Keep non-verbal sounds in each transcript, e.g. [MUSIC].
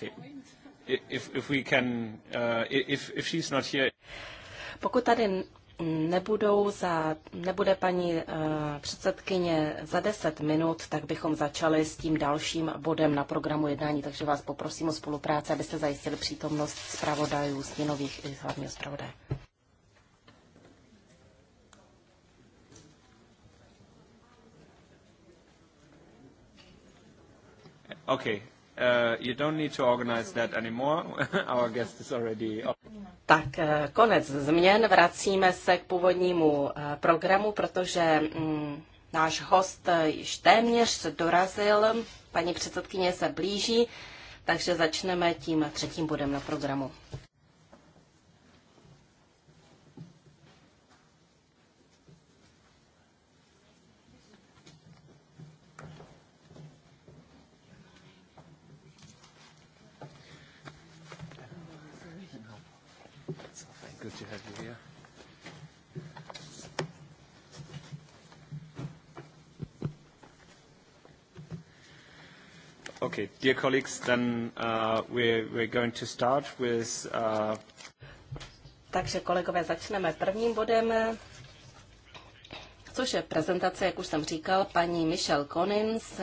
Okay. If, if we can, uh, if, if she's not here. Pokud tady nebudou za, nebude paní uh, předsedkyně za 10 minut, tak bychom začali s tím dalším bodem na programu jednání, takže vás poprosím o spolupráci, abyste zajistili přítomnost zpravodajů, stěnových i hlavního zpravodaje. Okay. Uh, you don't need to organize that anymore. [LAUGHS] Our guest is already... Tak eh, konec změn, vracíme se k původnímu eh, programu, protože mm, náš host eh, již téměř dorazil, paní předsedkyně se blíží, takže začneme tím třetím bodem na programu. Okay, dear colleagues, then uh, we're, we're going to start with... Uh... Takže kolegové, začneme prvním bodem, což je prezentace, jak už jsem říkal, paní Michelle Konins,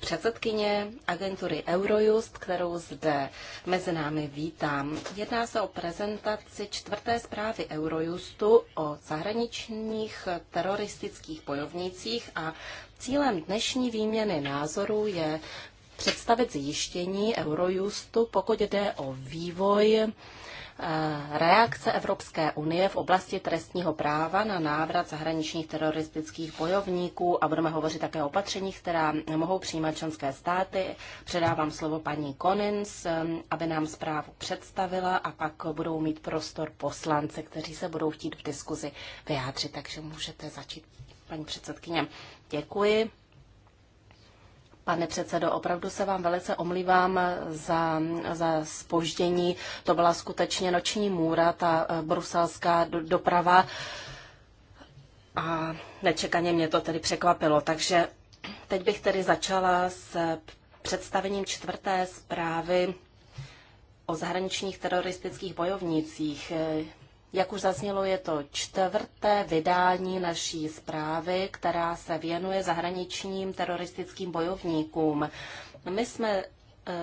předsedkyně agentury Eurojust, kterou zde mezi námi vítám. Jedná se o prezentaci čtvrté zprávy Eurojustu o zahraničních teroristických bojovnících a cílem dnešní výměny názorů je představit zjištění Eurojustu, pokud jde o vývoj eh, reakce Evropské unie v oblasti trestního práva na návrat zahraničních teroristických bojovníků a budeme hovořit také o opatřeních, která mohou přijímat členské státy. Předávám slovo paní Konins, eh, aby nám zprávu představila a pak budou mít prostor poslance, kteří se budou chtít v diskuzi vyjádřit, takže můžete začít, paní předsedkyně. Děkuji. Pane předsedo, opravdu se vám velice omlívám za, za spoždění. To byla skutečně noční můra, ta eh, bruselská doprava. A nečekaně mě to tedy překvapilo. Takže teď bych tedy začala s představením čtvrté zprávy o zahraničních teroristických bojovnících. Jak už zaznělo, je to čtvrté vydání naší zprávy, která se věnuje zahraničním teroristickým bojovníkům. My jsme e,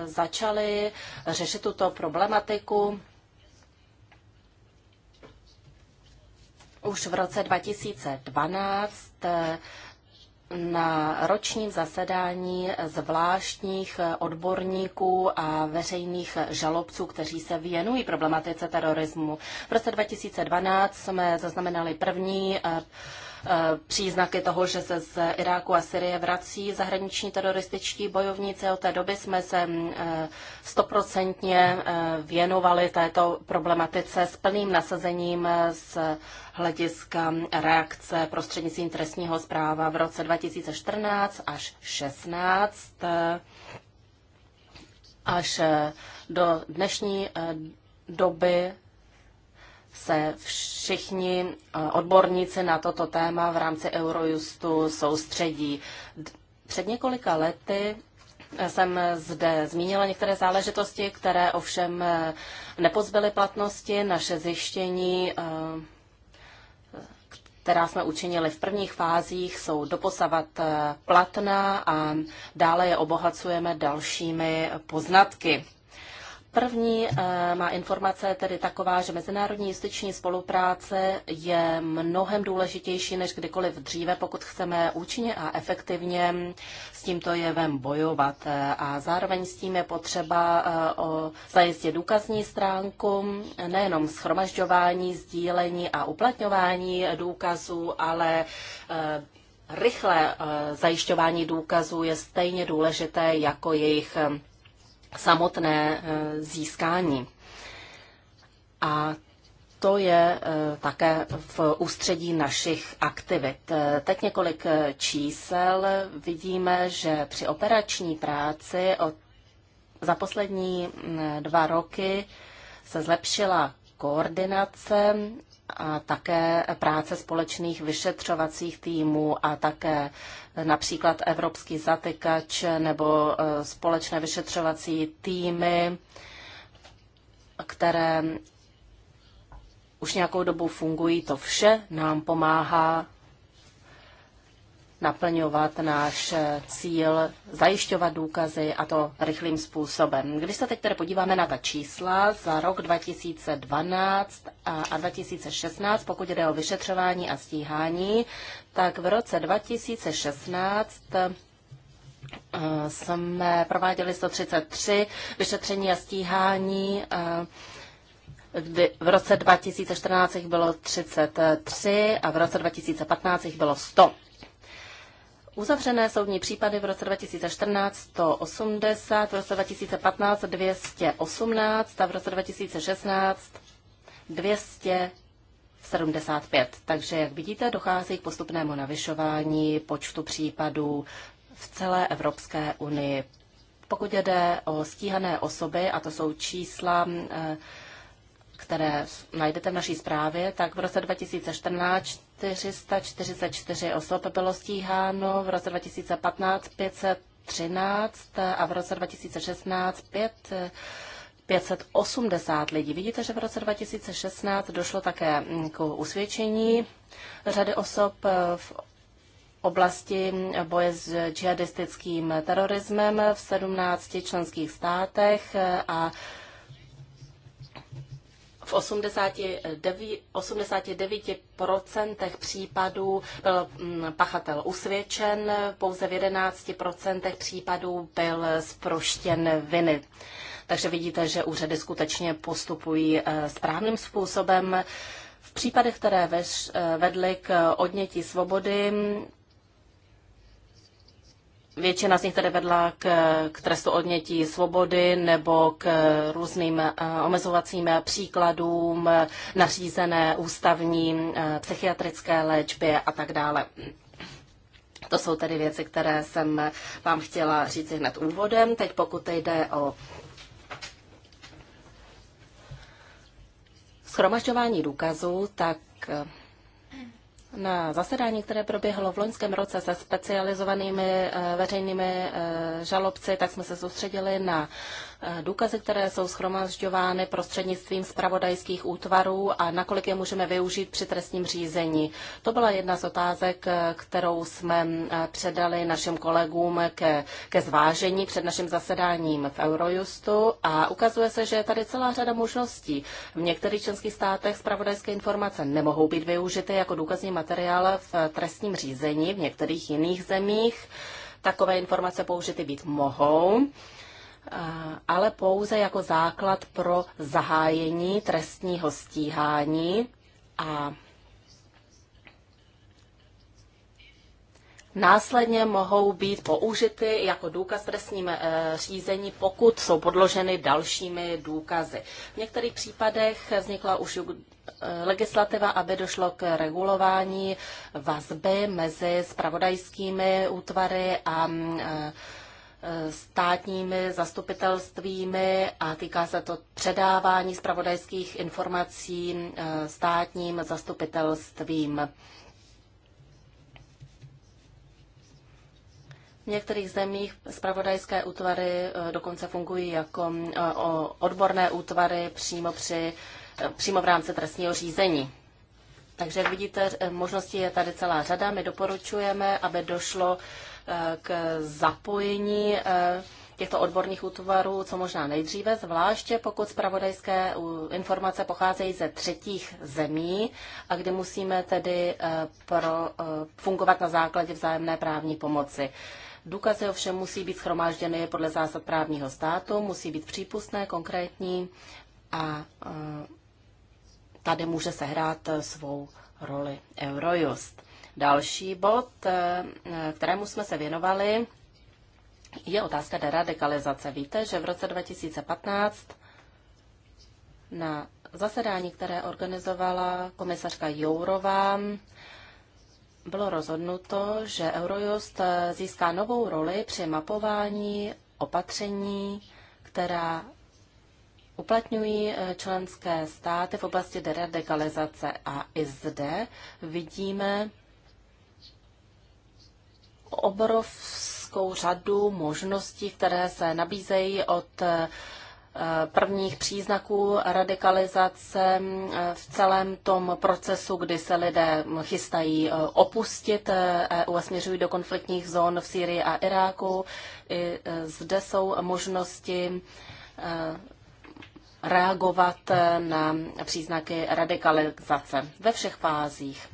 začali řešit tuto problematiku už v roce 2012 na ročním zasedání zvláštních odborníků a veřejných žalobců, kteří se věnují problematice terorismu. V roce 2012 jsme zaznamenali první eh, Eh, příznaky toho, že se z Iráku a Syrie vrací zahraniční terorističtí bojovníci. Od té doby jsme se mm, eh, stoprocentně eh, věnovali této problematice s plným nasazením z hlediska mm, reakce prostřednictvím trestního zpráva v roce 2014 až 16 až do dnešní doby se všichni eh, odborníci na toto téma v rámci Eurojustu soustředí. Před několika lety eh, jsem zde zmínila některé záležitosti, které ovšem eh, nepozbyly platnosti. Naše zjištění, která jsme učinili v prvních fázích, jsou doposavat platná a dále je obohacujeme dalšími poznatky. První eh, má informace tedy taková, že mezinárodní justiční spolupráce je mnohem důležitější než kdykoliv dříve, pokud chceme účinně a efektivně s tímto jevem bojovat. Eh, a zároveň s tím je potřeba eh, zajistit důkazní stránku, nejenom schromažďování, sdílení a uplatňování důkazů, ale rychlé zajišťování důkazů je stejně důležité jako jejich samotné e, získání. A to je e, také v ústředí našich aktivit. E, teď několik čísel. Vidíme, že při operační práci od za poslední dva roky se zlepšila koordinace a také práce společných vyšetřovacích týmů a také například Evropský zatykač nebo e, společné vyšetřovací týmy, které už nějakou dobu fungují. To vše nám pomáhá naplňovat náš eh, cíl, zajišťovat důkazy a to rychlým způsobem. Když se teď tedy podíváme na ta čísla za rok 2012 a 2016, pokud jde o vyšetřování a stíhání, tak v roce 2016 eh, jsme prováděli 133 vyšetření a stíhání eh, kdy v roce 2014 bylo 33 a v roce 2015 bylo 100. Uzavřené soudní případy v roce 2014 180, v roce 2015 218 a v roce 2016 275. Takže, jak vidíte, dochází k postupnému navyšování počtu případů v celé Evropské unii. Pokud jde o stíhané osoby, a to jsou čísla, eh, které najdete v naší zprávě, tak v roce 2014 444 osob bylo stíháno, v roce 2015 513 a v roce 2016 5 580 lidí. Vidíte, že v roce 2016 došlo také mm, k usvědčení řady osob eh, v oblasti boje s džihadistickým terorismem v 17 členských státech eh, a v 89, 89% případů byl mm, pachatel usvědčen, pouze v 11% případů byl sproštěn viny. Takže vidíte, že úřady skutečně postupují eh, správným způsobem. V případech, které eh, vedly k odnětí svobody, Většina z nich tedy vedla k, k trestu odnětí svobody nebo k různým eh, omezovacím příkladům nařízené ústavní eh, psychiatrické léčbě a tak dále. To jsou tedy věci, které jsem vám chtěla říct hned úvodem. Teď pokud jde o schromažďování důkazů, tak eh, na zasedání, které proběhlo v loňském roce se specializovanými eh, veřejnými eh, žalobci, tak jsme se soustředili na důkazy, které jsou schromažďovány prostřednictvím spravodajských útvarů a nakolik je můžeme využít při trestním řízení. To byla jedna z otázek, kterou jsme eh, předali našim kolegům ke, ke zvážení před naším zasedáním v Eurojustu a ukazuje se, že je tady celá řada možností. V některých členských státech spravodajské informace nemohou být využity jako důkazní materiál v trestním řízení, v některých jiných zemích takové informace použity být mohou ale pouze jako základ pro zahájení trestního stíhání a Následně mohou být použity jako důkaz v trestním e, řízení, pokud jsou podloženy dalšími důkazy. V některých případech vznikla už e, legislativa, aby došlo k regulování vazby mezi spravodajskými útvary a e, státními zastupitelstvími a týká se to předávání zpravodajských informací eh, státním zastupitelstvím. V některých zemích spravodajské útvary eh, dokonce fungují jako eh, odborné útvary přímo, při, přímo v rámci trestního řízení. Takže jak vidíte, možností je tady celá řada. My doporučujeme, aby došlo Eh, k zapojení eh, těchto odborných útvarů co možná nejdříve, zvláště pokud zpravodajské informace pocházejí ze třetích zemí a kdy musíme tedy eh, pro, fungovat na základě vzájemné právní pomoci. Důkazy ovšem musí být schromážděny podle zásad právního státu, musí být přípustné, konkrétní a tady může sehrát svou roli Eurojust. Další bod, eh, kterému jsme se věnovali, je otázka deradikalizace. Víte, že v roce 2015 na zasedání, které organizovala komisařka Jourová, bylo rozhodnuto, že Eurojust eh, získá novou roli při mapování opatření, která uplatňují eh, členské státy v oblasti deradikalizace. A i zde vidíme obrovskou řadu možností, které se nabízejí od eh, prvních příznaků radikalizace eh, v celém tom procesu, kdy se lidé chystají eh, opustit EU e a směřují do konfliktních zón v Sýrii a Iráku. I zde jsou možnosti reagovat na příznaky radikalizace ve všech fázích.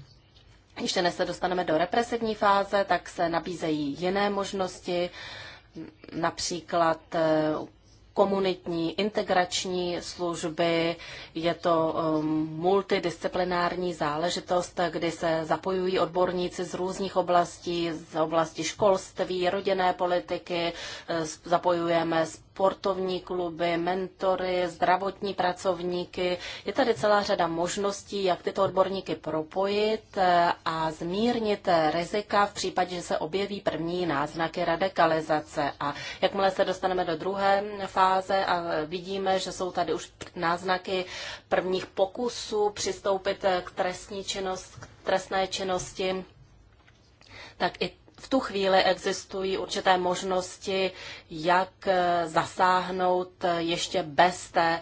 Ještě než se dostaneme do represivní fáze, tak se nabízejí jiné možnosti, například eh, komunitní integrační služby, je to ehm, multidisciplinární záležitost, kdy se zapojují odborníci z různých oblastí, z oblasti školství, rodinné politiky, eh, zapojujeme sportovní kluby, mentory, zdravotní pracovníky. Je tady celá řada možností, jak tyto odborníky propojit eh, a zmírnit rizika v případě, že se objeví první náznaky radikalizace. A jakmile se dostaneme do druhé fáze a vidíme, že jsou tady už náznaky prvních pokusů přistoupit k trestní činnost, k trestné činnosti, tak i v tu chvíli existují určité možnosti, jak eh, zasáhnout eh, ještě bez, té,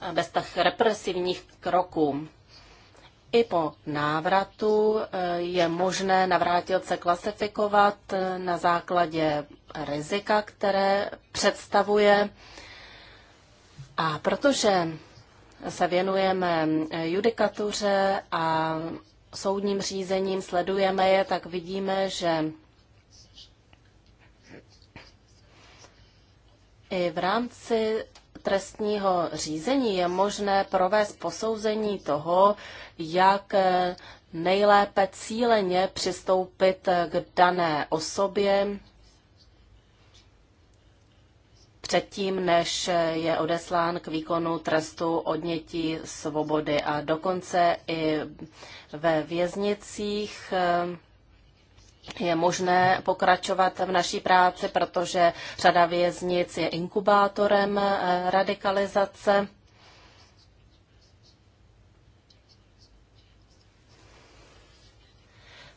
eh, bez těch represivních kroků. I po návratu je možné navrátilce klasifikovat na základě rizika, které představuje. A protože se věnujeme judikatuře a soudním řízením, sledujeme je, tak vidíme, že I v rámci trestního řízení je možné provést posouzení toho, jak nejlépe cíleně přistoupit k dané osobě předtím, než je odeslán k výkonu trestu odnětí svobody. A dokonce i ve věznicích je možné pokračovat v naší práci, protože řada věznic je inkubátorem eh, radikalizace.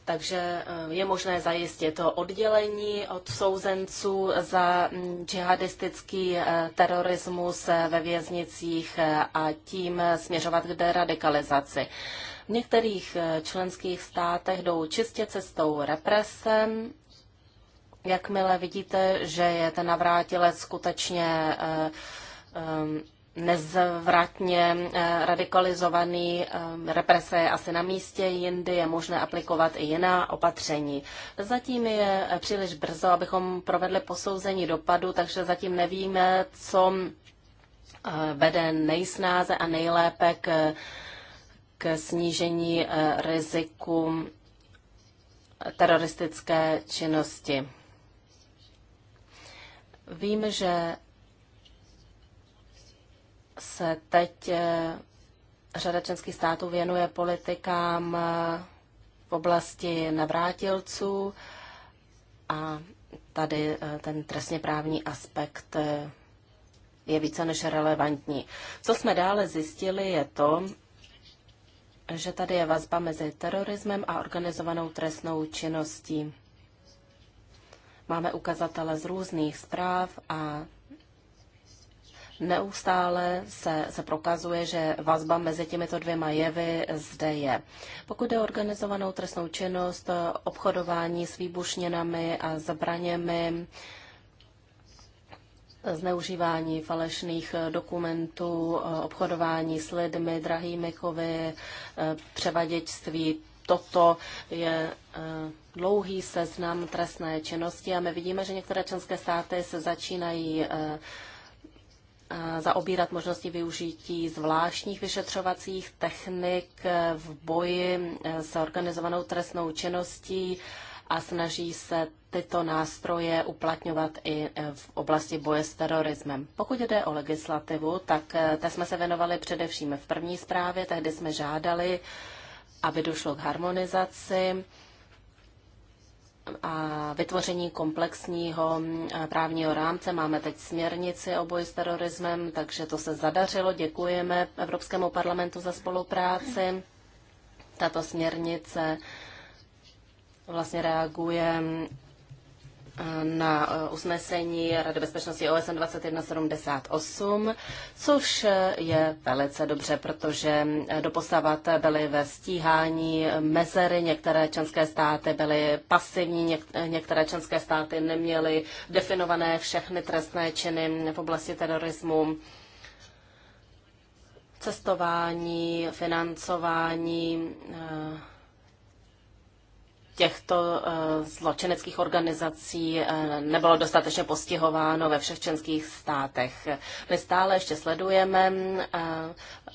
Takže eh, je možné zajistit to oddělení od souzenců za mm, džihadistický eh, terorismus ve věznicích a tím směřovat k deradikalizaci. V některých eh, členských státech jdou čistě cestou represe. Jakmile vidíte, že je ten navrátilec skutečně eh, eh, nezvratně radikalizovaný, represe je asi na místě, jindy je možné aplikovat i jiná opatření. Zatím je příliš brzo, abychom provedli posouzení dopadu, takže zatím nevíme, co vede nejsnáze a nejlépe k k snížení eh, riziku eh, teroristické činnosti. Vím, že se teď eh, řada členských států věnuje politikám v oblasti navrátilců a tady ten trestně právní aspekt je více než relevantní. Co jsme dále zjistili, je to, že tady je vazba mezi terorismem a organizovanou trestnou činností. Máme ukazatele z různých zpráv a neustále se, se prokazuje, že vazba mezi těmito dvěma jevy zde je. Pokud je organizovanou trestnou činnost, obchodování s výbušninami a zbraněmi, zneužívání falešných dokumentů, obchodování s lidmi, drahými kovy, převaděčství. Toto je eh, dlouhý seznam trestné činnosti a my vidíme, že některé členské státy se začínají eh, zaobírat možnosti využití zvláštních vyšetřovacích technik eh, v boji s organizovanou trestnou činností a snaží se tyto nástroje uplatňovat i e, v oblasti boje s terorismem. Pokud jde o legislativu, tak e, ta jsme se věnovali především v první zprávě, tehdy jsme žádali, aby došlo k harmonizaci a vytvoření komplexního e, právního rámce. Máme teď směrnici o boji s terorismem, takže to se zadařilo. Děkujeme Evropskému parlamentu za spolupráci. Tato směrnice vlastně reaguje eh, na eh, usnesení Rady bezpečnosti OSN 2178, což eh, je velice dobře, protože doposavat byly ve stíhání mezery, některé členské státy byly pasivní, některé členské státy neměly definované všechny trestné činy v oblasti terorismu cestování, financování, těchto eh, zločineckých organizací eh, nebylo dostatečně postihováno ve všech členských státech. My stále ještě sledujeme eh,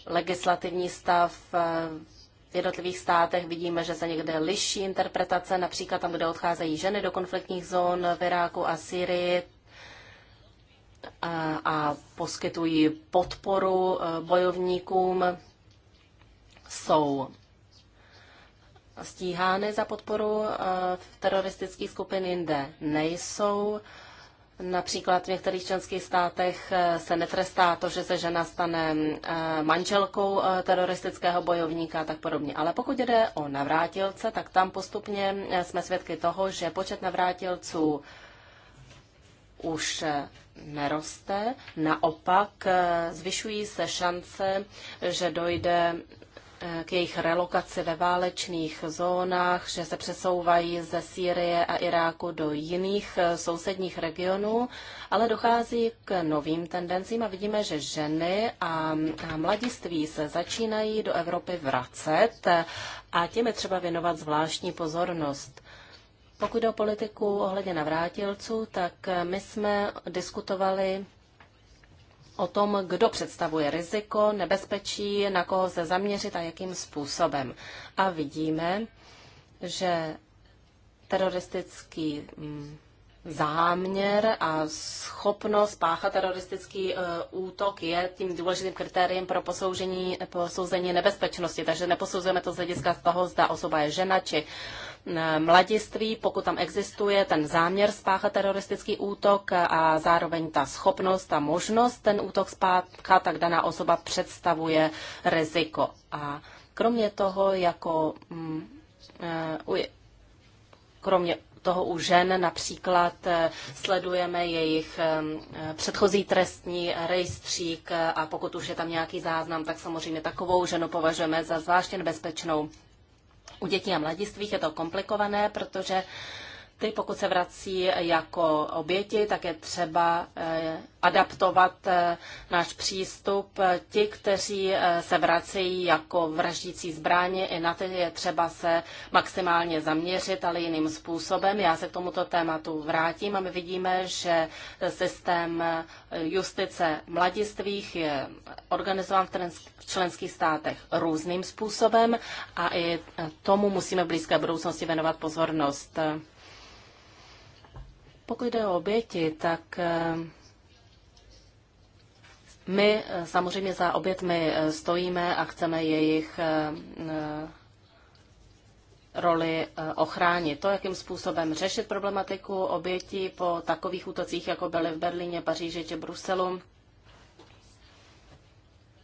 legislativní stav v jednotlivých státech vidíme, že se někde liší interpretace, například tam, kde odcházejí ženy do konfliktních zón v Iráku a Syrii a, a poskytují podporu bojovníkům, jsou stíhány za podporu eh, teroristických skupin, jinde nejsou. Například v některých členských státech eh, se netrestá to, že se žena stane eh, manželkou teroristického bojovníka a tak podobně. Ale pokud jde o navrátilce, tak tam postupně jsme svědky toho, že počet navrátilců už neroste. Naopak zvyšují se šance, že dojde k jejich relokaci ve válečných zónách, že se přesouvají ze Sýrie a Iráku do jiných eh, sousedních regionů, ale dochází k novým tendencím a vidíme, že ženy a mladiství se začínají do Evropy vracet a těm je třeba věnovat zvláštní pozornost. Pokud jde o politiku ohledně navrátilců, tak eh, my jsme diskutovali o tom, kdo představuje riziko, nebezpečí, na koho se zaměřit a jakým způsobem. A vidíme, že teroristický mm, záměr a schopnost páchat teroristický e, útok je tím důležitým kritériem pro posouzení nebezpečnosti. Takže neposouzujeme to z hlediska toho, zda osoba je žena či mladiství, pokud tam existuje ten záměr spáchat teroristický útok a zároveň ta schopnost a možnost ten útok spáchat, tak daná osoba představuje riziko. A kromě toho, jako mm, eh, kromě toho u žen například eh, sledujeme jejich eh, předchozí trestní rejstřík a pokud už je tam nějaký záznam, tak samozřejmě takovou ženu považujeme za zvláště nebezpečnou. U dětí a mladistvých je to komplikované, protože ty, pokud se vrací jako oběti, tak je třeba eh, adaptovat eh, náš přístup. Ti, kteří eh, se vracejí jako vraždící zbraně, i na ty je třeba se maximálně zaměřit, ale jiným způsobem. Já se k tomuto tématu vrátím a my vidíme, že systém justice mladistvých je organizován v členských státech různým způsobem a i tomu musíme v blízké budoucnosti věnovat pozornost. Pokud jde o oběti, tak eh, my eh, samozřejmě za obětmi eh, stojíme a chceme jejich roli ochránit. To, jakým způsobem řešit problematiku obětí po takových útocích, jako byly v Berlíně, Paříži či Bruselu,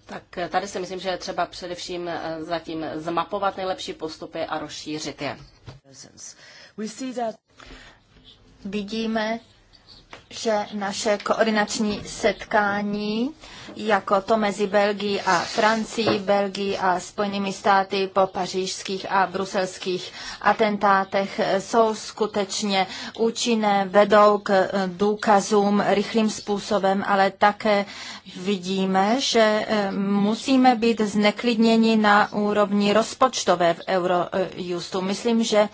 tak tady si myslím, že je třeba především zatím zmapovat nejlepší postupy a rozšířit je vidíme, že naše koordinační setkání, jako to mezi Belgií a Francií, Belgií a Spojenými státy po pařížských a bruselských atentátech, jsou skutečně účinné, vedou k eh, důkazům rychlým způsobem, ale také vidíme, že eh, musíme být zneklidněni na úrovni rozpočtové v Eurojustu. Myslím, že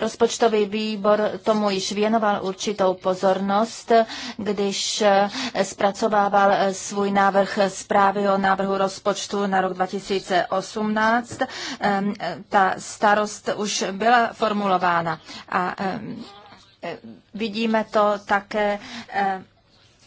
Rozpočtový výbor tomu již věnoval určitou pozornost, když eh, zpracovával eh, svůj návrh zprávy o návrhu rozpočtu na rok 2018. Ehm, eh, ta starost už byla formulována a ehm, vidíme to také,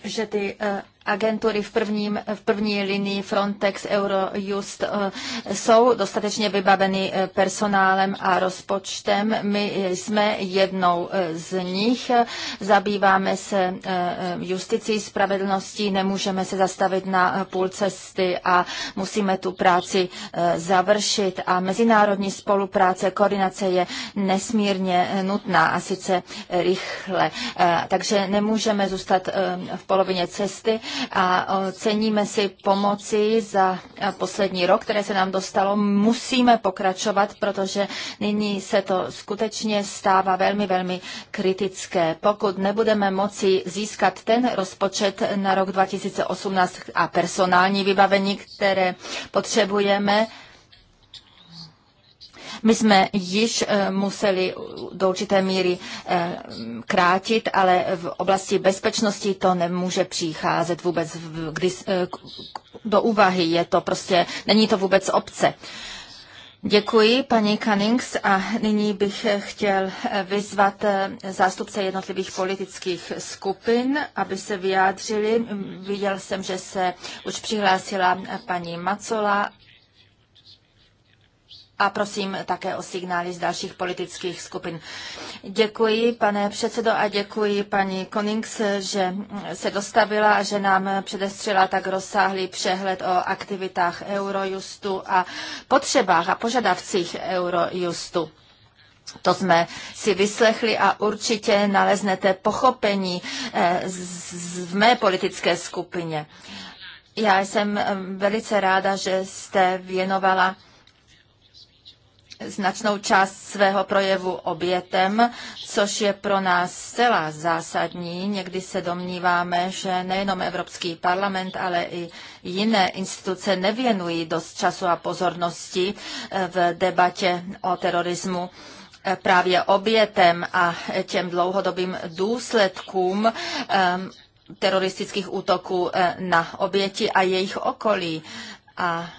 že ty agentury v, prvním, v první linii Frontex, Eurojust eh, jsou dostatečně vybaveny eh, personálem a rozpočtem. My jsme jednou eh, z nich. Zabýváme se justicí, spravedlností, nemůžeme se zastavit na půl cesty a musíme tu práci završit. A mezinárodní spolupráce, koordinace je nesmírně nutná a sice rychle. Takže nemůžeme zůstat v polovině cesty a ceníme si pomoci za poslední rok, které se nám dostalo. Musíme pokračovat, protože nyní se to skutečně stává velmi, velmi kritické. Pokud nebudeme moci získat ten rozpočet na rok 2018 a personální vybavení, které potřebujeme, my jsme již eh, museli do určité míry eh, krátit, ale v oblasti bezpečnosti to nemůže přicházet vůbec eh, do úvahy. Je to prostě, není to vůbec obce. Děkuji, paní Cunnings, a nyní bych chtěl vyzvat zástupce jednotlivých politických skupin, aby se vyjádřili. Viděl jsem, že se už přihlásila paní Macola a prosím také o signály z dalších politických skupin. Děkuji, pane předsedo, a děkuji paní Konings, že se dostavila a že nám předestřela tak rozsáhlý přehled o aktivitách Eurojustu a potřebách a požadavcích Eurojustu. To jsme si vyslechli a určitě naleznete pochopení eh, v mé politické skupině. Já jsem eh, velice ráda, že jste věnovala značnou část svého projevu obětem, což je pro nás zcela zásadní. Někdy se domníváme, že nejenom Evropský parlament, ale i jiné instituce nevěnují dost času a pozornosti eh, v debatě o terorismu eh, právě obětem a těm dlouhodobým důsledkům eh, teroristických útoků na oběti a jejich okolí. A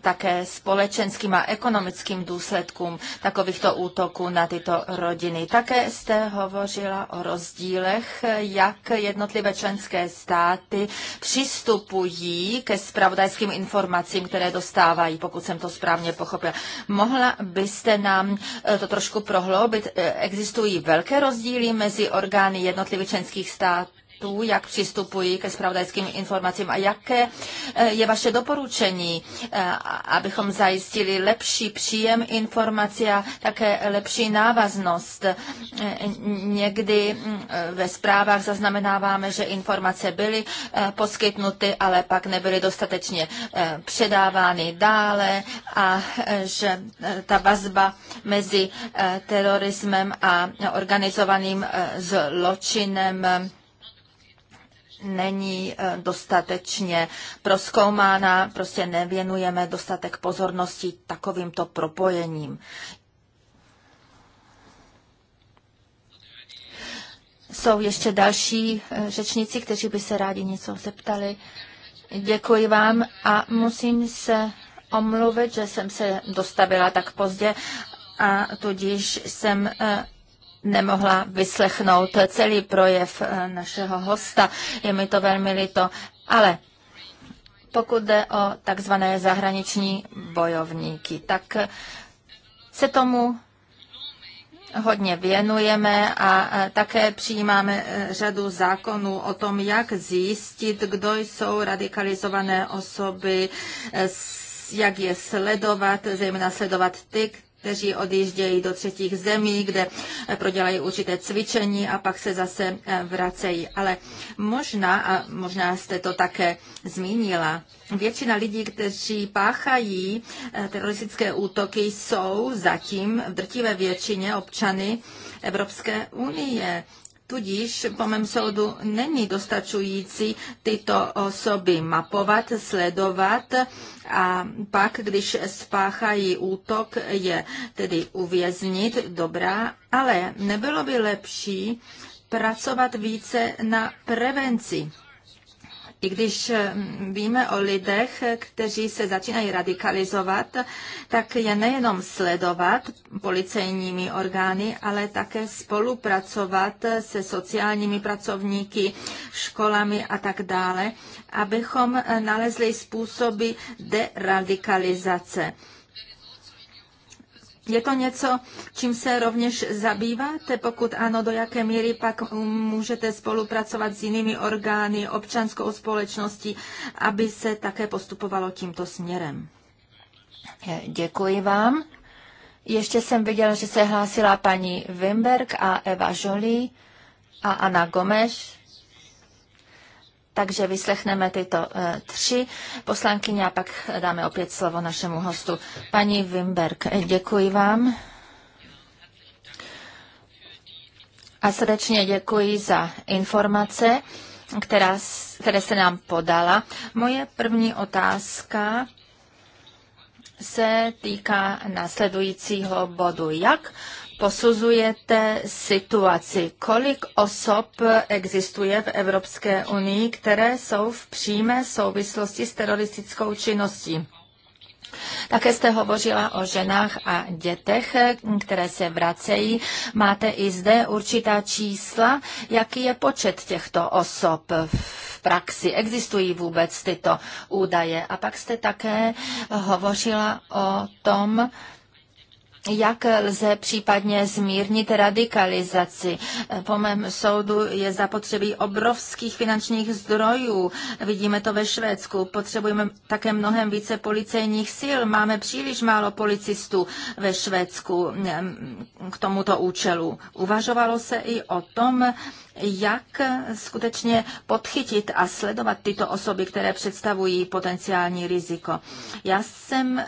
také společenským a ekonomickým důsledkům takovýchto útoků na tyto rodiny. Také jste hovořila o rozdílech, jak jednotlivé členské státy přistupují ke spravodajským informacím, které dostávají, pokud jsem to správně pochopila. Mohla byste nám eh, to trošku prohloubit? Eh, existují velké rozdíly mezi orgány jednotlivých členských států? tu, jak přistupují ke spravodajským informacím a jaké e, je vaše doporučení, e, abychom zajistili lepší příjem informací a také lepší návaznost. E, někdy ve zprávách zaznamenáváme, že informace byly poskytnuty, ale pak nebyly dostatečně předávány dále a že ta vazba mezi terorismem a organizovaným zločinem není eh, dostatečně proskoumána, prostě nevěnujeme dostatek pozornosti takovýmto propojením. Jsou ještě další eh, řečníci, kteří by se rádi něco zeptali. Děkuji vám a musím se omluvit, že jsem se dostavila tak pozdě a tudíž jsem eh, nemohla vyslechnout celý projev eh, našeho hosta. Je mi to velmi líto, ale pokud jde o takzvané zahraniční bojovníky, tak se tomu hodně věnujeme a eh, také přijímáme eh, řadu zákonů o tom, jak zjistit, kdo jsou radikalizované osoby, jak je sledovat, zejména sledovat ty, kteří odjíždějí do třetích zemí, kde eh, prodělají určité cvičení a pak se zase eh, vracejí. Ale možná, a možná jste to také zmínila, většina lidí, kteří páchají eh, teroristické útoky, jsou zatím v drtivé většině občany Evropské unie. Tudíž po mém soudu není dostačující tyto osoby mapovat, sledovat a pak, když spáchají útok, je tedy uvěznit, dobrá, ale nebylo by lepší pracovat více na prevenci i když hm, víme o lidech, kteří se začínají radikalizovat, tak je nejenom sledovat policejními orgány, ale také spolupracovat se sociálními pracovníky, školami a tak dále, abychom nalezli způsoby deradikalizace. Je to něco, čím se rovněž zabýváte? Pokud ano, do jaké míry pak můžete spolupracovat s jinými orgány, občanskou společností, aby se také postupovalo tímto směrem? Děkuji vám. Ještě jsem viděl, že se hlásila paní Wimberg a Eva Jolie a Ana Gomes. Takže vyslechneme tyto eh, tři poslankyně a pak dáme opět slovo našemu hostu. Paní Wimberg, eh, děkuji vám. A srdečně děkuji za informace, která, které se nám podala. Moje první otázka se týká následujícího bodu. Jak posuzujete situaci? Kolik osob existuje v Evropské unii, které jsou v přímé souvislosti s teroristickou činností? Také jste hovořila o ženách a dětech, které se vracejí. Máte i zde určitá čísla. Jaký je počet těchto osob v praxi? Existují vůbec tyto údaje? A pak jste také hovořila o tom, jak lze případně zmírnit radikalizaci. Po mém soudu je zapotřebí obrovských finančních zdrojů. Vidíme to ve Švédsku. Potřebujeme také mnohem více policejních sil. Máme příliš málo policistů ve Švédsku mm, k tomuto účelu. Uvažovalo se i o tom, jak skutečně podchytit a sledovat tyto osoby, které představují potenciální riziko. Já jsem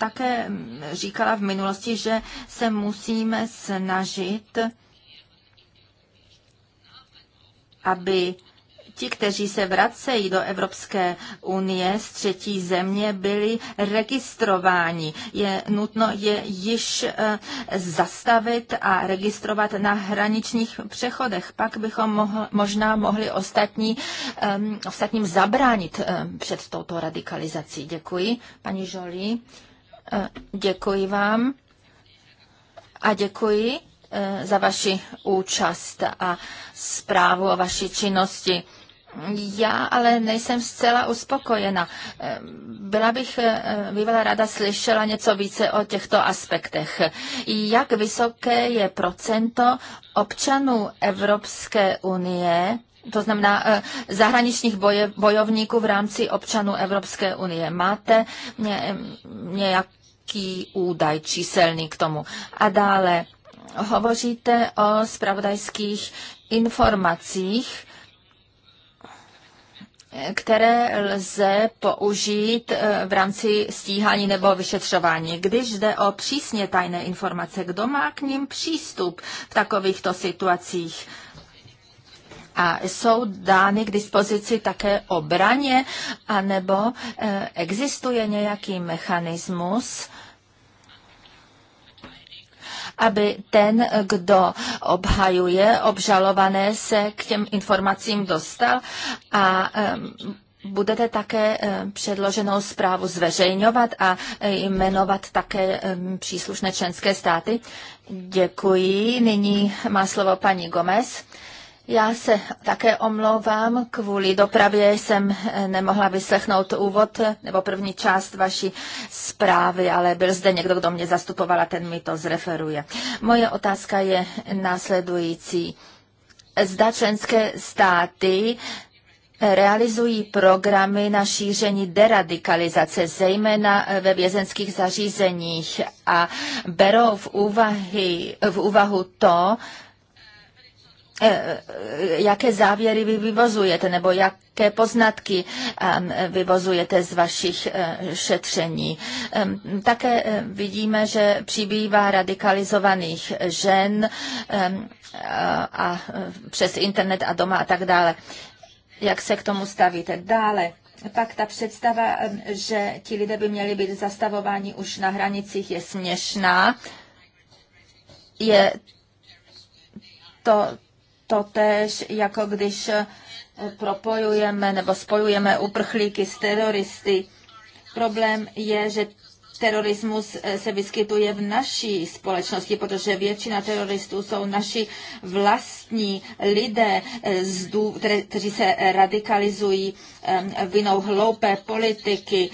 také říkala v minulosti, že se musíme snažit, aby ti, kteří se vracejí do Evropské unie z třetí země, byli registrováni. Je nutno je již eh, zastavit a registrovat na hraničních přechodech. Pak bychom mohl, možná mohli ostatní, um, ostatním zabránit um, před touto radikalizací. Děkuji, paní Žolí. Eh, děkuji vám a děkuji za vaši účast a zprávu o vaší činnosti. Já ale nejsem zcela uspokojena. Eh, byla bych eh, bývala ráda slyšela něco více o těchto aspektech. Jak vysoké je procento občanů Evropské unie, to znamená eh, zahraničních boje, bojovníků v rámci občanů Evropské unie? Máte ně, nějaký údaj číselný k tomu? A dále hovoříte o spravodajských informacích, které lze použít eh, v rámci stíhání nebo vyšetřování. Když jde o přísně tajné informace, kdo má k ním přístup v takovýchto situacích? A jsou dány k dispozici také obraně, anebo eh, existuje nějaký mechanismus, aby ten, kdo obhajuje obžalované, se k těm informacím dostal a budete také předloženou zprávu zveřejňovat a eh, jmenovat také příslušné členské státy. Děkuji. Nyní má slovo paní Gomez. Já se také omlouvám, kvůli dopravě jsem eh, nemohla vyslechnout úvod nebo první část vaší zprávy, ale byl zde někdo, kdo mě zastupoval a ten mi to zreferuje. Moje otázka je následující. Zda členské státy realizují programy na šíření deradikalizace, zejména eh, ve vězenských zařízeních a berou v, úvahy, v úvahu to, Eh, eh, jaké závěry vy vyvozujete nebo jaké poznatky ehm, vyvozujete z vašich eh, šetření. Ehm, také vidíme, že přibývá radikalizovaných žen ehm, a přes internet a doma a tak dále. Jak se k tomu stavíte dále? Pak ta představa, že ti lidé by měli být zastavováni už na hranicích, je směšná. Je to to tež, jako když eh, propojujeme nebo spojujeme uprchlíky s teroristy. Problém je, že terorismus eh, se vyskytuje v naší společnosti, protože většina teroristů jsou naši vlastní lidé, eh, kteří se radikalizují vinou hloupé politiky,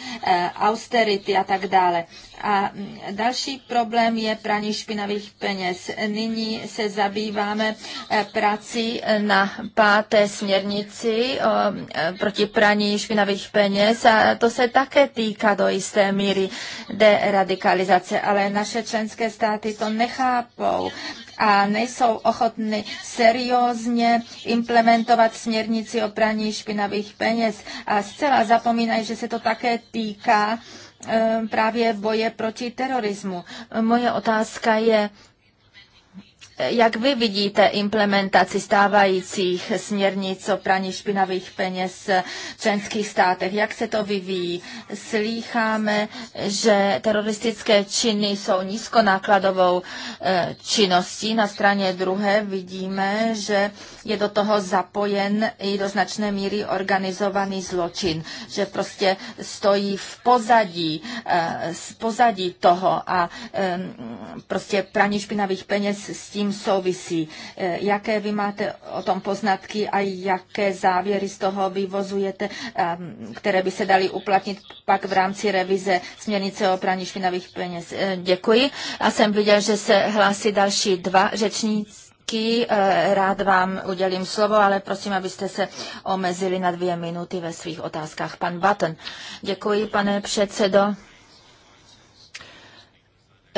austerity a tak dále. A další problém je praní špinavých peněz. Nyní se zabýváme eh, prací eh, na páté směrnici eh, proti praní špinavých peněz a to se také týká do jisté míry deradikalizace, ale naše členské státy to nechápou a nejsou ochotny seriózně implementovat směrnici o praní špinavých peněz a zcela zapomínají, že se to také týká Ehm, právě boje proti terorismu. Moje otázka je, jak vy vidíte implementaci stávajících směrnic o praní špinavých peněz v členských státech? Jak se to vyvíjí? Slýcháme, že teroristické činy jsou nízkonákladovou eh, činností. Na straně druhé vidíme, že je do toho zapojen i do značné míry organizovaný zločin, že prostě stojí v pozadí, v eh, pozadí toho a prostě praní špinavých peněz s tím tím souvisí. E, jaké vy máte o tom poznatky a jaké závěry z toho vyvozujete, e, které by se daly uplatnit pak v rámci revize směrnice o praní špinavých peněz? E, děkuji. A jsem viděl, že se hlásí další dva řečníci. Rád vám udělím slovo, ale prosím, abyste se omezili na dvě minuty ve svých otázkách. Pan Button. Děkuji, pane předsedo.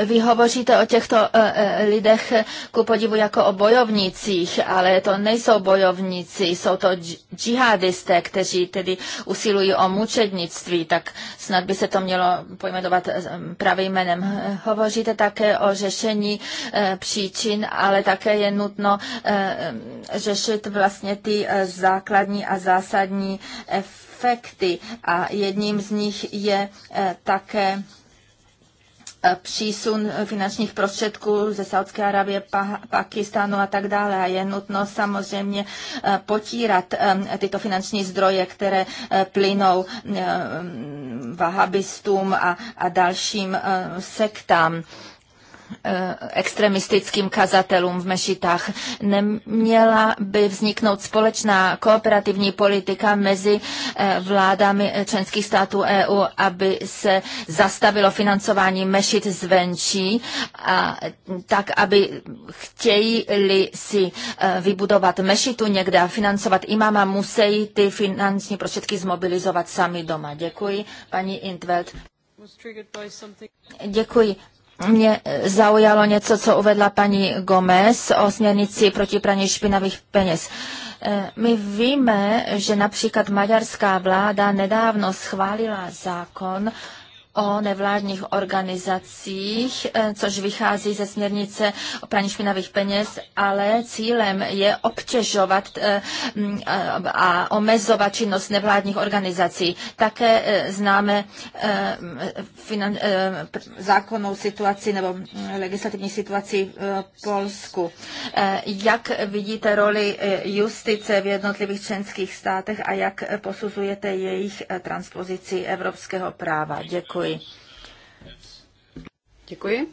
Vy hovoříte o těchto eh, eh, lidech eh, ku podivu jako o bojovnicích, ale to nejsou bojovníci, jsou to džihadisté, kteří tedy usilují o mučednictví, tak snad by se to mělo pojmenovat mm, pravým jménem. Hovoříte také o řešení příčin, ale také je nutno mm, řešit vlastně ty základní a zásadní efekty a jedním z nich je také Eh, přísun finančních prostředků ze Saudské Arabie, Pakistánu a tak dále. A je nutno samozřejmě eh, potírat eh, tyto finanční zdroje, které plynou vahabistům a, a dalším sektám. Eh, extremistickým kazatelům v mešitách. Neměla by vzniknout společná kooperativní politika mezi eh, vládami eh, členských států EU, aby se zastavilo financování mešit zvenčí, a tak aby chtějí-li si vybudovat mešitu někde a financovat imama, musí ty finanční prostředky zmobilizovat sami doma. Děkuji, paní Intveld. Děkuji mě eh, zaujalo něco, co uvedla paní Gomez o směrnici proti praní špinavých peněz. Eh, my víme, že například maďarská vláda nedávno schválila zákon o nevládních organizacích, eh, což vychází ze směrnice o praní špinavých peněz, ale cílem je obtěžovat eh, mm, eh, a omezovat činnost nevládních organizací. Také známe zákonnou situaci nebo mm, legislativní situaci v Polsku. Jak vidíte roli justice v jednotlivých členských státech a jak posuzujete jejich transpozici evropského práva? Děkuji. Děkuji. Děkuji.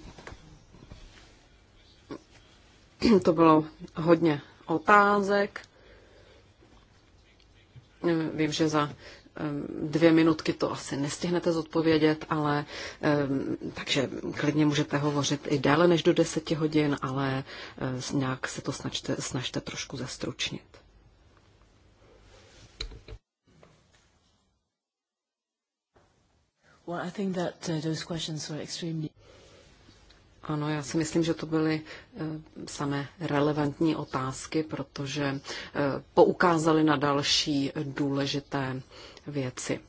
To bylo hodně otázek. Vím, že za dvě minutky to asi nestihnete zodpovědět, ale takže klidně můžete hovořit i déle než do deseti hodin, ale nějak se to snažte, snažte trošku zestručnit. Well, I think that uh, those questions were extremely... Ano, já si myslím, že to byly eh, samé relevantní otázky, protože eh, poukázaly na další důležité věci.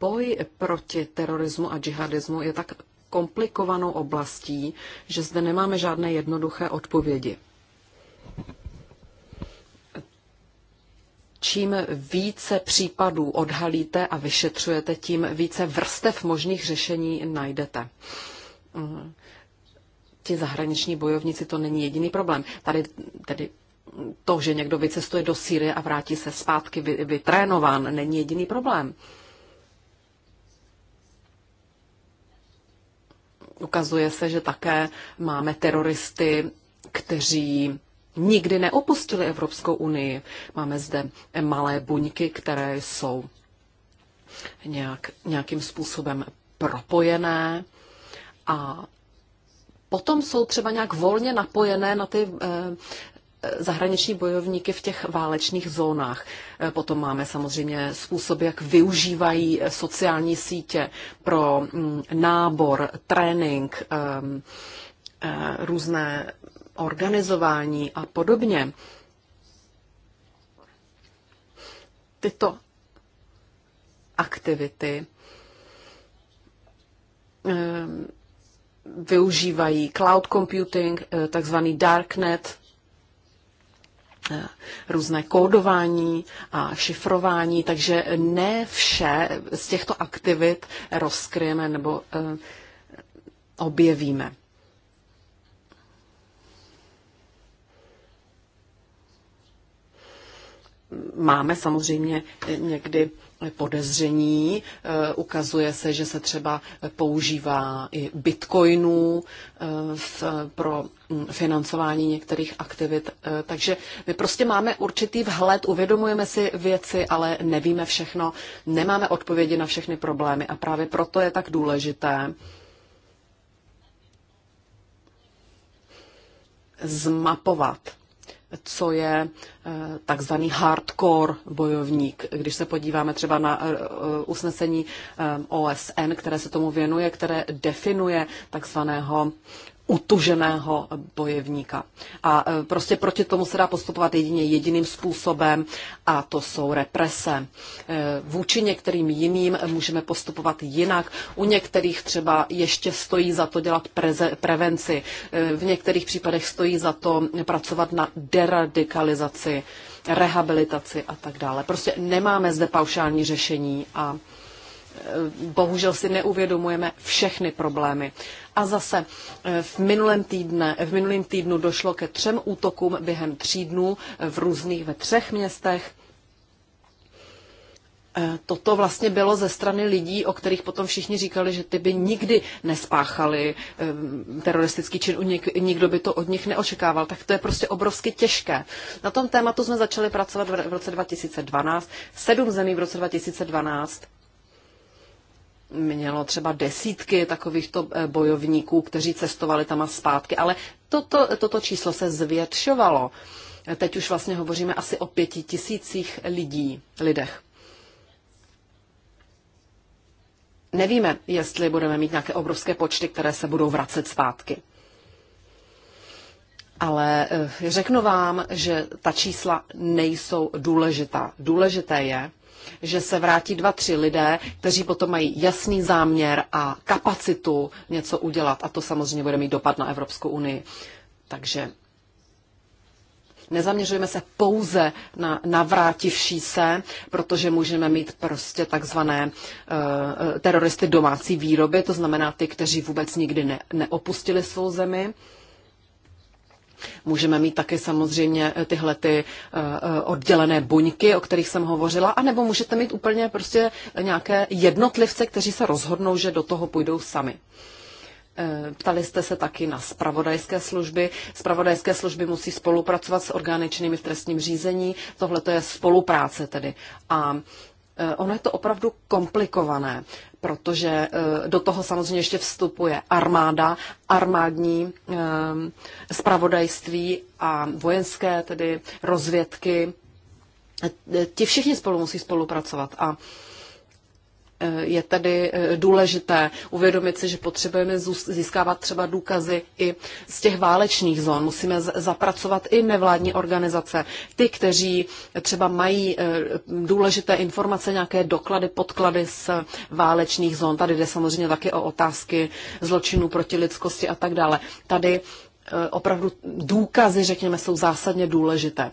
Boj proti terorismu a džihadismu je tak komplikovanou oblastí, že zde nemáme žádné jednoduché odpovědi. čím více případů odhalíte a vyšetřujete, tím více vrstev možných řešení najdete. Mhm. Ti zahraniční bojovníci to není jediný problém. Tady tedy to, že někdo vycestuje do Sýrie a vrátí se zpátky vytrénován, není jediný problém. Ukazuje se, že také máme teroristy, kteří nikdy neopustili Evropskou unii. Máme zde malé buňky, které jsou nějak, nějakým způsobem propojené a potom jsou třeba nějak volně napojené na ty eh, eh, zahraniční bojovníky v těch válečných zónách. Eh, potom máme samozřejmě způsob, jak využívají sociální sítě pro mm, nábor, trénink, ehm, různé organizování a podobně. Tyto aktivity eh, využívají cloud computing, eh, takzvaný darknet, eh, různé kódování a šifrování, takže ne vše z těchto aktivit rozkryjeme nebo objevíme. máme samozřejmě někdy podezření. Eh, ukazuje se, že se třeba používá i bitcoinů eh, pro hm, financování některých aktivit. Eh, takže my prostě máme určitý vhled, uvědomujeme si věci, ale nevíme všechno, nemáme odpovědi na všechny problémy a právě proto je tak důležité zmapovat co je eh, takzvaný hardcore bojovník. Když se podíváme třeba na eh, usnesení eh, OSN, které se tomu věnuje, které definuje takzvaného utuženého bojevníka. A e, prostě proti tomu se dá postupovat jedině jediným způsobem a to jsou represe. E, vůči některým jiným můžeme postupovat jinak. U některých třeba ještě stojí za to dělat preze, prevenci. E, v některých případech stojí za to pracovat na deradikalizaci, rehabilitaci a tak dále. Prostě nemáme zde paušální řešení a Eh, bohužel si neuvědomujeme všechny problémy. A zase eh, v minulém, týdne, eh, v minulém týdnu došlo ke třem útokům během tří dnů v různých ve třech městech. Toto vlastně bylo ze strany lidí, o kterých potom všichni říkali, že ty by nikdy nespáchali teroristický čin, nikdo by to od nich neočekával. Tak to je prostě obrovsky těžké. Na tom tématu jsme začali pracovat v roce 2012, sedm zemí v roce 2012 mělo třeba desítky takovýchto eh, bojovníků, kteří cestovali tam a zpátky, ale toto, toto číslo se zvětšovalo. Teď už vlastně hovoříme asi o pěti tisících lidí, lidech. Nevíme, jestli budeme mít nějaké obrovské počty, které se budou vracet zpátky. Ale eh, řeknu vám, že ta čísla nejsou důležitá. Důležité je, že se vrátí dva, tři lidé, kteří potom mají jasný záměr a kapacitu něco udělat. A to samozřejmě bude mít dopad na Evropskou unii. Takže nezaměřujeme se pouze na navrátivší se, protože můžeme mít prostě takzvané uh, teroristy domácí výroby, to znamená ty, kteří vůbec nikdy ne, neopustili svou zemi. Můžeme mít taky samozřejmě eh, tyhle ty eh, eh, oddělené buňky, o kterých jsem hovořila, anebo můžete mít úplně prostě nějaké jednotlivce, kteří se rozhodnou, že do toho půjdou sami. Ptali jste se taky na spravodajské služby. Spravodajské služby musí spolupracovat s orgány činnými v trestním řízení. Tohle to je spolupráce tedy. A ono je to opravdu komplikované protože eh, do toho samozřejmě ještě vstupuje armáda, armádní spravodajství eh, a vojenské tedy rozvědky. Eh, ti všichni spolu musí spolupracovat a Eh, je tedy eh, důležité uvědomit si, že potřebujeme získávat třeba důkazy i z těch válečných zón. Musíme zapracovat i nevládní organizace, ty, kteří třeba mají eh, důležité informace, nějaké doklady, podklady z válečných zón. Tady jde samozřejmě taky o otázky zločinů proti lidskosti a tak dále. Tady Eh, opravdu důkazy, řekněme, jsou zásadně důležité.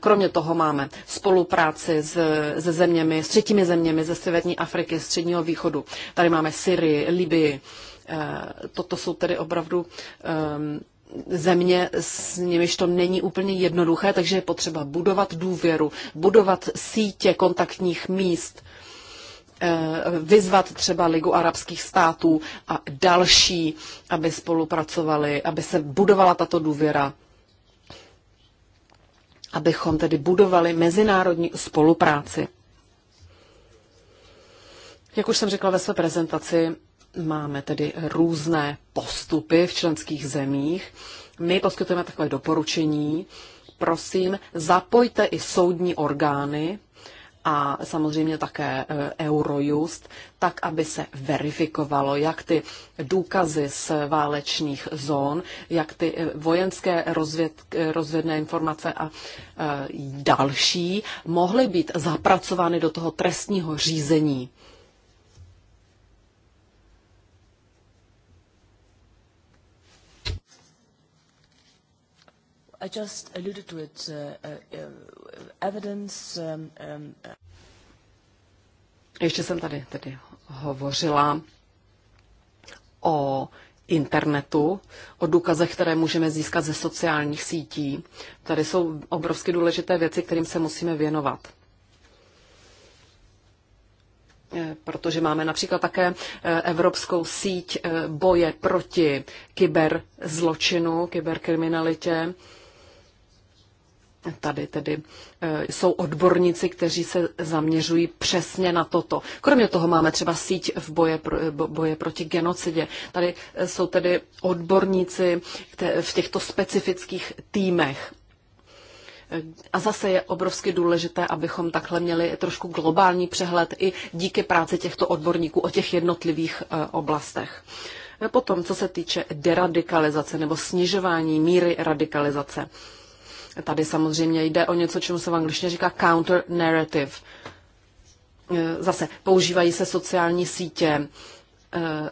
Kromě toho máme spolupráci s, se zeměmi, s třetími zeměmi ze Severní Afriky, Středního východu. Tady máme Syrii, Libii. Eh, toto jsou tedy opravdu eh, země, s nimiž to není úplně jednoduché, takže je potřeba budovat důvěru, budovat sítě kontaktních míst, Eh, vyzvat třeba Ligu arabských států a další, aby spolupracovali, aby se budovala tato důvěra, abychom tedy budovali mezinárodní spolupráci. Jak už jsem řekla ve své prezentaci, máme tedy různé postupy v členských zemích. My poskytujeme takové doporučení. Prosím, zapojte i soudní orgány, a samozřejmě také e, Eurojust, tak aby se verifikovalo, jak ty důkazy z válečných zón, jak ty e, vojenské rozvěd, e, rozvědné informace a další mohly být zapracovány do toho trestního řízení. I just alluded to it, uh, uh, evidence. Um, um, uh, Ještě jsem tady tedy hovořila o internetu, o důkazech, které můžeme získat ze sociálních sítí. Tady jsou obrovsky důležité věci, kterým se musíme věnovat. Eh, protože máme například také eh, evropskou síť eh, boje proti kyberzločinu, kyberkriminalitě. Tady tedy eh, jsou odborníci, kteří se zaměřují přesně na toto. Kromě toho máme třeba síť v boje, pro, eh, boje proti genocidě. Tady eh, jsou tedy odborníci v těchto specifických týmech. A zase je obrovsky důležité, abychom takhle měli trošku globální přehled i díky práci těchto odborníků o těch jednotlivých oblastech. Potom, co se týče deradikalizace nebo snižování míry radikalizace. Tady samozřejmě jde o něco, čemu se v angličtině říká counter narrative. Eh, zase používají se sociální sítě, eh,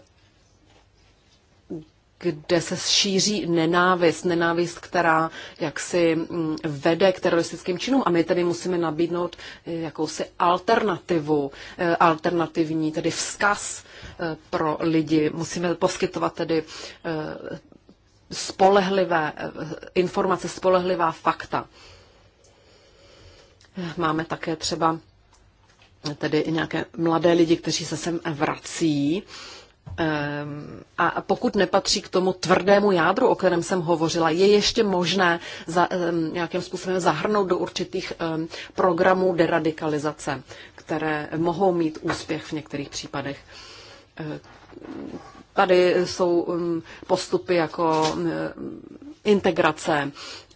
kde se šíří nenávist, nenávist, která jaksi mm, vede k teroristickým činům a my tedy musíme nabídnout eh, jakousi alternativu, alternativní tedy vzkaz pro lidi. Musíme poskytovat tedy spolehlivé informace, spolehlivá fakta. Máme také třeba tedy i nějaké mladé lidi, kteří se sem vrací. Ehm, a pokud nepatří k tomu tvrdému jádru, o kterém jsem hovořila, je ještě možné za, ehm, nějakým způsobem zahrnout do určitých ehm, programů deradikalizace, které mohou mít úspěch v některých případech. Tady jsou um, postupy jako um, integrace,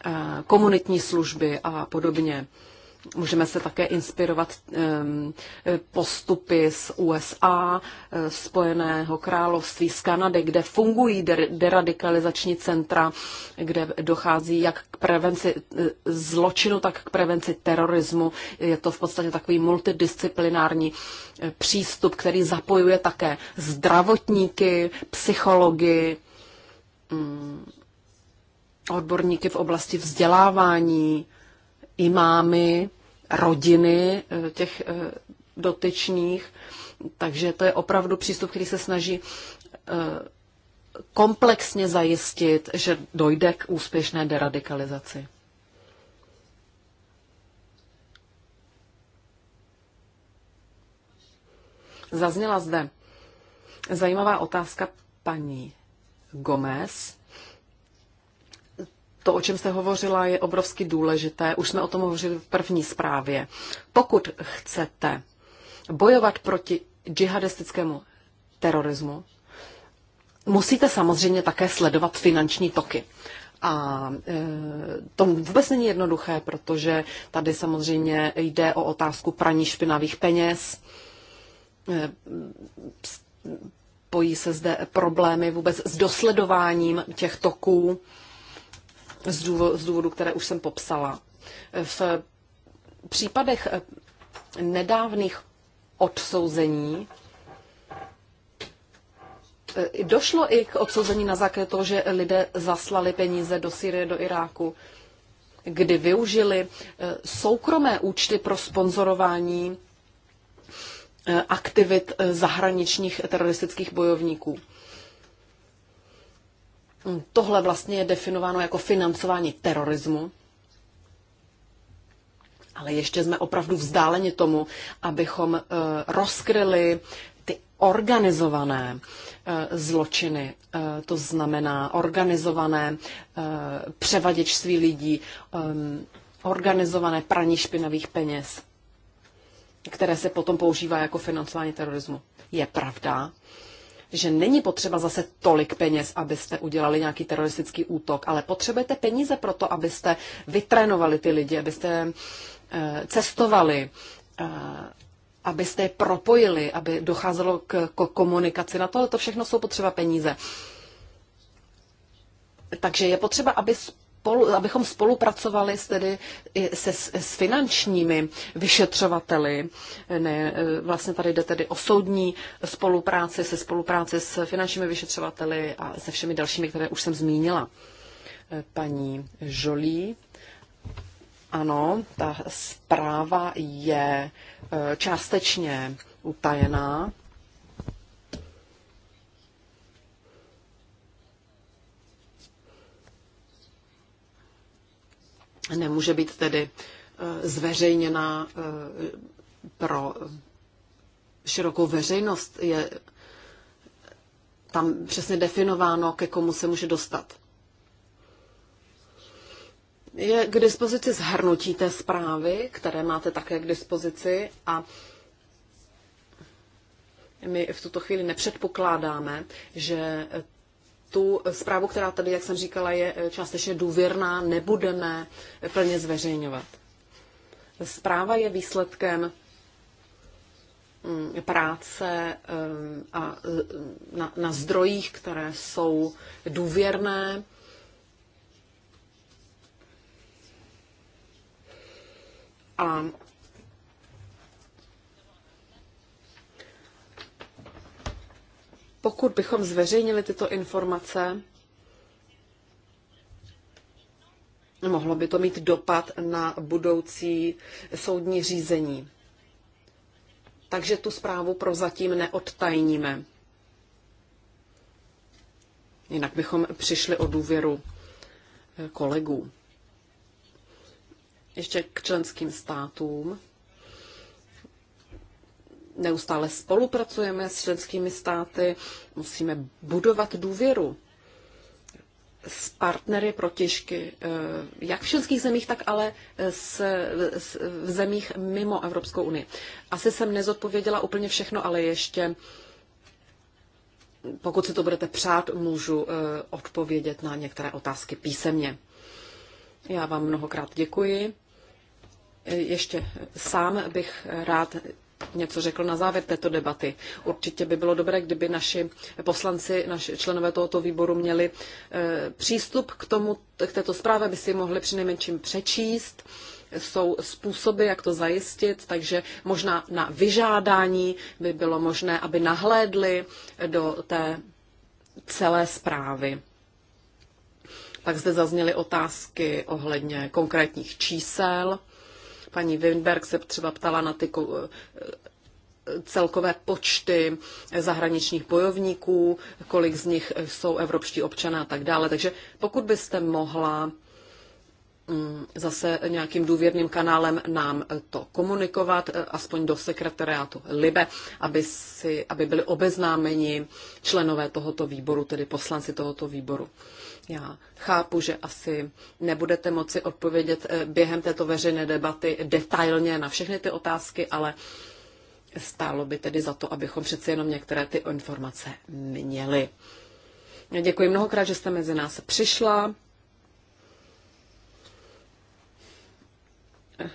uh, komunitní služby a podobně. Můžeme se také inspirovat postupy z USA, eh, Spojeného království, z Kanady, kde fungují deradikalizační centra, kde dochází jak k prevenci eh, zločinu, tak k prevenci terorismu. Je to v podstatě takový multidisciplinární eh, přístup, který zapojuje také zdravotníky, psychologi, mm, odborníky v oblasti vzdělávání, imámy, rodiny eh, těch eh, dotyčných. Takže to je opravdu přístup, který se snaží eh, komplexně zajistit, že dojde k úspěšné deradikalizaci. Zazněla zde zajímavá otázka paní Gomez to, o čem jste hovořila, je obrovsky důležité. Už jsme o tom hovořili v první zprávě. Pokud chcete bojovat proti džihadistickému terorismu, musíte samozřejmě také sledovat finanční toky. A e, to vůbec není jednoduché, protože tady samozřejmě jde o otázku praní špinavých peněz. E, pojí se zde problémy vůbec s dosledováním těch toků z důvodu, které už jsem popsala. V případech eh, nedávných odsouzení eh, došlo i k odsouzení na základě toho, že lidé zaslali peníze do Syrie, do Iráku, kdy využili eh, soukromé účty pro sponzorování aktivit zahraničních teroristických bojovníků. Hm, tohle vlastně je definováno jako financování terorismu, ale ještě jsme opravdu vzdáleni tomu, abychom eh, rozkryli ty organizované eh, zločiny, eh, to znamená organizované převaděčství lidí, organizované praní špinavých peněz, které se potom používá jako financování terorismu. Je pravda, že není potřeba zase tolik peněz, abyste udělali nějaký teroristický útok, ale potřebujete peníze pro to, abyste vytrénovali ty lidi, abyste eh, cestovali, eh, abyste je propojili, aby docházelo k komunikaci. Na tohle to všechno jsou potřeba peníze. Takže je potřeba, aby spolu, abychom spolupracovali s, tedy se, s finančními vyšetřovateli. Ne, e, vlastně tady jde tedy o soudní spolupráci, se spolupráci s finančními vyšetřovateli a se všemi dalšími, které už jsem zmínila. E, paní Žolí. Ano, ta zpráva je e, částečně utajená. nemůže být tedy eh, zveřejněna eh, pro širokou veřejnost. Je tam přesně definováno, ke komu se může dostat. Je k dispozici zhrnutí té zprávy, které máte také k dispozici a my v tuto chvíli nepředpokládáme, že tu zprávu, která tady, jak jsem říkala, je eh, částečně důvěrná, nebudeme plně zveřejňovat. Zpráva je výsledkem mm, práce eh, a eh, na, na zdrojích, které jsou důvěrné. A pokud bychom zveřejnili tyto informace, mohlo by to mít dopad na budoucí soudní řízení. Takže tu zprávu prozatím neodtajníme. Jinak bychom přišli o důvěru eh, kolegů. Ještě k členským státům neustále spolupracujeme s členskými státy, musíme budovat důvěru s partnery pro těžky, eh, jak v českých zemích, tak ale eh, s, s, v zemích mimo Evropskou unii. Asi jsem nezodpověděla úplně všechno, ale ještě, pokud si to budete přát, můžu eh, odpovědět na některé otázky písemně. Já vám mnohokrát děkuji. Ještě sám bych rád něco řekl na závěr této debaty. Určitě by bylo dobré, kdyby naši poslanci, naši členové tohoto výboru měli eh, přístup k, tomu, k této zprávě, by si ji mohli přinejmenším přečíst jsou způsoby, jak to zajistit, takže možná na vyžádání by bylo možné, aby nahlédli do té celé zprávy. Pak zde zazněly otázky ohledně konkrétních čísel. Paní Winberg se třeba ptala na ty celkové počty zahraničních bojovníků, kolik z nich jsou evropští občané a tak dále. Takže pokud byste mohla mm, zase nějakým důvěrným kanálem nám to komunikovat, eh, aspoň do sekretariátu LIBE, aby, si, aby byli obeznámeni členové tohoto výboru, tedy poslanci tohoto výboru. Já chápu, že asi nebudete moci odpovědět eh, během této veřejné debaty detailně na všechny ty otázky, ale stálo by tedy za to, abychom přeci jenom některé ty informace měli. Děkuji mnohokrát, že jste mezi nás přišla. Eh,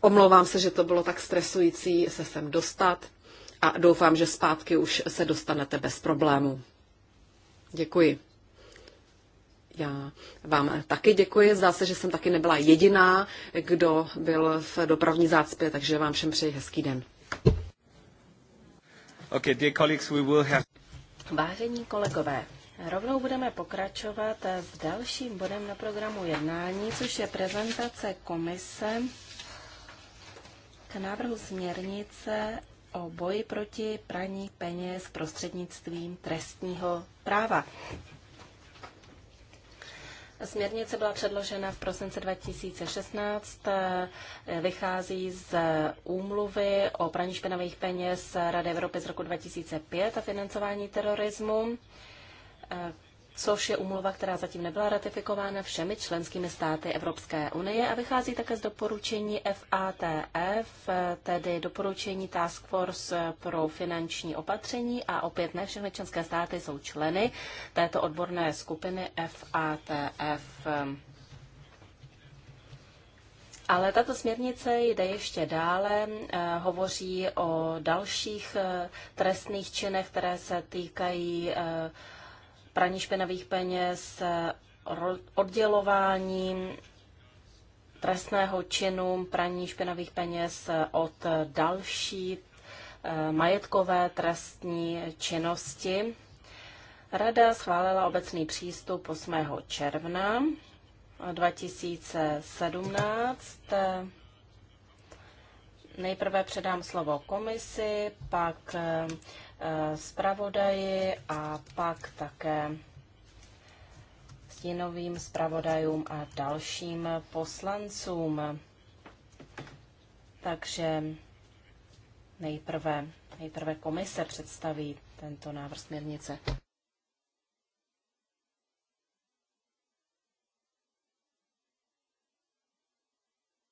omlouvám se, že to bylo tak stresující se sem dostat a doufám, že zpátky už se dostanete bez problémů. Děkuji. Já vám taky děkuji. Zdá se, že jsem taky nebyla jediná, kdo byl v dopravní zácpě, takže vám všem přeji hezký den. Okay, dear colleagues, we will have... Vážení kolegové, rovnou budeme pokračovat s dalším bodem na programu jednání, což je prezentace komise k návrhu směrnice o boji proti praní peněz prostřednictvím trestního práva. Směrnice byla předložena v prosince 2016, eh, vychází z úmluvy o praní špinavých peněz Rady Evropy z roku 2005 a financování terorismu eh, což je umluva, která zatím nebyla ratifikována všemi členskými státy Evropské unie a vychází také z doporučení FATF, e tedy doporučení Task Force pro finanční opatření a opět ne všechny členské státy jsou členy této odborné skupiny FATF. E Ale tato směrnice jde ještě dále, eh, hovoří o dalších eh, trestných činech, které se týkají eh, praní špinavých peněz, oddělování trestného činu praní špinavých peněz od další eh, majetkové trestní činnosti. Rada schválila obecný přístup 8. června 2017. Nejprve předám slovo komisi, pak eh, Eh, zpravodaji a pak také stínovým zpravodajům a dalším poslancům. Takže nejprve, nejprve komise představí tento návrh směrnice.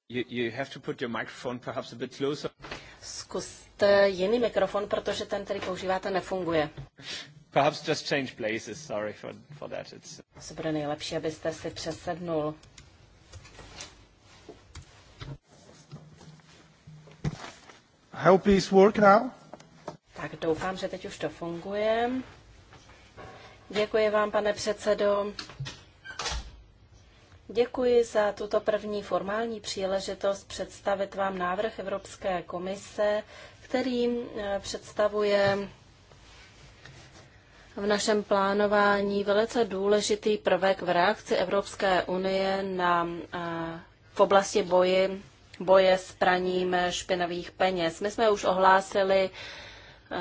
You, you have to put your microphone perhaps a bit closer. Zkuste jiný mikrofon, protože ten, který používáte, nefunguje. Perhaps just change places, sorry for, for that. It's... Asi bude nejlepší, abyste si přesednul. Help is work now. Tak doufám, že teď už to funguje. Děkuji vám, pane předsedo. Děkuji za tuto první formální příležitost představit vám návrh Evropské komise, který eh, představuje v našem plánování velice důležitý prvek v reakci Evropské unie na, eh, v oblasti boji, boje s praním špinavých peněz. My jsme už ohlásili eh,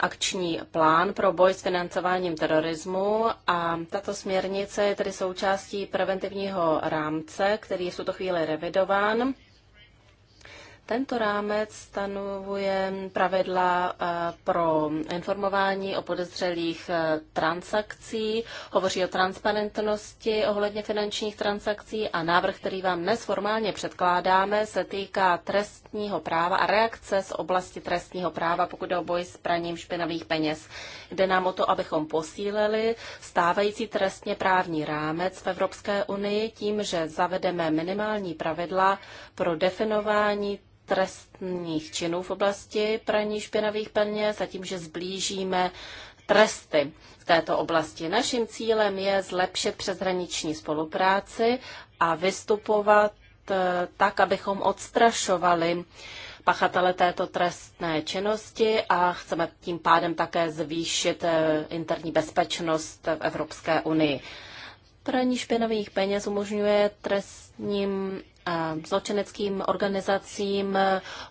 akční plán pro boj s financováním terorismu a tato směrnice je tedy součástí preventivního rámce, který je v tuto chvíli revidován. Tento rámec stanovuje pravidla eh, pro informování o podezřelých eh, transakcí, hovoří o transparentnosti ohledně finančních transakcí a návrh, který vám dnes formálně předkládáme, se týká trestního práva a reakce z oblasti trestního práva, pokud jde o boj s praním špinavých peněz. Jde nám o to, abychom posílili stávající trestně právní rámec v Evropské unii tím, že zavedeme minimální pravidla pro definování trestních činů v oblasti praní špinavých peněz a tím, že zblížíme tresty v této oblasti. Naším cílem je zlepšit přeshraniční spolupráci a vystupovat eh, tak, abychom odstrašovali pachatele této trestné činnosti a chceme tím pádem také zvýšit eh, interní bezpečnost v Evropské unii. Praní špinavých peněz umožňuje trestním zločineckým organizacím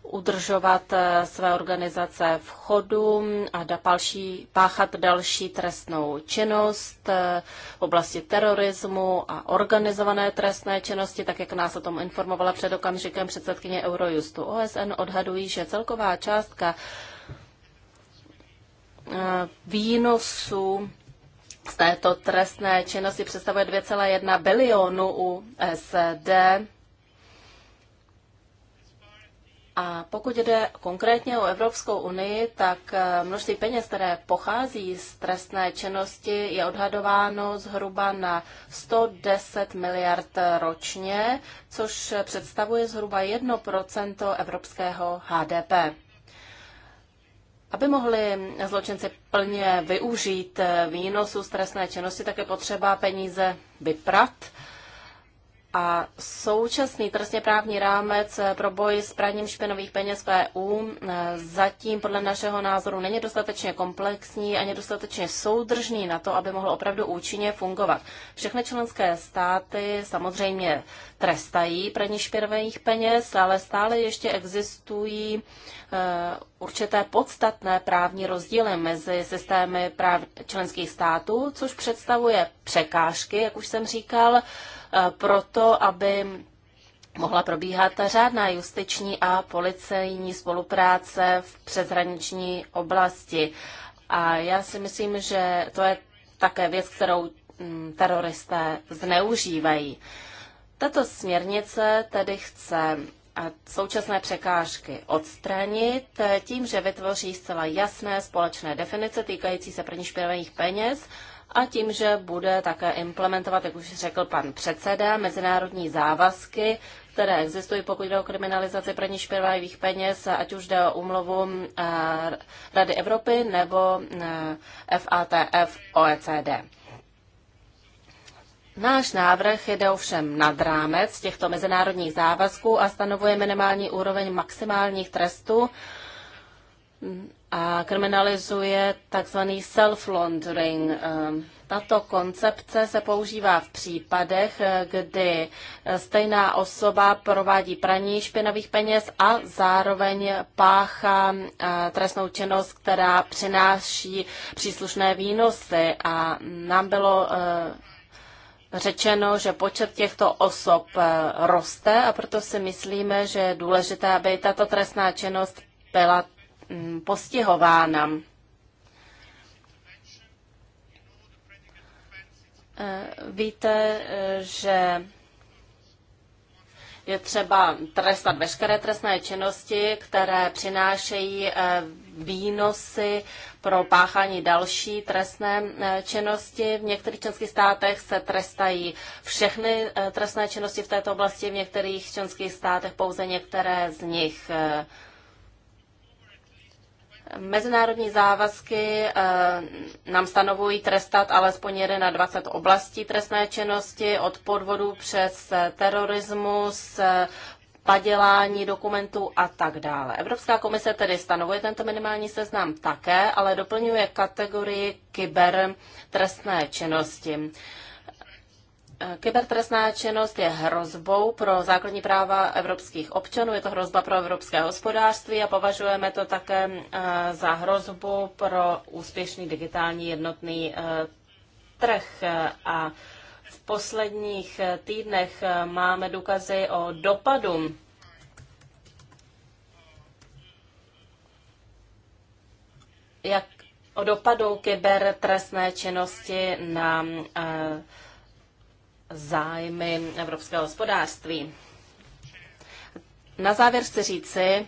udržovat eh, své organizace v chodu a další, páchat další trestnou činnost eh, v oblasti terorismu a organizované trestné činnosti, tak jak nás o tom informovala před okamžikem předsedkyně Eurojustu. OSN odhadují, že celková částka eh, výnosu z této trestné činnosti představuje 2,1 bilionu USD a pokud jde konkrétně o Evropskou unii, tak eh, množství peněz, které pochází z trestné činnosti, je odhadováno zhruba na 110 miliard ročně, což představuje zhruba 1 evropského HDP. Aby mohli zločinci plně využít eh, výnosu z trestné činnosti, tak je potřeba peníze vyprat a současný trestně právní rámec eh, pro boj s praním špinových peněz v EU eh, zatím podle našeho názoru není dostatečně komplexní a dostatečně soudržný na to, aby mohl opravdu účinně fungovat. Všechny členské státy samozřejmě trestají praní špinových peněz, ale stále ještě existují eh, určité podstatné právní rozdíly mezi systémy práv členských států, což představuje překážky, jak už jsem říkal, E, proto, aby mohla probíhat řádná justiční a policejní spolupráce v přeshraniční oblasti. A já si myslím, že to je také věc, kterou mm, teroristé zneužívají. Tato směrnice tedy chce současné překážky odstranit tím, že vytvoří zcela jasné společné definice týkající se praní špinavých peněz a tím, že bude také implementovat, jak už řekl pan předseda, mezinárodní závazky, které existují, pokud jde o kriminalizaci praní špinavých peněz, ať už jde o umluvu eh, Rady Evropy nebo eh, FATF OECD. Náš návrh jde ovšem nad rámec těchto mezinárodních závazků a stanovuje minimální úroveň maximálních trestů a kriminalizuje tzv. self-laundering. Ehm, tato koncepce se používá v případech, eh, kdy eh, stejná osoba provádí praní špinavých peněz a zároveň páchá eh, trestnou činnost, která přináší příslušné výnosy. A nám bylo řečeno, že počet těchto osob roste a proto si myslíme, že je důležité, aby tato trestná činnost byla Mm, postihována. E, víte, e, že je třeba trestat veškeré trestné činnosti, které přinášejí e, výnosy pro páchání další trestné činnosti. V některých členských státech se trestají všechny trestné činnosti v této oblasti, v některých členských státech pouze některé z nich. Mezinárodní závazky eh, nám stanovují trestat alespoň 1 na 20 oblastí trestné činnosti, od podvodu přes eh, terorismus, eh, padělání dokumentů a tak dále. Evropská komise tedy stanovuje tento minimální seznam také, ale doplňuje kategorii kyber trestné činnosti. Kybertrestná činnost je hrozbou pro základní práva evropských občanů, je to hrozba pro evropské hospodářství a považujeme to také eh, za hrozbu pro úspěšný digitální jednotný eh, trh. A v posledních eh, týdnech máme důkazy o dopadu jak o dopadu kybertrestné činnosti na zájmy evropského hospodářství. Na závěr chci říci,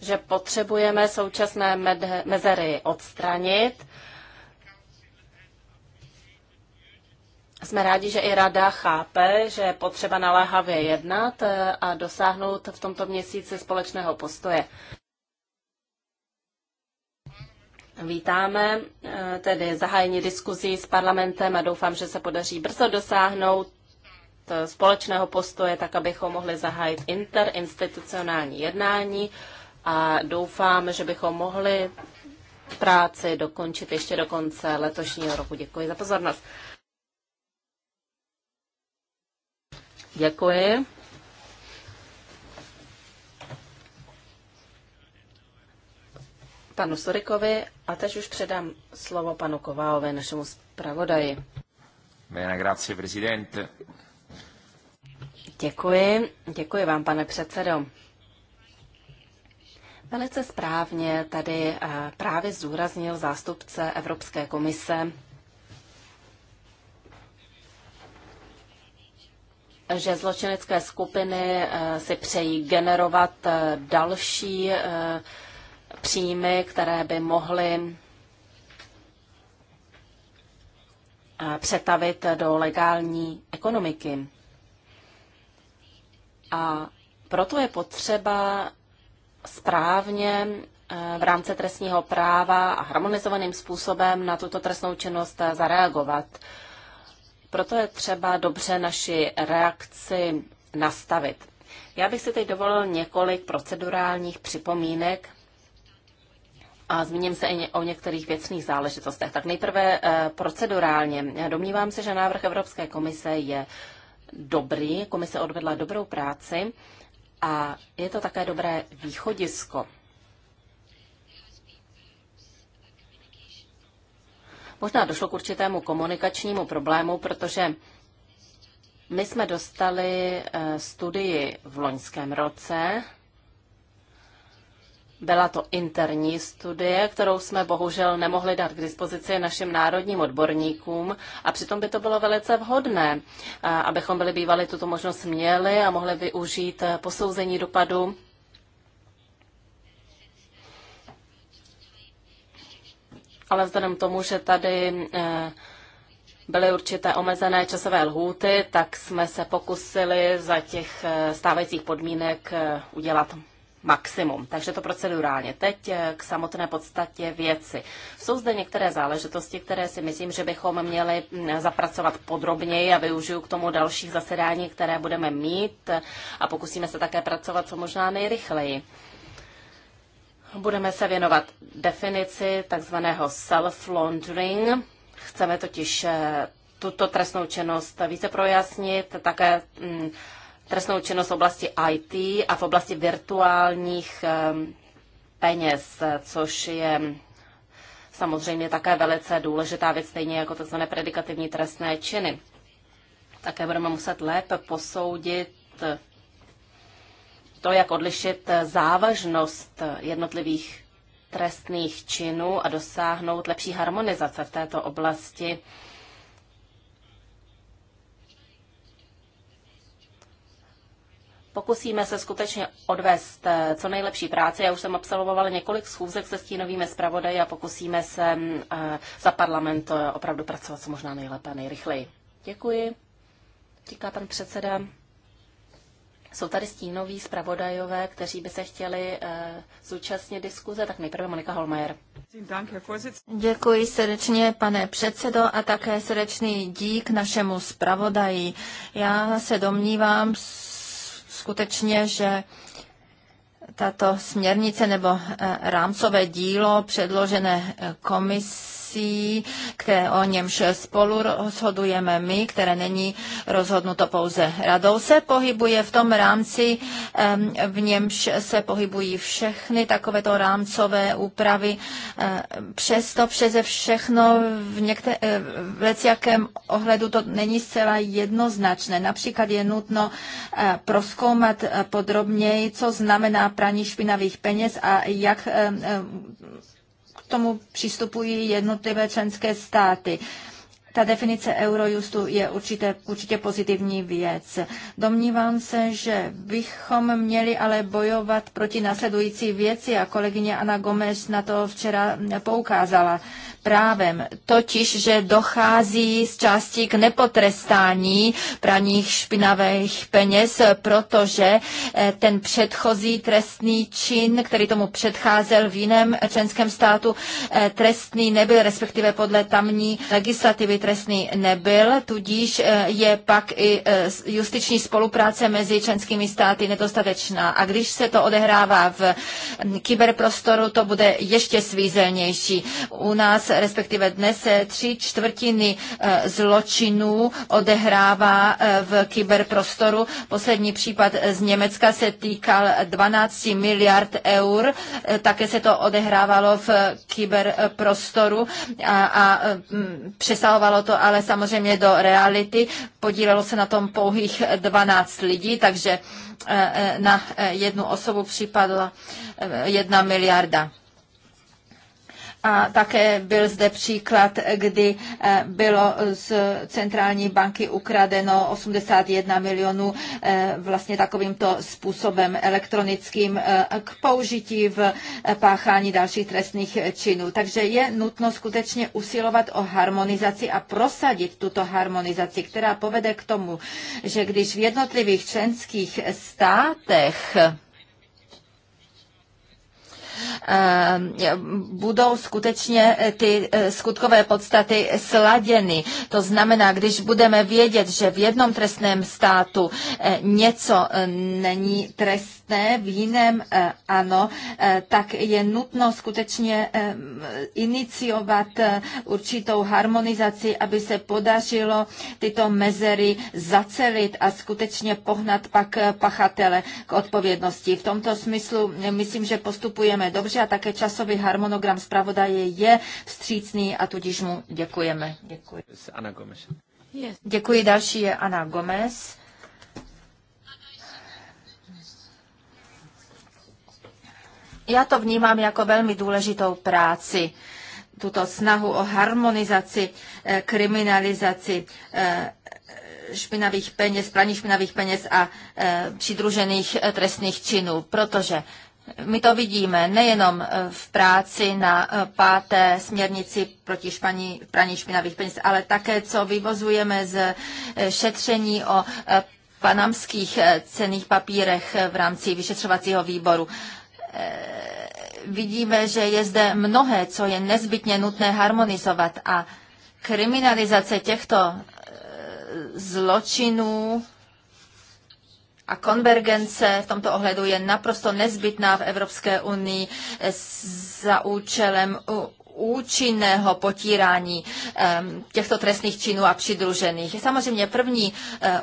že potřebujeme současné mezery odstranit. Jsme rádi, že i Rada chápe, že je potřeba naléhavě jednat eh, a dosáhnout v tomto měsíci společného postoje. Vítáme eh, tedy zahájení diskuzí s parlamentem a doufám, že se podaří brzo dosáhnout eh, společného postoje, tak abychom mohli zahájit interinstitucionální jednání a doufám, že bychom mohli práci dokončit ještě do konce letošního roku. Děkuji za pozornost. Děkuji. panu Sorikovi a teď už předám slovo panu Kováové, našemu zpravodaji. Bene, grazie, presidente. Děkuji, děkuji vám, pane předsedo. Velice správně tady eh, právě zúraznil zástupce Evropské komise, že zločinecké skupiny eh, si přejí generovat eh, další příjmy, které by mohly eh, přetavit do legální ekonomiky. A proto je potřeba správně eh, v rámci trestního práva a harmonizovaným způsobem na tuto trestnou činnost eh, zareagovat. Proto je třeba dobře naši reakci nastavit. Já bych si teď dovolil několik procedurálních připomínek, a zmíním se i o některých věcných záležitostech. Tak nejprve eh, procedurálně. Já domnívám se, že návrh Evropské komise je dobrý, komise odvedla dobrou práci a je to také dobré východisko. Možná došlo k určitému komunikačnímu problému, protože my jsme dostali eh, studii v loňském roce byla to interní studie, kterou jsme bohužel nemohli dát k dispozici našim národním odborníkům a přitom by to bylo velice vhodné, abychom byli bývali tuto možnost měli a mohli využít eh, posouzení dopadu. Ale vzhledem k tomu, že tady eh, byly určité omezené časové lhůty, tak jsme se pokusili za těch eh, stávajících podmínek udělat maximum. Takže to procedurálně. Teď eh, k samotné podstatě věci. Jsou zde některé záležitosti, které si myslím, že bychom měli mm, zapracovat podrobněji a využiju k tomu dalších zasedání, které budeme mít eh, a pokusíme se také pracovat co možná nejrychleji. Budeme se věnovat definici takzvaného self-laundering. Chceme totiž eh, tuto trestnou činnost více projasnit, také mm, trestnou činnost v oblasti IT a v oblasti virtuálních ehm, peněz, což je samozřejmě také velice důležitá věc, stejně jako tzv. predikativní trestné činy. Také budeme muset lépe posoudit to, jak odlišit závažnost jednotlivých trestných činů a dosáhnout lepší harmonizace v této oblasti Pokusíme se skutečně odvést eh, co nejlepší práci. Já už jsem absolvovala několik schůzek se stínovými zpravodaji a pokusíme se mm, eh, za parlament eh, opravdu pracovat co možná nejlépe a nejrychleji. Děkuji, říká pan předseda. Jsou tady stínoví zpravodajové, kteří by se chtěli zúčastnit diskuze, tak nejprve Monika Holmajer. Děkuji srdečně, pane předsedo, a také srdečný dík našemu zpravodaji. Já se domnívám, skutečně, že tato směrnice nebo eh, rámcové dílo předložené eh, komisí věcí, které o němž spolu rozhodujeme my, které není rozhodnuto pouze radou, se pohybuje v tom rámci, v němž se pohybují všechny takovéto rámcové úpravy. Přesto přeze všechno v, některé, eh, v jakém ohledu to není zcela jednoznačné. Například je nutno eh, proskoumat eh, podrobněji, co znamená praní špinavých peněz a jak tomu přistupují jednotlivé členské státy. Ta definice Eurojustu je určitě, určitě pozitivní věc. Domnívám se, že bychom měli ale bojovat proti nasledující věci a kolegyně Ana Gomes na to včera poukázala právem, totiž, že dochází z části k nepotrestání praních špinavých peněz, protože eh, ten předchozí trestný čin, který tomu předcházel v jiném členském státu, eh, trestný nebyl, respektive podle tamní legislativy trestný nebyl, tudíž eh, je pak i justiční spolupráce mezi členskými státy nedostatečná. A když se to odehrává v mm, kyberprostoru, to bude ještě svízelnější. U nás respektive dnes se tři čtvrtiny eh, zločinů odehrává eh, v kyberprostoru. Poslední případ eh, z Německa se týkal 12 miliard eur. Také se to odehrávalo v kyberprostoru a, a mm, přesahovalo to ale samozřejmě do reality. Podílelo se na tom pouhých 12 lidí, takže na jednu osobu připadla jedna miliarda. A také byl zde příklad, kdy eh, bylo z centrální banky ukradeno 81 milionů eh, vlastně takovýmto způsobem elektronickým eh, k použití v páchání dalších trestných činů. Takže je nutno skutečně usilovat o harmonizaci a prosadit tuto harmonizaci, která povede k tomu, že když v jednotlivých členských státech Eh, budou skutečně eh, ty eh, skutkové podstaty sladěny. To znamená, když budeme vědět, že v jednom trestném státu něco není trest ne, v jiném eh, ano, eh, tak je nutno skutečně eh, iniciovat určitou harmonizaci, aby se podařilo tyto mezery zacelit a skutečně pohnat pak pachatele k odpovědnosti. V tomto smyslu myslím, že postupujeme dobře a také časový harmonogram zpravodaje je vstřícný a tudíž mu děkujeme. Děkuji. Děkuji, další je Ana Gomez. Já to vnímám jako velmi důležitou práci, tuto snahu o harmonizaci, eh, kriminalizaci eh, špinavých peněz, praní špinavých peněz a eh, přidružených trestných činů, protože my to vidíme nejenom v práci na páté směrnici proti španí, praní špinavých peněz, ale také, co vyvozujeme z šetření o panamských cených papírech v rámci vyšetřovacího výboru. Eh, vidíme, že je zde mnohé, co je nezbytně nutné harmonizovat a kriminalizace těchto eh, zločinů a konvergence v tomto ohledu je naprosto nezbytná v Evropské unii eh, za účelem účinného potírání ehm, těchto trestných činů a přidružených. Samozřejmě první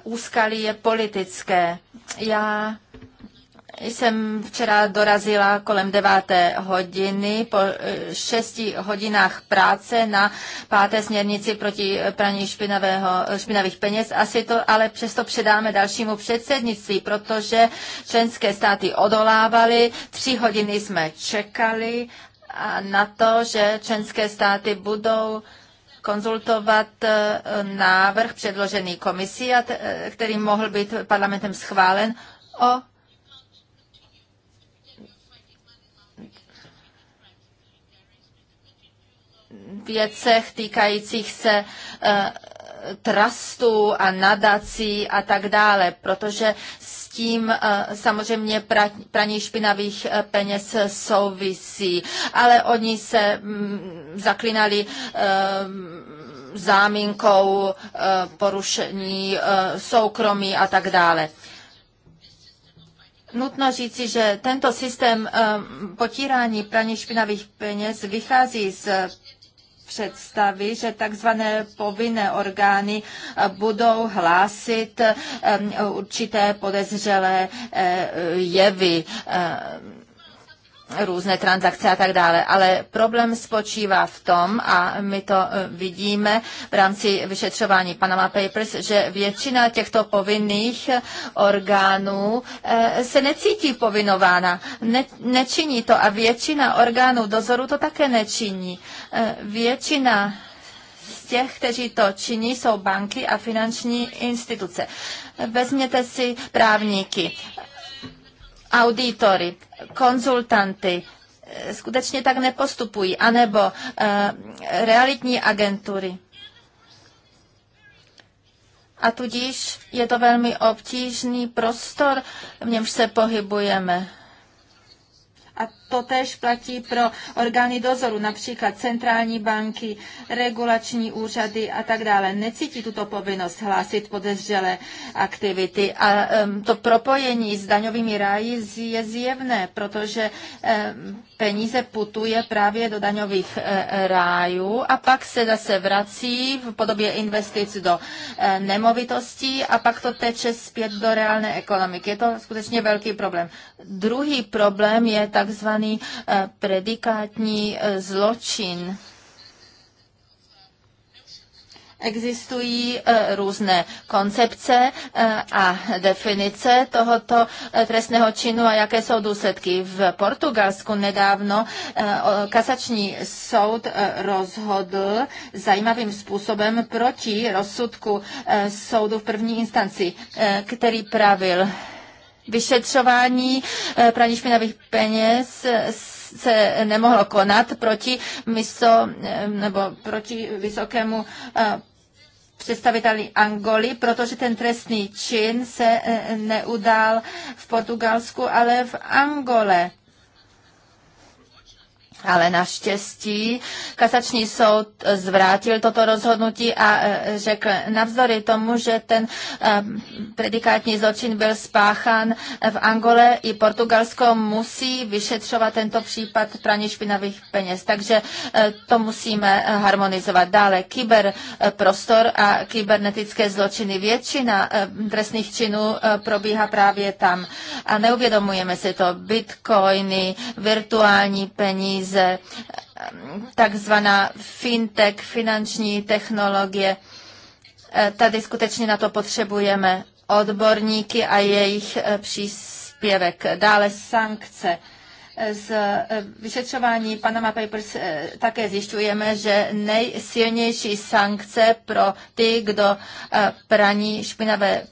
úskalí je politické. Já jsem včera dorazila kolem deváté hodiny po eh, šesti hodinách práce na páté směrnici proti praní špinavého, eh, špinavých peněz. Asi to ale přesto předáme dalšímu předsednictví, protože členské státy odolávaly, tři hodiny jsme čekali a na to, že členské státy budou konzultovat eh, návrh předložený komisí, který mohl být parlamentem schválen o věcech týkajících se eh, trustů a nadací a tak dále, protože s tím eh, samozřejmě praní špinavých eh, peněz souvisí, ale oni se mm, zaklinali záminkou porušení soukromí a tak dále. Nutno říci, že tento systém potírání praní špinavých peněz vychází z představy, že takzvané povinné orgány eh, budou hlásit eh, určité podezřelé eh, jevy různé transakce a tak dále. Ale problém spočívá v tom, a my to e, vidíme v rámci vyšetřování Panama Papers, že většina těchto povinných orgánů e, se necítí povinována, ne, nečiní to a většina orgánů dozoru to také nečiní. E, většina z těch, kteří to činí, jsou banky a finanční instituce. Vezměte si právníky auditory, konzultanty, eh, skutečně tak nepostupují, anebo uh, realitní agentury. A tudíž je to velmi obtížný prostor, v němž se pohybujeme. A to tež platí pro orgány dozoru, například centrální banky, regulační úřady a tak dále. Necítí tuto povinnost hlásit podezřelé aktivity. A um, to propojení s daňovými ráji je zjevné, protože um, peníze putuje právě do daňových e, rájů a pak se zase vrací v podobě investic do e, nemovitostí a pak to teče zpět do reálné ekonomiky. Je to skutečně velký problém. Druhý problém je takzvaný takzvaný eh, predikátní eh, zločin Existují eh, různé koncepce a definice tohoto trestného činu a jaké jsou důsledky. V Portugalsku nedávno kasační soud rozhodl zajímavým způsobem proti rozsudku soudu v první instanci, který pravil, vyšetřování eh, praní špinavých peněz eh, se nemohlo konat proti miso, eh, nebo proti vysokému představiteli Angoly, protože ten trestný čin se neudál v Portugalsku, ale v Angole. Ale naštěstí kasační soud zvrátil toto rozhodnutí a e, řekl, navzdory tomu, že ten predikátní zločin byl spáchán v Angole, i Portugalsko musí vyšetřovat tento případ praní špinavých peněz. Takže e, to musíme e, harmonizovat dále. Kyberprostor a kybernetické zločiny. Většina trestných činů probíhá právě tam. A neuvědomujeme si to. Bitcoiny, virtuální peníze, krize, takzvaná fintech, finanční technologie. Eh, tady skutečně na to potřebujeme odborníky a jejich eh, příspěvek. Dále sankce eh, z vyšetřování Panama Papers také zjišťujeme, že nejsilnější sankce pro ty, kdo praní špinavé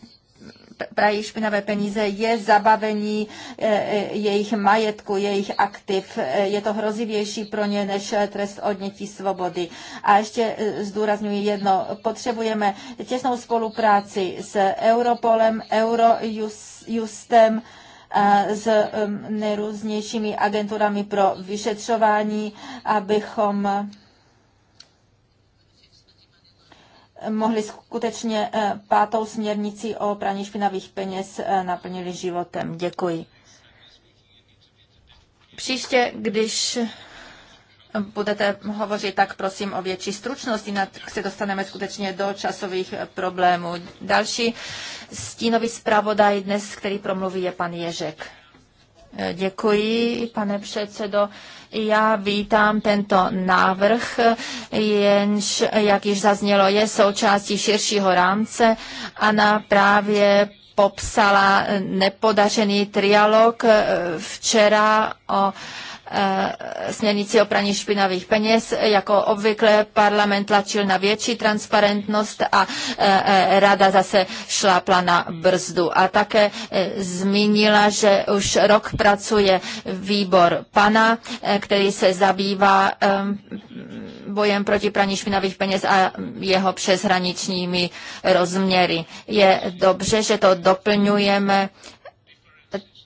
prají špinavé peníze, je zabavení e, e, jejich majetku, jejich aktiv. E, je to hrozivější pro ně než trest odnětí svobody. A ještě zdůraznuju jedno, potřebujeme těsnou spolupráci s Europolem, Eurojustem, s nejrůznějšími agenturami pro vyšetřování, abychom mohli skutečně eh, pátou směrnici o praní špinavých peněz eh, naplnili životem. Děkuji. Příště, když budete hovořit, tak prosím o větší stručnost, jinak se dostaneme skutečně do časových problémů. Další stínový zpravodaj dnes, který promluví, je pan Ježek. Děkuji, pane předsedo. Já vítám tento návrh, jenž, jak již zaznělo, je součástí širšího rámce a na právě popsala nepodařený trialog eh, včera o Eh, směrnici o praní špinavých peněz. Jako obvykle parlament tlačil na větší transparentnost a eh, eh, rada zase šlápla na brzdu. A také zmínila, že už rok pracuje výbor pana, který se zabývá bojem proti praní špinavých peněz a jeho přeshraničními rozměry. Je dobře, že to doplňujeme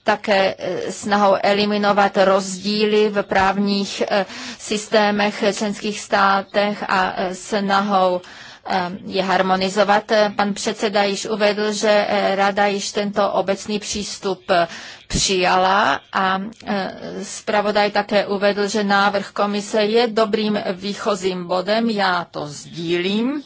také e, snahou eliminovat rozdíly v právních e, systémech e, členských státech a snahou je harmonizovat. Pan předseda již uvedl, že Rada již tento obecný přístup přijala a zpravodaj také uvedl, že návrh komise je dobrým výchozím bodem, já to sdílím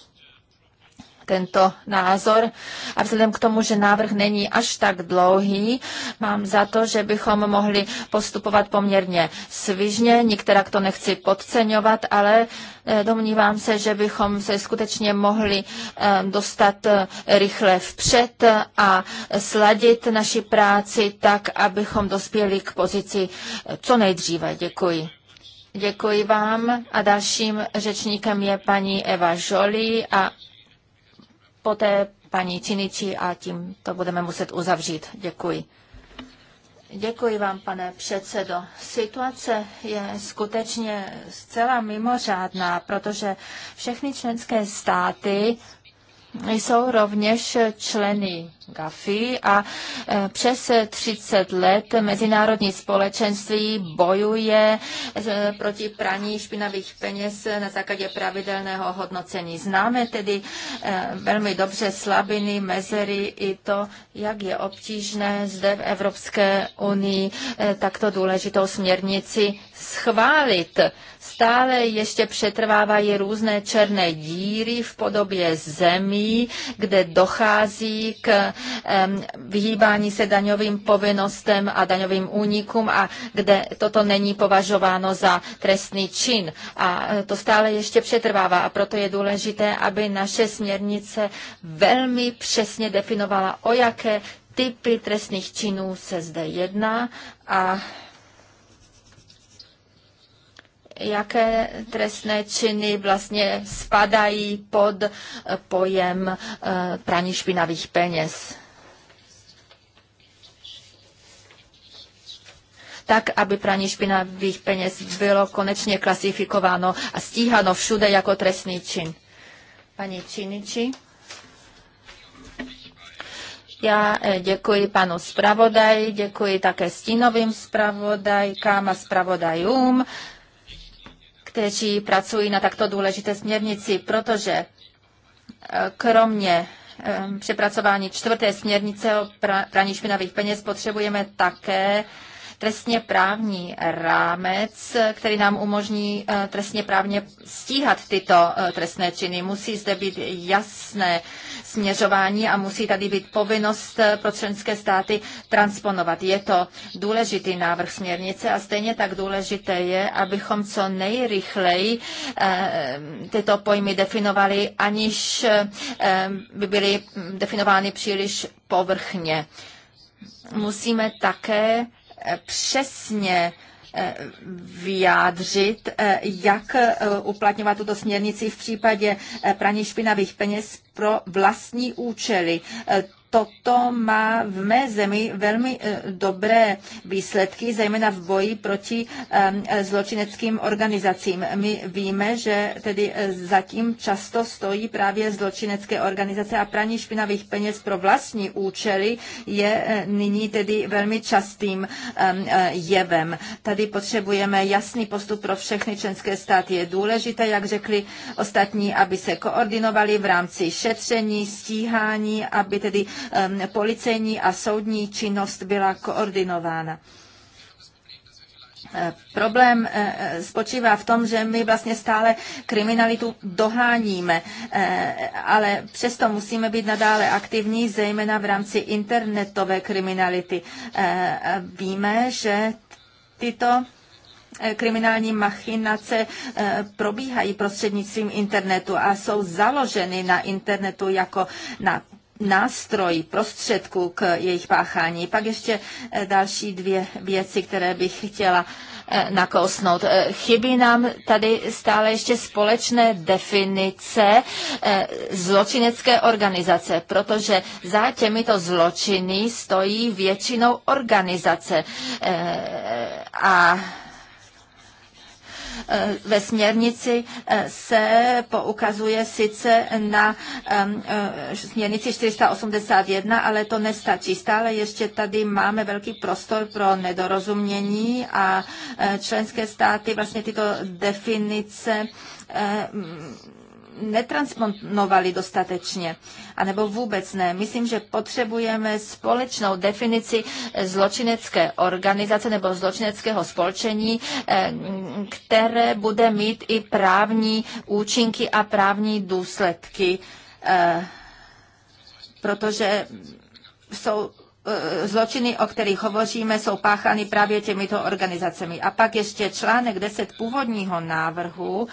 tento názor. A vzhledem k tomu, že návrh není až tak dlouhý, mám za to, že bychom mohli postupovat poměrně svižně. Některá to nechci podceňovat, ale eh, domnívám se, že bychom se skutečně mohli eh, dostat eh, rychle vpřed a sladit naši práci tak, abychom dospěli k pozici co nejdříve. Děkuji. Děkuji vám a dalším řečníkem je paní Eva Žolí a poté paní Cinici a tím to budeme muset uzavřít. Děkuji. Děkuji vám, pane předsedo. Situace je skutečně zcela mimořádná, protože všechny členské státy jsou rovněž členy Gafi a e, přes 30 let mezinárodní společenství bojuje e, proti praní špinavých peněz na základě pravidelného hodnocení. Známe tedy e, velmi dobře slabiny, mezery i to, jak je obtížné zde v Evropské unii takto důležitou směrnici schválit. Stále ještě přetrvávají různé černé díry v podobě zemí, kde dochází k vyhýbání se daňovým povinnostem a daňovým únikům a kde toto není považováno za trestný čin. A e, to stále ještě přetrvává a proto je důležité, aby naše směrnice velmi přesně definovala, o jaké typy trestných činů se zde jedná a jaké trestné činy vlastně spadají pod eh, pojem eh, praní špinavých peněz. tak, aby praní špinavých peněz bylo konečně klasifikováno a stíhano všude jako trestný čin. Pani Činiči. Já eh, děkuji panu zpravodaj, děkuji také stínovým zpravodajkám a zpravodajům kteří pracují na takto důležité směrnici, protože eh, kromě eh, přepracování čtvrté směrnice o praní špinavých peněz potřebujeme také trestně právní rámec, který nám umožní eh, trestně právně stíhat tyto eh, trestné činy. Musí zde být jasné směřování a musí tady být povinnost eh, pro členské státy transponovat. Je to důležitý návrh směrnice a stejně tak důležité je, abychom co nejrychleji tyto pojmy definovali, aniž by byly hm, definovány příliš povrchně. Musíme také Eh, přesně eh, vyjádřit, eh, jak uplatňovat tuto směrnici v případě praní špinavých peněz pro vlastní účely toto má v mé zemi velmi eh, dobré výsledky, zejména v boji proti eh, zločineckým organizacím. My víme, že tedy eh, zatím často stojí právě zločinecké organizace a praní špinavých peněz pro vlastní účely je nyní tedy velmi častým ehm, jevem. Tady potřebujeme jasný postup pro všechny členské státy. Je důležité, jak řekli ostatní, aby se koordinovali v rámci šetření, stíhání, aby tedy Ehm, policejní a soudní činnost byla koordinována. Ehm, problém eh, eh, spočívá v tom, že my vlastně stále kriminalitu doháníme, eh, ale přesto musíme být nadále aktivní, zejména v rámci internetové kriminality. Víme, že tyto kriminální machinace probíhají prostřednictvím internetu a jsou založeny na internetu jako na nástroj, prostředku k jejich páchání. Pak ještě eh, další dvě věci, které bych chtěla eh, nakousnout. Eh, chybí nám tady stále ještě společné definice zločinecké organizace, protože za těmito zločiny stojí většinou organizace. A Eh, ve směrnici eh, se poukazuje sice na eh, směrnici 481, ale to nestačí. Stále ještě tady máme velký prostor pro nedorozumění a členské státy vlastně tyto definice netransponovali dostatečně, anebo vůbec ne. Myslím, že potřebujeme společnou definici zločinecké organizace nebo zločineckého spolčení, eh, které bude mít i právní účinky a právní důsledky, eh, protože jsou eh, zločiny, o kterých hovoříme, jsou páchány právě těmito organizacemi. A pak ještě článek 10 původního návrhu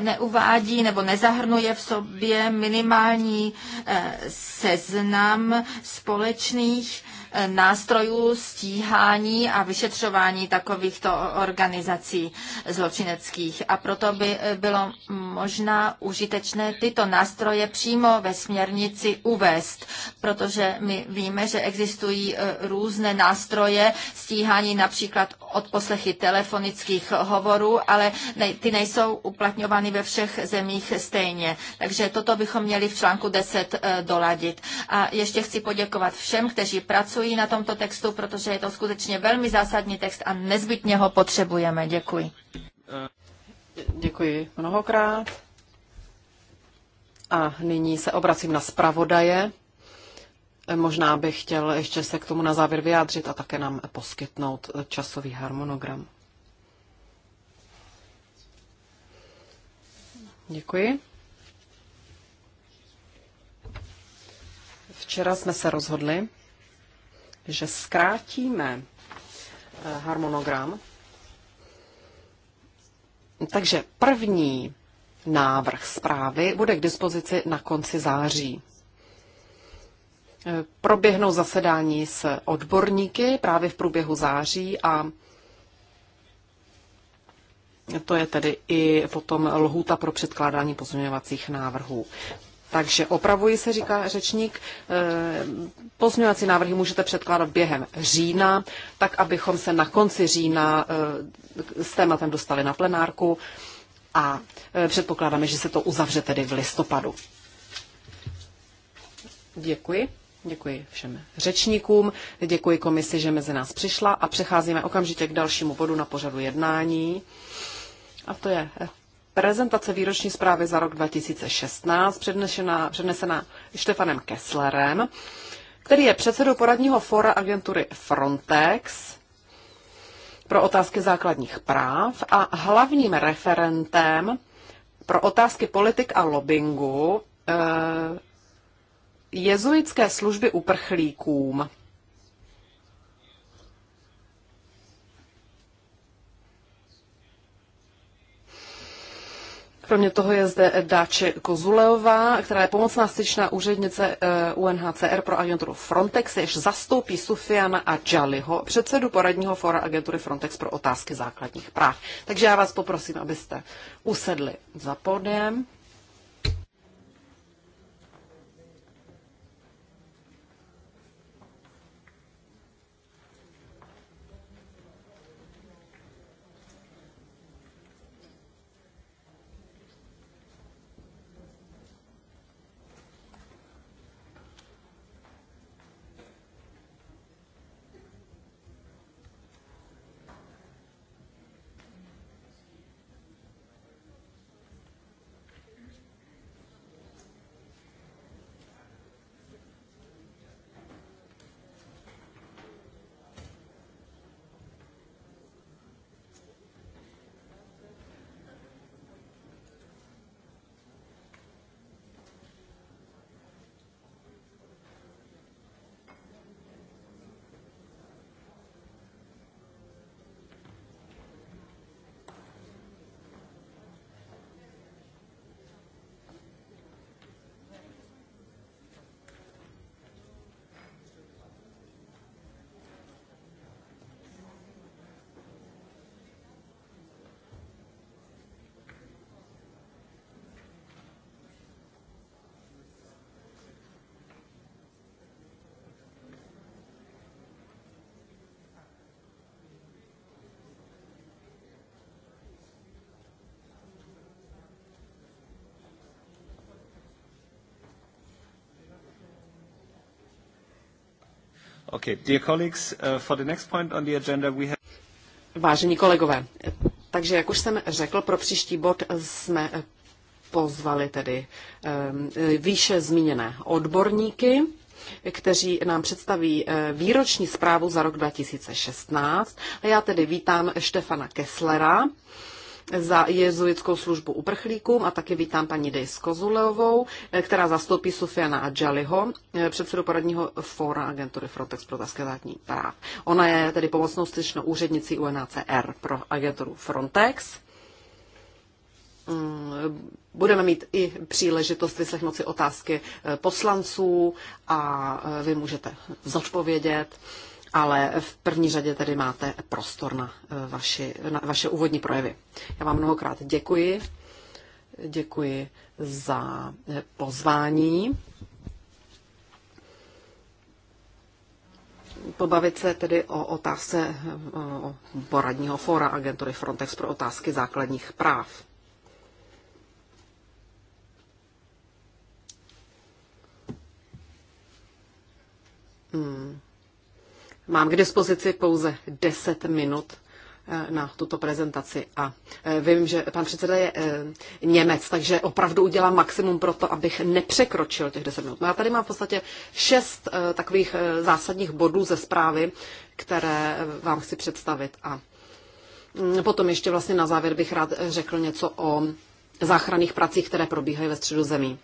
neuvádí nebo nezahrnuje v sobě minimální eh, seznam společných nástrojů stíhání a vyšetřování takovýchto organizací zločineckých. A proto by eh, bylo možná užitečné tyto nástroje přímo ve směrnici uvést, protože my víme, že existují eh, různé nástroje stíhání například od poslechy telefonických hovorů, ale ty nejsou uplatňovány ve všech zemích stejně. Takže toto bychom měli v článku 10 eh, doladit. A ještě chci poděkovat všem, kteří pracují pracují na tomto textu, protože je to skutečně velmi zásadní text a nezbytně ho potřebujeme. Děkuji. Děkuji mnohokrát. A nyní se obracím na zpravodaje. Možná bych chtěl ještě se k tomu na závěr vyjádřit a také nám poskytnout časový harmonogram. Děkuji. Včera jsme se rozhodli, že zkrátíme eh, harmonogram. Takže první návrh zprávy bude k dispozici na konci září. Eh, proběhnou zasedání s odborníky právě v průběhu září a to je tedy i potom lhůta pro předkládání pozměňovacích návrhů. Takže opravuji se, říká řečník, eh, pozměňovací návrhy můžete předkládat během října, tak abychom se na konci října eh, s tématem dostali na plenárku a eh, předpokládáme, že se to uzavře tedy v listopadu. Děkuji. Děkuji všem řečníkům, děkuji komisi, že mezi nás přišla a přecházíme okamžitě k dalšímu bodu na pořadu jednání. A to je prezentace výroční zprávy za rok 2016 přednesená, přednesená Štefanem Kesslerem, který je předsedou poradního fora agentury Frontex pro otázky základních práv a hlavním referentem pro otázky politik a lobbingu e, jezuitské služby uprchlíkům. Kromě toho je zde Dáče Kozuleová, která je pomocná styčná úřednice eh, UNHCR pro agenturu Frontex, jež zastoupí Sufiana a Jaliho, předsedu poradního fora agentury Frontex pro otázky základních práv. Takže já vás poprosím, abyste usedli za pódiem. Vážení kolegové, takže jak už jsem řekl, pro příští bod jsme pozvali tedy um, výše zmíněné odborníky, kteří nám představí uh, výroční zprávu za rok 2016. A já tedy vítám Štefana Kesslera, za jezuitskou službu uprchlíkům a také vítám paní Dejs Kozuleovou, eh, která zastoupí Sufiana Adjaliho, eh, předsedu poradního fóra agentury Frontex pro zaskazání práv. Ona je tedy pomocnou styčnou úřednicí UNHCR pro agenturu Frontex. Mm, budeme mít i příležitost vyslechnout si otázky eh, poslanců a vy můžete zodpovědět ale v první řadě tedy máte prostor na, eh, vaši, na vaše úvodní projevy. Já vám mnohokrát děkuji. Děkuji za eh, pozvání. Pobavit se tedy o otázce eh, o poradního fóra agentury Frontex pro otázky základních práv. Hmm. Mám k dispozici pouze 10 minut eh, na tuto prezentaci a eh, vím, že pan předseda je eh, Němec, takže opravdu udělám maximum pro to, abych nepřekročil těch 10 minut. No já tady mám v podstatě šest takových zásadních bodů ze zprávy, které vám chci představit a mm, potom ještě vlastně na závěr bych rád řekl něco o záchranných pracích, které probíhají ve středu zemí.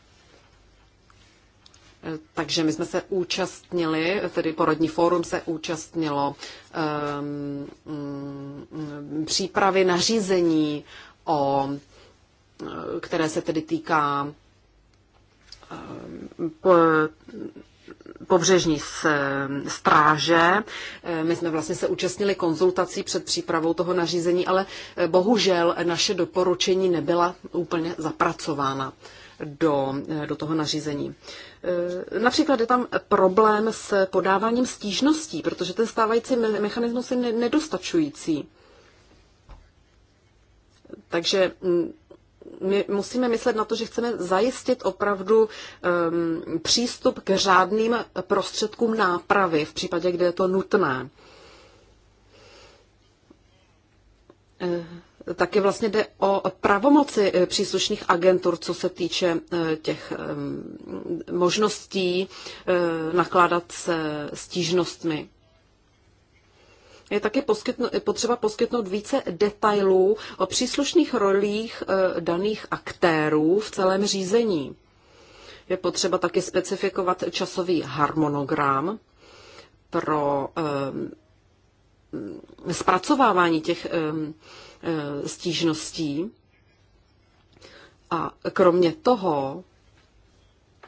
Takže my jsme se účastnili, tedy porodní fórum se účastnilo um, um, přípravy nařízení, o, eh, které se tedy týká um, po, pobřežní stráže. Eh, my jsme vlastně se účastnili konzultací před přípravou toho nařízení, ale bohužel naše doporučení nebyla úplně zapracována do, do toho nařízení. E, například je tam problém s podáváním stížností, protože ten stávající mechanismus je nedostačující. Takže my musíme myslet na to, že chceme zajistit opravdu um, přístup k řádným prostředkům nápravy v případě, kde je to nutné. E, Taky vlastně jde o pravomoci eh, příslušných agentur, co se týče eh, těch eh, možností nakládat se stížnostmi. Je taky potřeba poskytnout více detailů o příslušných rolích daných aktérů v celém řízení. Je potřeba taky specifikovat časový harmonogram pro zpracovávání těch Eh, stížností. A kromě toho,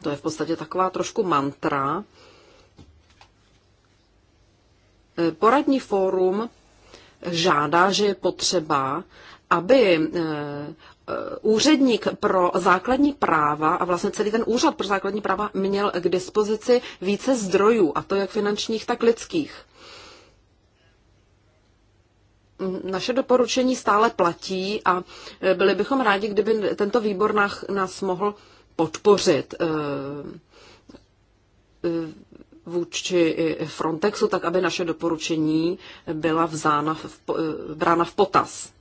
to je v podstatě taková trošku mantra, eh, poradní fórum žádá, že je potřeba, aby eh, úředník pro základní práva a vlastně celý ten úřad pro základní práva měl k dispozici více zdrojů, a to jak finančních, tak lidských naše doporučení stále platí a e, byli bychom rádi, kdyby tento výbor nás mohl podpořit e, e, vůči Frontexu, tak aby naše doporučení byla vzána v, brána v potaz.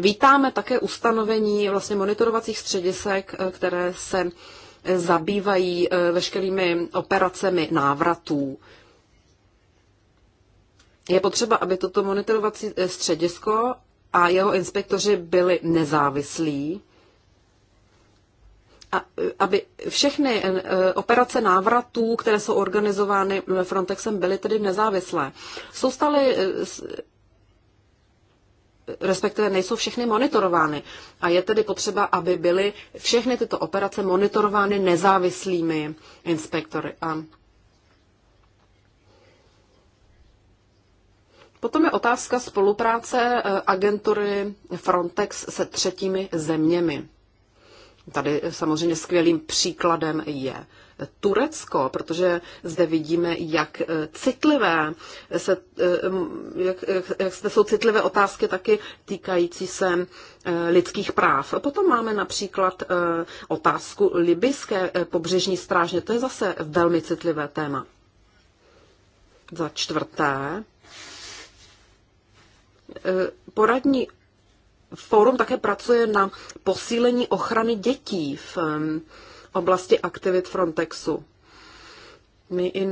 Vítáme také ustanovení vlastně monitorovacích středisek, které se zabývají eh, veškerými operacemi návratů. Je potřeba, aby toto monitorovací eh, středisko a jeho inspektoři byli nezávislí, a eh, aby všechny operace návratů, které jsou organizovány Frontexem, byly tedy nezávislé. Jsou respektive nejsou všechny monitorovány. A je tedy potřeba, aby byly všechny tyto operace monitorovány nezávislými inspektory. A Potom je otázka spolupráce eh, agentury Frontex se třetími zeměmi. Tady samozřejmě skvělým příkladem je Turecko, protože zde vidíme, jak eh, citlivé se, eh, jak, jak jsou citlivé otázky taky týkající se eh, lidských práv. Potom máme například otázku libyské pobřežní strážně. To je zase velmi citlivé téma. Za čtvrté, poradní Fórum také pracuje na posílení ochrany dětí v oblasti aktivit Frontexu. My i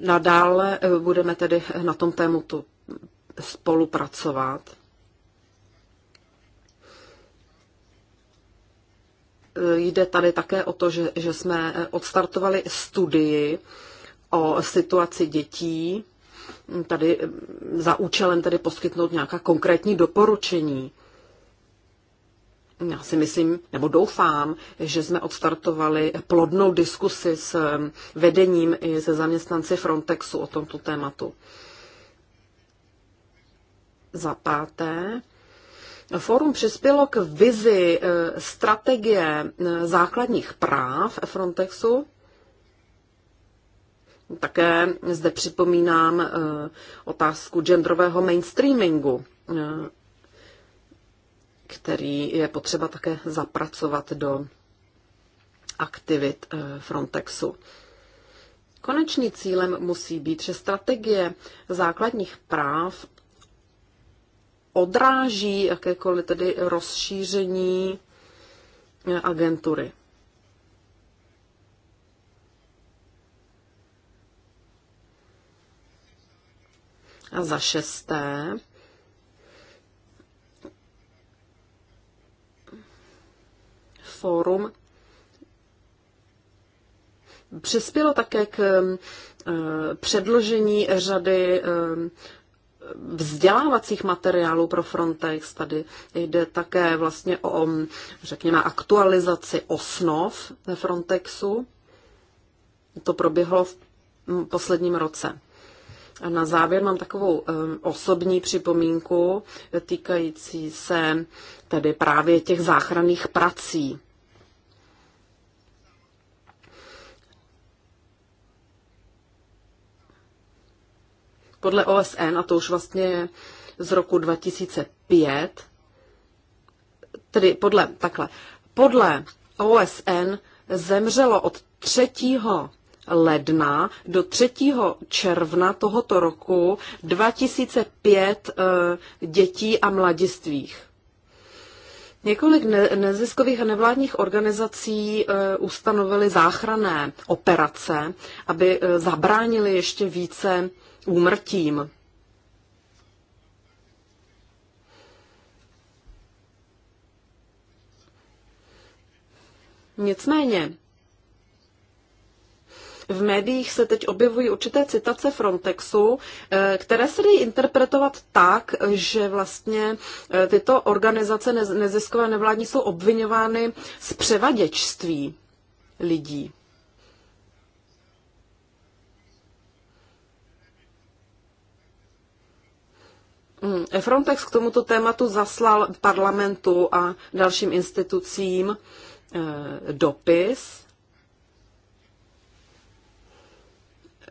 nadále eh, budeme tedy na tom tématu spolupracovat. Eh, jde tady také o to, že, že jsme eh, odstartovali studii o situaci dětí, tady za účelem tedy poskytnout nějaká konkrétní doporučení já si myslím, nebo doufám, že jsme odstartovali plodnou diskusi s vedením i se zaměstnanci Frontexu o tomto tématu. Za páté, Fórum přispělo k vizi eh, strategie eh, základních práv Frontexu. Také zde připomínám eh, otázku genderového mainstreamingu který je potřeba také zapracovat do aktivit eh, Frontexu. Konečný cílem musí být, že strategie základních práv odráží jakékoliv tedy rozšíření eh, agentury. A za šesté, fórum přispělo také k eh, předložení řady eh, vzdělávacích materiálů pro Frontex. Tady jde také vlastně o, řekněme, aktualizaci osnov ve Frontexu. To proběhlo v posledním roce. A na závěr mám takovou eh, osobní připomínku týkající se tedy právě těch záchranných prací. podle OSN, a to už vlastně z roku 2005, tedy podle, takhle, podle OSN zemřelo od 3. ledna do 3. června tohoto roku 2005 eh, dětí a mladistvých. Několik neziskových a nevládních organizací eh, ustanovili záchranné operace, aby eh, zabránili ještě více úmrtím. Nicméně, v médiích se teď objevují určité citace Frontexu, eh, které se dají interpretovat tak, že vlastně eh, tyto organizace neziskové nevládní jsou obvinovány z převaděčství lidí. Mm, Frontex k tomuto tématu zaslal parlamentu a dalším institucím eh, dopis.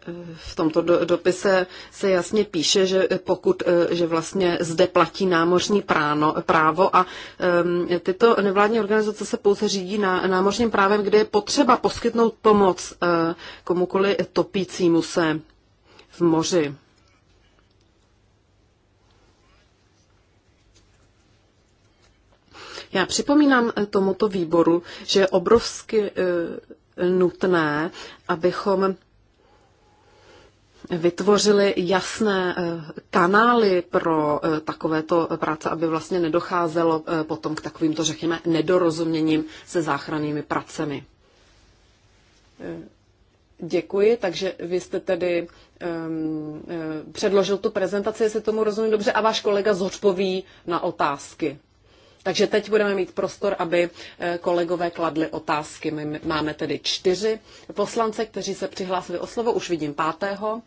Eh, v tomto dopise se jasně píše, že pokud, eh, že vlastně zde platí námořní práno, právo a ehm, tyto nevládní organizace se pouze řídí na, námořním právem, kde je potřeba poskytnout pomoc komukoli topícímu se v moři. Já připomínám eh, tomuto výboru, že je obrovsky eh, nutné, abychom vytvořili jasné eh, kanály pro takovéto práce, aby vlastně nedocházelo potom k takovýmto, řekněme, nedorozuměním se záchrannými pracemi. Děkuji, takže vy jste tedy um, předložil tu prezentaci, jestli tomu rozumím dobře, a váš kolega zodpoví na otázky. Takže teď budeme mít prostor, aby eh, kolegové kladli otázky. My máme tedy čtyři poslance, kteří se přihlásili o slovo. Už vidím pátého.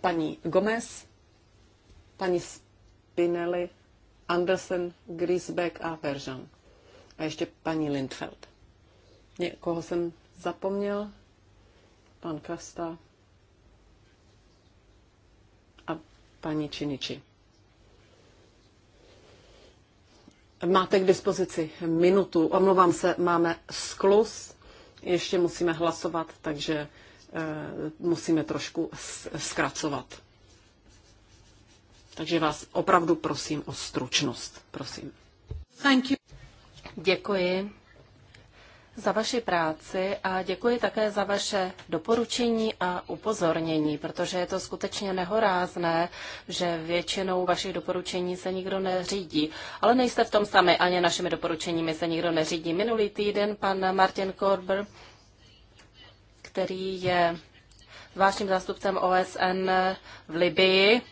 Paní Gomez, paní Spinelli, Andersen, Griesbeck a Veržan. A ještě paní Lindfeld. Někoho jsem zapomněl? Pan Kasta a paní Činiči. Máte k dispozici minutu. Omlouvám se, máme sklus. Ještě musíme hlasovat, takže eh, musíme trošku zkracovat. Takže vás opravdu prosím o stručnost. Prosím. Thank you. Děkuji za vaši práci a děkuji také za vaše doporučení a upozornění, protože je to skutečně nehorázné, že většinou vašich doporučení se nikdo neřídí. Ale nejste v tom sami, ani našimi doporučeními se nikdo neřídí. Minulý týden pan Martin Korber, který je zvláštním zástupcem OSN v Libii,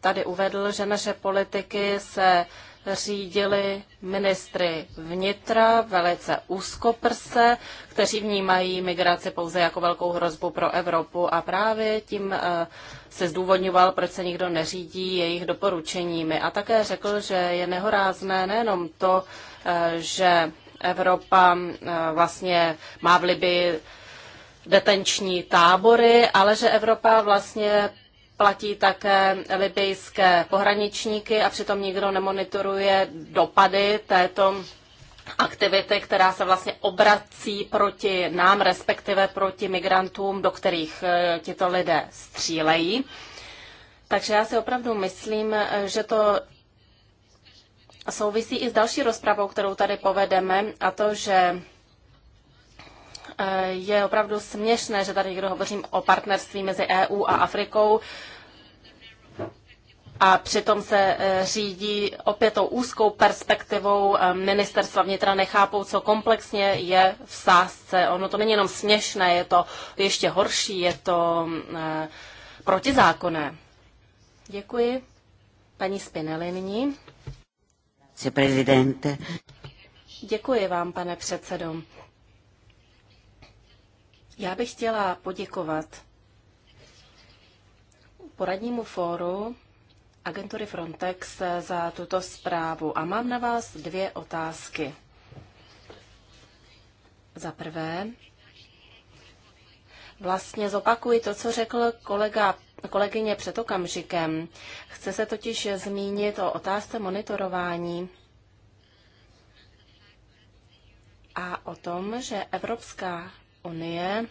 tady uvedl, že naše politiky se řídili ministry vnitra velice úzkoprse, kteří vnímají migraci pouze jako velkou hrozbu pro Evropu a právě tím eh, se zdůvodňoval, proč se nikdo neřídí jejich doporučeními. A také řekl, že je nehorázné nejenom to, eh, že Evropa eh, vlastně má v Libii detenční tábory, ale že Evropa vlastně platí také libijské pohraničníky a přitom nikdo nemonitoruje dopady této aktivity, která se vlastně obrací proti nám, respektive proti migrantům, do kterých eh, tito lidé střílejí. Takže já si opravdu myslím, eh, že to souvisí i s další rozpravou, kterou tady povedeme, a to, že eh, je opravdu směšné, že tady někdo hovořím o partnerství mezi EU a Afrikou, a přitom se e, řídí opět tou úzkou perspektivou e, ministerstva vnitra, nechápou, co komplexně je v sázce. Ono to není jenom směšné, je to ještě horší, je to e, protizákonné. Děkuji. Paní Spinelli nyní. Děkuji vám, pane předsedo. Já bych chtěla poděkovat poradnímu fóru agentury Frontex za tuto zprávu a mám na vás dvě otázky. Za prvé, vlastně zopakuji to, co řekl kolega, kolegyně před okamžikem. Chce se totiž zmínit o otázce monitorování a o tom, že Evropská unie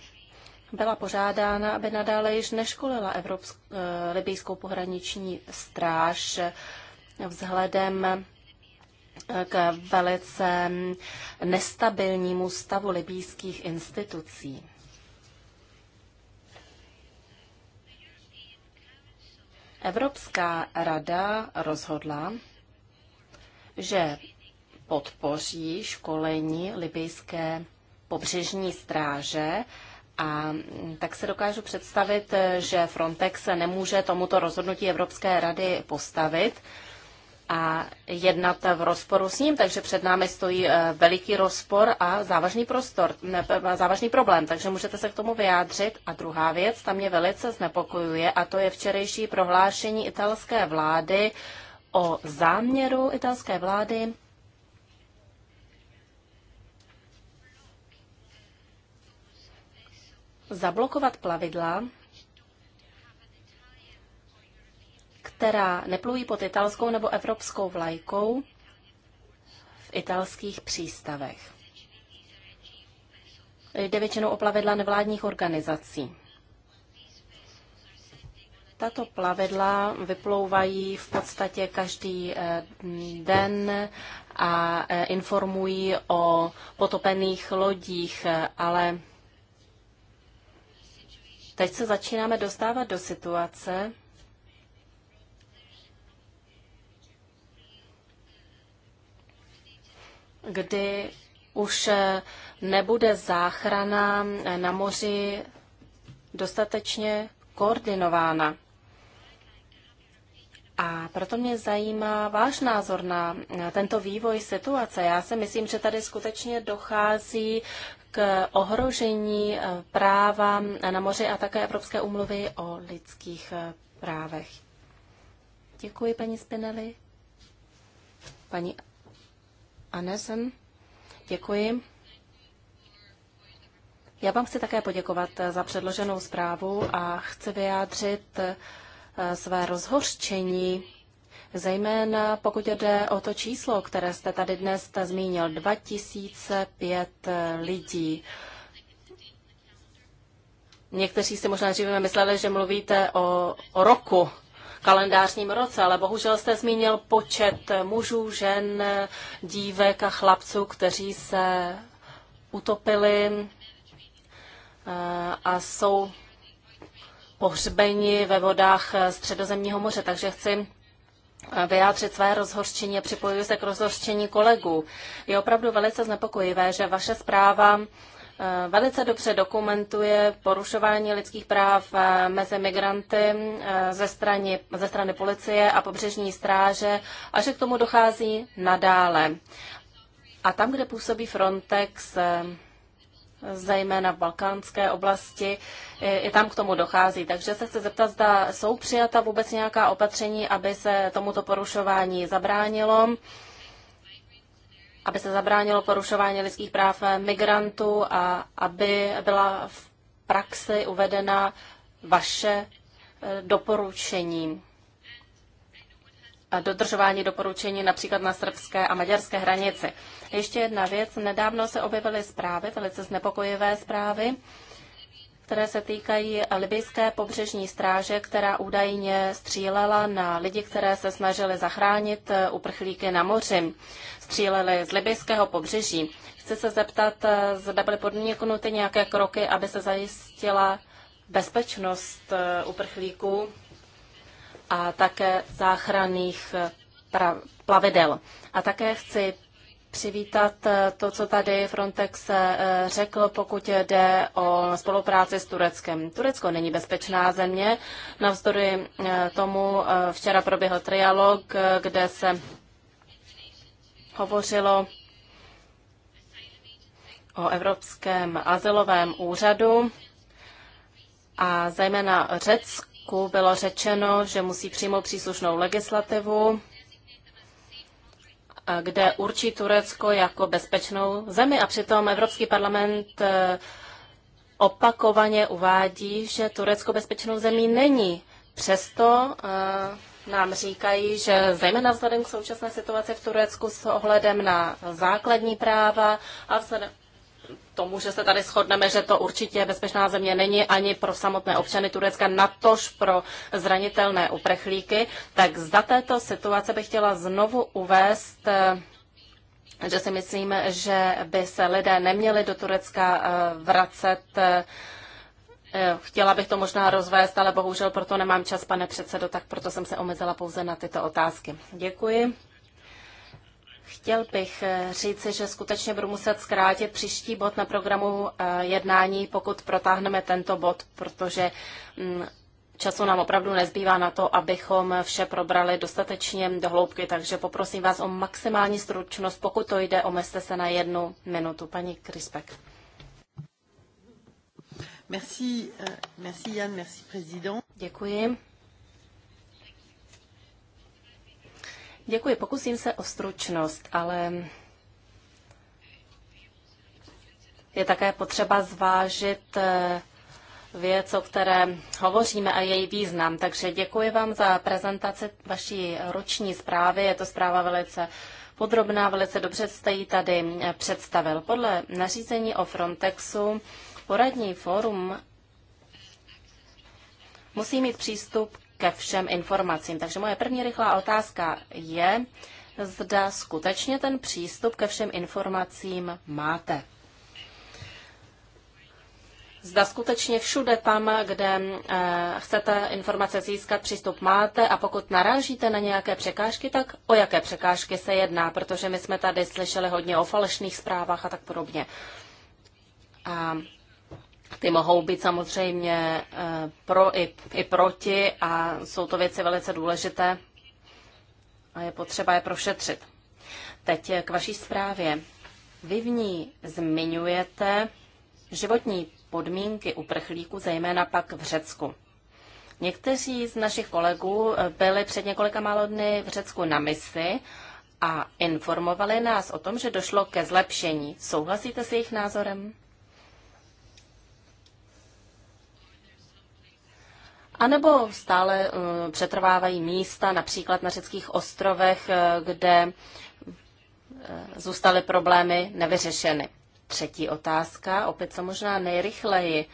byla pořádána, aby nadále již neškolila Evropsk- eh, libijskou pohraniční stráž vzhledem eh, k velice nestabilnímu stavu libijských institucí. Evropská rada rozhodla, že podpoří školení libijské pobřežní stráže a mm, tak se dokážu představit, eh, že Frontex nemůže tomuto rozhodnutí Evropské rady postavit a jednat v rozporu s ním, takže před námi stojí eh, veliký rozpor a závažný prostor, ne, závažný problém, takže můžete se k tomu vyjádřit. A druhá věc, ta mě velice znepokojuje, a to je včerejší prohlášení italské vlády o záměru italské vlády zablokovat plavidla, která neplují pod italskou nebo evropskou vlajkou v italských přístavech. Jde většinou o plavidla nevládních organizací. Tato plavidla vyplouvají v podstatě každý eh, den a eh, informují o potopených lodích, eh, ale Teď se začínáme dostávat do situace, kdy už nebude záchrana na moři dostatečně koordinována. A proto mě zajímá váš názor na tento vývoj situace. Já si myslím, že tady skutečně dochází k ohrožení eh, práva na moři a také Evropské úmluvy o lidských eh, právech. Děkuji, paní Spinelli. Paní Anesen, děkuji. Já vám chci také poděkovat eh, za předloženou zprávu a chci vyjádřit své rozhořčení zejména pokud jde o to číslo, které jste tady dnes zmínil, 2005 lidí. Někteří si možná dříve mysleli, že mluvíte o, o roku, kalendářním roce, ale bohužel jste zmínil počet mužů, žen, dívek a chlapců, kteří se utopili eh, a jsou pohřbeni ve vodách Středozemního moře. Takže chci vyjádřit své rozhořčení a připojuji se k rozhořčení kolegů. Je opravdu velice znepokojivé, že vaše zpráva eh, velice dobře dokumentuje porušování lidských práv eh, mezi migranty eh, ze strany, ze strany policie a pobřežní stráže a že k tomu dochází nadále. A tam, kde působí Frontex, zejména v balkánské oblasti, i tam k tomu dochází. Takže se chci zeptat, zda jsou přijata vůbec nějaká opatření, aby se tomuto porušování zabránilo, aby se zabránilo porušování lidských práv migrantů a aby byla v praxi uvedena vaše eh, doporučení dodržování doporučení například na srbské a maďarské hranici. Ještě jedna věc. Nedávno se objevily zprávy, velice znepokojivé zprávy, které se týkají libyjské pobřežní stráže, která údajně střílela na lidi, které se snažili zachránit uprchlíky na moři. Stříleli z libyjského pobřeží. Chci se zeptat, zda byly podniknuty nějaké kroky, aby se zajistila bezpečnost eh, uprchlíků a také záchranných eh, plavidel. A také chci přivítat eh, to, co tady Frontex eh, řekl, pokud jde o spolupráci s Tureckem. Turecko není bezpečná země. Navzdory tomu včera proběhl trialog, kde se hovořilo o Evropském azylovém úřadu a zejména Řecku balíku bylo řečeno, že musí přijmout příslušnou legislativu, kde určí Turecko jako bezpečnou zemi. A přitom Evropský parlament eh, opakovaně uvádí, že Turecko bezpečnou zemí není. Přesto eh, nám říkají, že zejména vzhledem k současné situaci v Turecku s ohledem na základní práva a vzhledem tomu, že se tady shodneme, že to určitě bezpečná země není ani pro samotné občany Turecka, natož pro zranitelné uprchlíky, tak zda této situace bych chtěla znovu uvést eh, že si myslím, že by se lidé neměli do Turecka eh, vracet. Eh, chtěla bych to možná rozvést, ale bohužel proto nemám čas, pane předsedo, tak proto jsem se omezila pouze na tyto otázky. Děkuji. Chtěl bych eh, říci, že skutečně budu muset zkrátit příští bod na programu eh, jednání, pokud protáhneme tento bod, protože mm, času nám opravdu nezbývá na to, abychom vše probrali dostatečně do hloubky, takže poprosím vás o maximální stručnost. Pokud to jde, omezte se na jednu minutu. Paní Krispek. Merci, eh, merci Jan, merci président. Děkuji. Děkuji, pokusím se o stručnost, ale je také potřeba zvážit eh, věc, o které hovoříme a její význam. Takže děkuji vám za prezentaci vaší roční zprávy. Je to zpráva velice podrobná, velice dobře jste ji tady eh, představil. Podle nařízení o Frontexu poradní fórum musí mít přístup ke všem informacím. Takže moje první rychlá otázka je, zda skutečně ten přístup ke všem informacím máte. Zda skutečně všude tam, kde eh, chcete informace získat, přístup máte a pokud narážíte na nějaké překážky, tak o jaké překážky se jedná, protože my jsme tady slyšeli hodně o falešných zprávách a tak podobně. A ty mohou být samozřejmě eh, pro i, i proti a jsou to věci velice důležité a je potřeba je prošetřit. Teď k vaší zprávě. Vy v ní zmiňujete životní podmínky uprchlíků, zejména pak v Řecku. Někteří z našich kolegů eh, byli před několika málo dny v Řecku na misi a informovali nás o tom, že došlo ke zlepšení. Souhlasíte s jejich názorem? anebo stále eh, přetrvávají místa, například na řeckých ostrovech, eh, kde eh, zůstaly problémy nevyřešeny. Třetí otázka, opět co možná nejrychleji.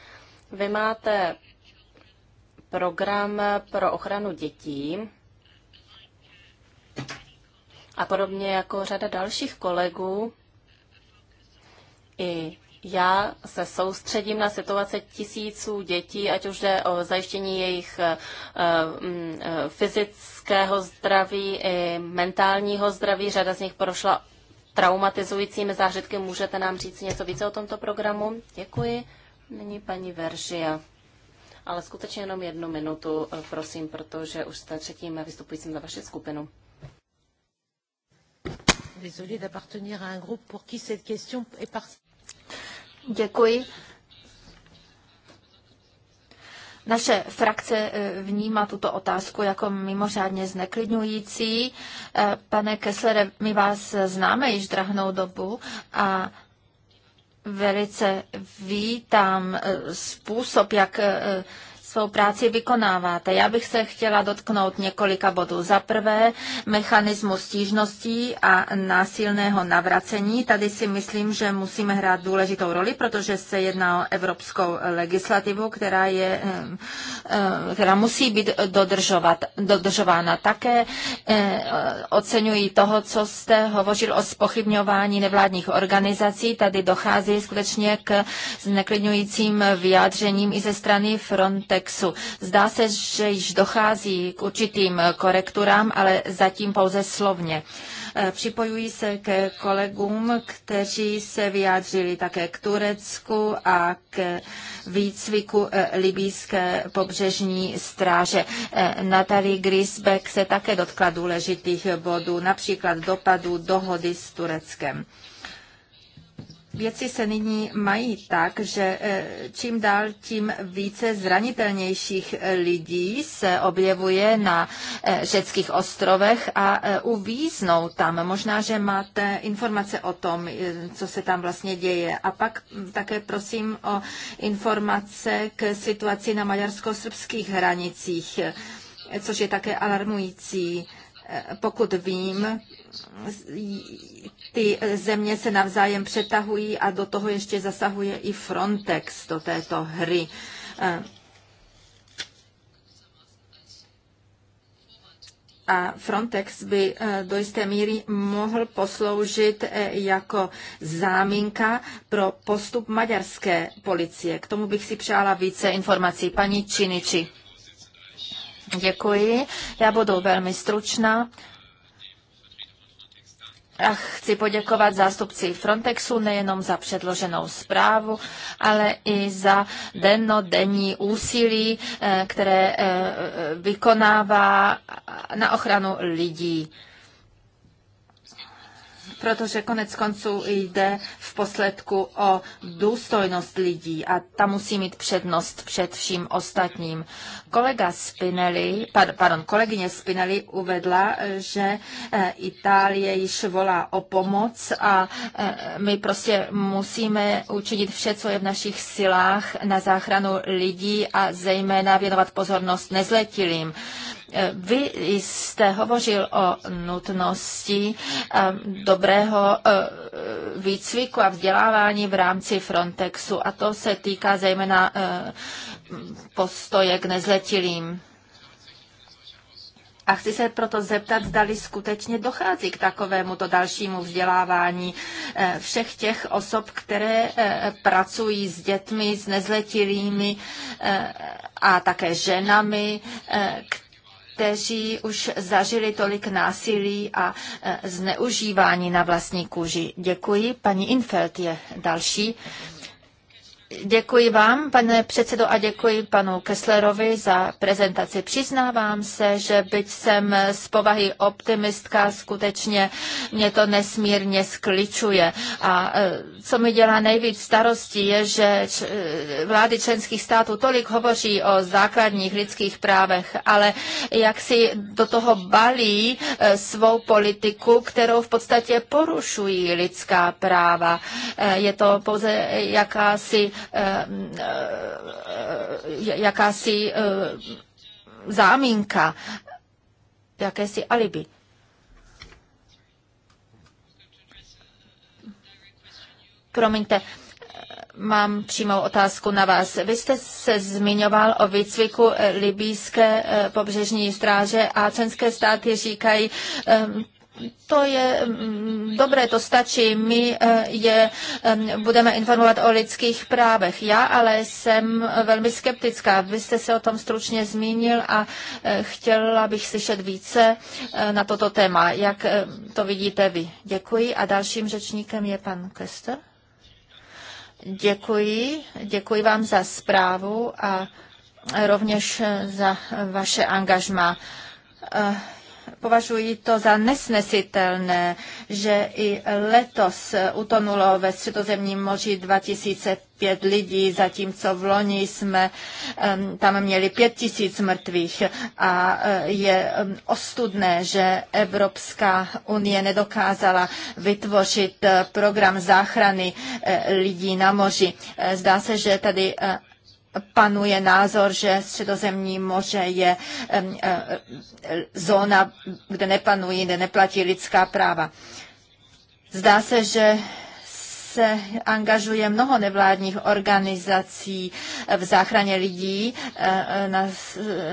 Vy máte program pro ochranu dětí a podobně jako řada dalších kolegů i já se soustředím na situace tisíců dětí, ať už jde o zajištění jejich eh, mm, eh, fyzického zdraví i mentálního zdraví. Řada z nich prošla traumatizujícími zážitky. Můžete nám říct něco více o tomto programu? Děkuji. Nyní paní Veržia. Ale skutečně jenom jednu minutu, eh, prosím, protože už jste třetím vystupujícím za vaši skupinu. Désolée d'appartenir à un groupe pour qui cette question est partie. Děkuji. Naše frakce eh, vnímá tuto otázku jako mimořádně zneklidňující. Eh, pane Kesslere, my vás známe již drahnou dobu a velice vítám eh, způsob, jak svou práci vykonáváte. Já bych se chtěla dotknout několika bodů. Za prvé, mechanismu stížností a násilného navracení. Tady si myslím, že musíme hrát důležitou roli, protože se jedná o evropskou legislativu, která, je, která musí být dodržovat, dodržována. Také oceňuji toho, co jste hovořil o spochybňování nevládních organizací. Tady dochází skutečně k zneklidňujícím vyjádřením i ze strany Frontex Frontexu. Zdá se, že již dochází k určitým korekturám, ale zatím pouze slovně. E, připojuji se ke kolegům, kteří se vyjádřili také k Turecku a k výcviku e, libijské pobřežní stráže. E, Natalie Grisbeck se také dotkla důležitých bodů, například dopadů dohody s Tureckem. Věci se nyní mají tak, že e, čím dál tím více zranitelnějších e, lidí se objevuje na e, řeckých ostrovech a uvíznou tam. Možná, že máte informace o tom, co se tam vlastně děje. A pak také prosím o informace k situaci na maďarsko-srbských hranicích, což je také alarmující. Pokud vím, ty země se navzájem přetahují a do toho ještě zasahuje i Frontex do této hry. A Frontex by eh, do jisté míry mohl posloužit eh, jako záminka pro postup maďarské policie. K tomu bych si přála více informací. Paní Činiči. Děkuji. Já budu velmi stručná. Chci poděkovat zástupci Frontexu nejenom za předloženou zprávu, ale i za dennodenní úsilí, eh, které eh, vykonává na ochranu lidí protože konec konců jde v posledku o důstojnost lidí a ta musí mít přednost před vším ostatním. Kolega Spinelli, pardon, kolegyně Spinelli uvedla, že eh, Itálie již volá o pomoc a eh, my prostě musíme učinit vše, co je v našich silách na záchranu lidí a zejména věnovat pozornost nezletilým. Eh, vy jste hovořil o nutnosti eh, dobrého eh, výcviku a vzdělávání v rámci Frontexu a to se týká zejména postoje k nezletilým. A chci se proto zeptat, zdali skutečně dochází k takovému to dalšímu vzdělávání všech těch osob, které pracují s dětmi, s nezletilými a také ženami, které kteří už zažili tolik násilí a e, zneužívání na vlastní kůži. Děkuji. Paní Infeld je další. Děkuji vám, pane předsedo, a děkuji panu Kesslerovi za prezentaci. Přiznávám se, že byť jsem z povahy optimistka, skutečně mě to nesmírně skličuje. A e, co mi dělá nejvíc starosti, je, že e, vlády členských států tolik hovoří o základních lidských právech, ale jak si do toho balí e, svou politiku, kterou v podstatě porušují lidská práva. Je to pouze jakási Eh, eh, jakási eh, záminka, jakési alibi. Promiňte, mám přímou otázku na vás. Vy jste se zmiňoval o výcviku libijské pobřežní stráže a členské státy říkají, to je mm, dobré, to stačí. My eh, je budeme informovat o lidských právech. Já ale jsem velmi skeptická. Vy jste se o tom stručně zmínil a eh, chtěla bych slyšet více eh, na toto téma. Jak to vidíte vy? Děkuji. A dalším řečníkem je pan Kester. Děkuji. Děkuji vám za zprávu a rovněž za vaše angažma považují to za nesnesitelné, že i letos utonulo ve Středozemním moři 2005 lidí, zatímco v loni jsme tam měli 5 mrtvých a e, je ostudné, že Evropská unie nedokázala vytvořit e, program záchrany e, lidí na moři. Zdá se, že tady panuje názor, že středozemní moře je e, zóna, kde nepanují, kde neplatí lidská práva. Zdá se, že se angažuje mnoho nevládních organizací v záchraně lidí eh, na,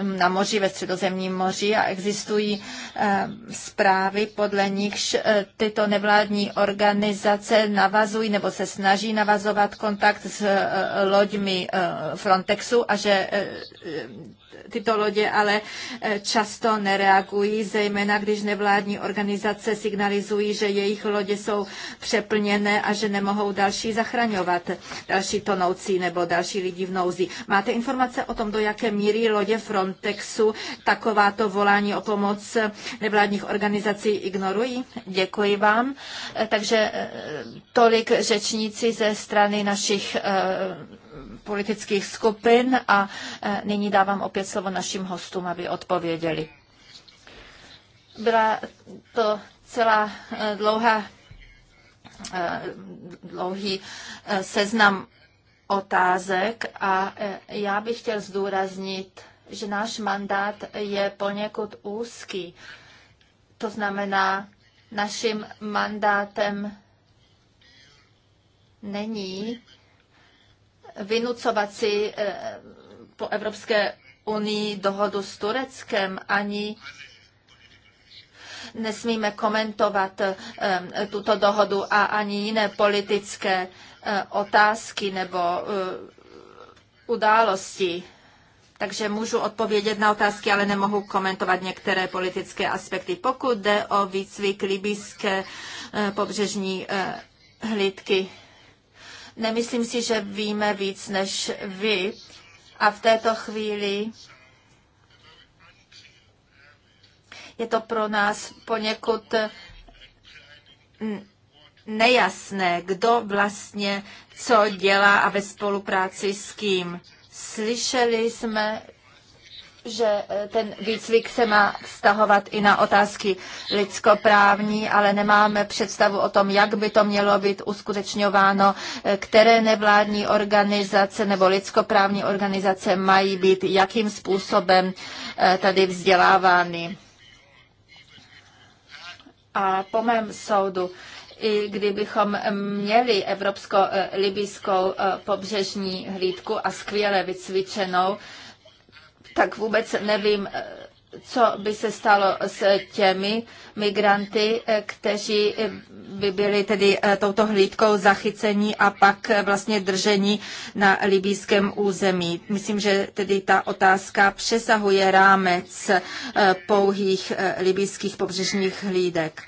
na moři, ve středozemním moři a existují eh, zprávy, podle nichž eh, tyto nevládní organizace navazují nebo se snaží navazovat kontakt s loďmi Frontexu a že tyto lodě ale eh, často nereagují, zejména když nevládní organizace signalizují, že jejich lodě jsou přeplněné a že nemohou další zachraňovat, další tonoucí nebo další lidi v nouzi. Máte informace o tom, do jaké míry lodě Frontexu takováto volání o pomoc nevládních organizací ignorují? Děkuji vám. Eh, takže eh, tolik řečníci ze strany našich politických skupin a e, nyní dávám opět slovo našim hostům, aby odpověděli. Byla to celá e, dlouhá, e, dlouhý seznam otázek a já bych chtěl zdůraznit, že náš mandát je poněkud úzký. To znamená, naším mandátem není si eh, po Evropské unii dohodu s Tureckem ani nesmíme komentovat eh, tuto dohodu a ani jiné politické eh, otázky nebo události. Takže můžu odpovědět na otázky, ale nemohu komentovat některé politické aspekty. Pokud jde o výcvik libyské pobřežní hlídky, Nemyslím si, že víme víc než vy a v této chvíli je to pro nás poněkud nejasné, kdo vlastně co dělá a ve spolupráci s kým. Slyšeli jsme, že eh, ten výcvik se má vztahovat i na otázky lidskoprávní, ale nemáme představu o tom, jak by to mělo být uskutečňováno, eh, které nevládní organizace nebo lidskoprávní organizace mají být, jakým způsobem eh, tady vzdělávány. A po mém soudu, i kdybychom měli evropsko-libijskou pobřežní hlídku a skvěle vycvičenou, tak vůbec nevím, eh, co by se stalo s těmi migranty, eh, kteří eh, by byli tedy touto hlídkou zachycení a pak vlastně držení na libýském území. Myslím, že tedy ta otázka přesahuje rámec pouhých libýských pobřežních hlídek.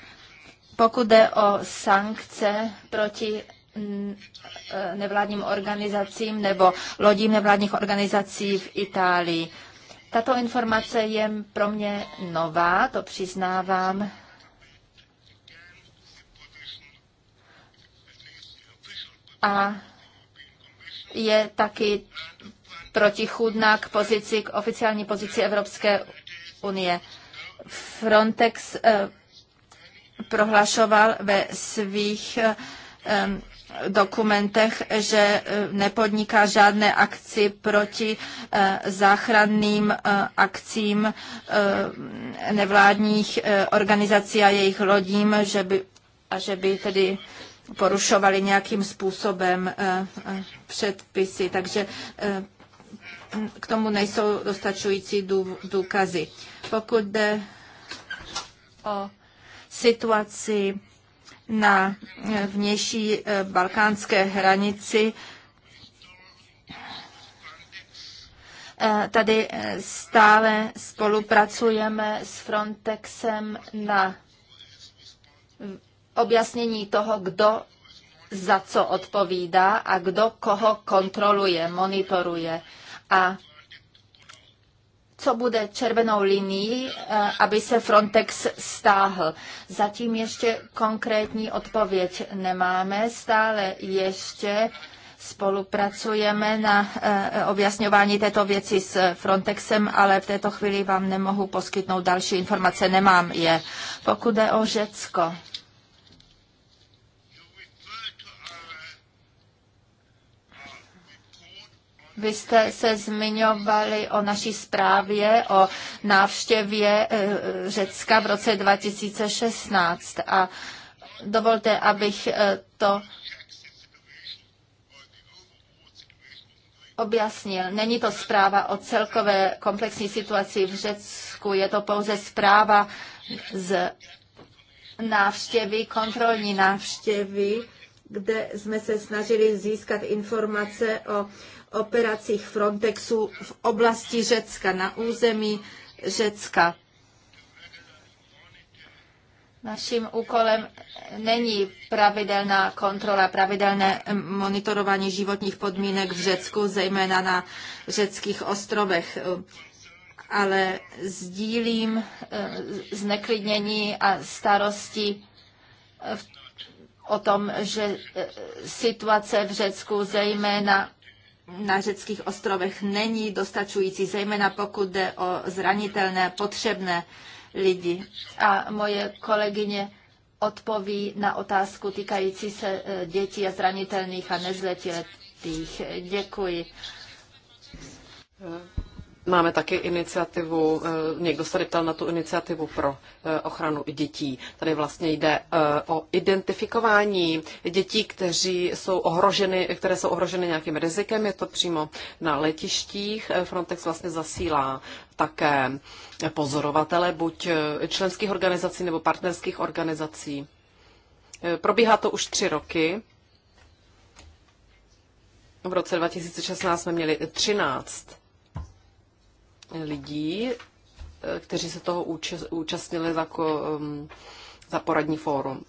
Pokud jde o sankce proti mm, nevládním organizacím nebo lodím nevládních organizací v Itálii. Tato informace je pro mě nová, to přiznávám. A je taky protichůdná k pozici, k oficiální pozici Evropské unie. Frontex eh, prohlašoval ve svých eh, dokumentech, že eh, nepodniká žádné akci proti eh, záchranným eh, akcím nevládních organizací a jejich lodím, že by, a že by tedy porušovali nějakým způsobem předpisy. Takže k tomu nejsou dostačující důkazy. Pokud jde o situaci na vnější eh, balkánské hranici eh, Tady eh, stále spolupracujeme s Frontexem na objasnění toho, kdo za co odpovídá a kdo koho kontroluje, monitoruje. A co bude červenou linií, eh, aby se Frontex stáhl. Zatím ještě konkrétní odpověď nemáme, stále ještě spolupracujeme na eh, objasňování této věci s Frontexem, ale v této chvíli vám nemohu poskytnout další informace, nemám je. Pokud jde o Řecko, Vy jste se zmiňovali o naší zprávě o návštěvě eh, Řecka v roce 2016 a dovolte, abych eh, to objasnil. Není to zpráva o celkové komplexní situaci v Řecku, je to pouze zpráva z návštěvy, kontrolní návštěvy, kde jsme se snažili získat informace o operacích Frontexu v oblasti Řecka, na území Řecka. Naším úkolem není pravidelná kontrola, pravidelné monitorování životních podmínek v Řecku, zejména na řeckých ostrovech, ale sdílím eh, zneklidnění a starosti eh, o tom, že eh, situace v Řecku, zejména na řeckých ostrovech není dostačující, zejména pokud jde o zranitelné, potřebné lidi. A moje kolegyně odpoví na otázku týkající se e, dětí a zranitelných a nezletiletých. Děkuji. Máme taky iniciativu, eh, někdo se tady ptal na tu iniciativu pro eh, ochranu dětí. Tady vlastně jde eh, o identifikování dětí, kteří jsou ohroženy, které jsou ohroženy nějakým rizikem. Je to přímo na letištích. Frontex vlastně zasílá také pozorovatele buď členských organizací nebo partnerských organizací. Probíhá to už tři roky. V roce 2016 jsme měli 13 lidí, eh, kteří se toho účastnili jako za poradní fórum.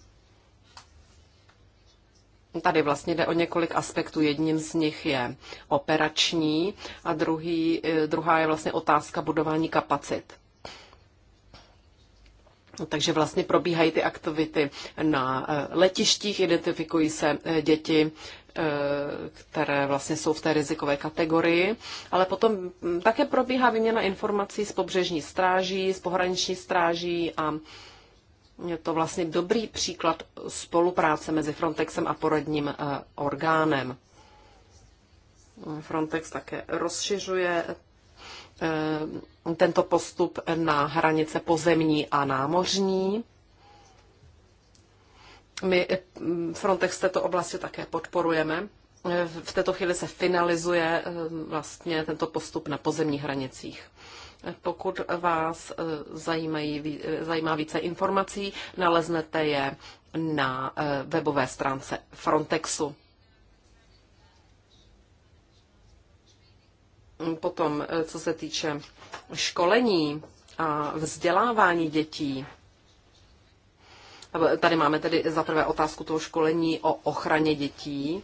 Tady vlastně jde o několik aspektů. Jedním z nich je operační a druhý, eh, druhá je vlastně otázka budování kapacit. Takže vlastně probíhají ty aktivity na eh, letištích, identifikují se děti Eh, které vlastně jsou v té rizikové kategorii, ale potom mm, také probíhá výměna informací z pobřežní stráží, z pohraniční stráží a je to vlastně dobrý příklad spolupráce mezi Frontexem a poradním eh, orgánem. Frontex také rozšiřuje eh, tento postup na hranice pozemní a námořní. My eh, Frontex v této oblasti také podporujeme. Eh, v této chvíli se finalizuje eh, vlastně tento postup na pozemních hranicích. Pokud vás zajímají, zajímá více informací, naleznete je na webové stránce Frontexu. Mm, potom, co se týče školení a vzdělávání dětí, Tady máme tedy za prvé otázku toho školení o ochraně dětí.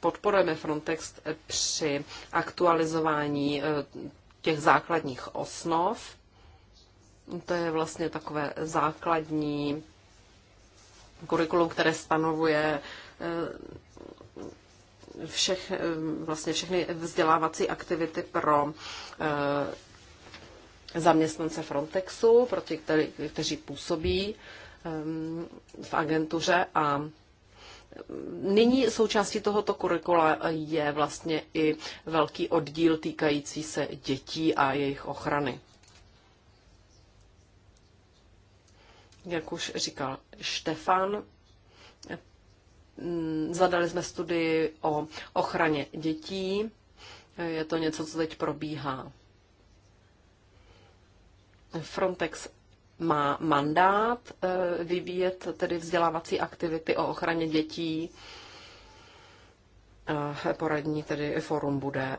Podporujeme Frontex při aktualizování eh, těch základních osnov. To je vlastně takové základní kurikulum, které stanovuje eh, všech, eh, vlastně všechny vzdělávací aktivity pro zaměstnance Frontexu, pro ty, který, kteří působí v agentuře a Nyní součástí tohoto kurikula je vlastně i velký oddíl týkající se dětí a jejich ochrany. Jak už říkal Štefan, zadali jsme studii o ochraně dětí. Je to něco, co teď probíhá Frontex má mandát eh, vyvíjet tedy vzdělávací aktivity o ochraně dětí. Eh, poradní tedy forum bude eh,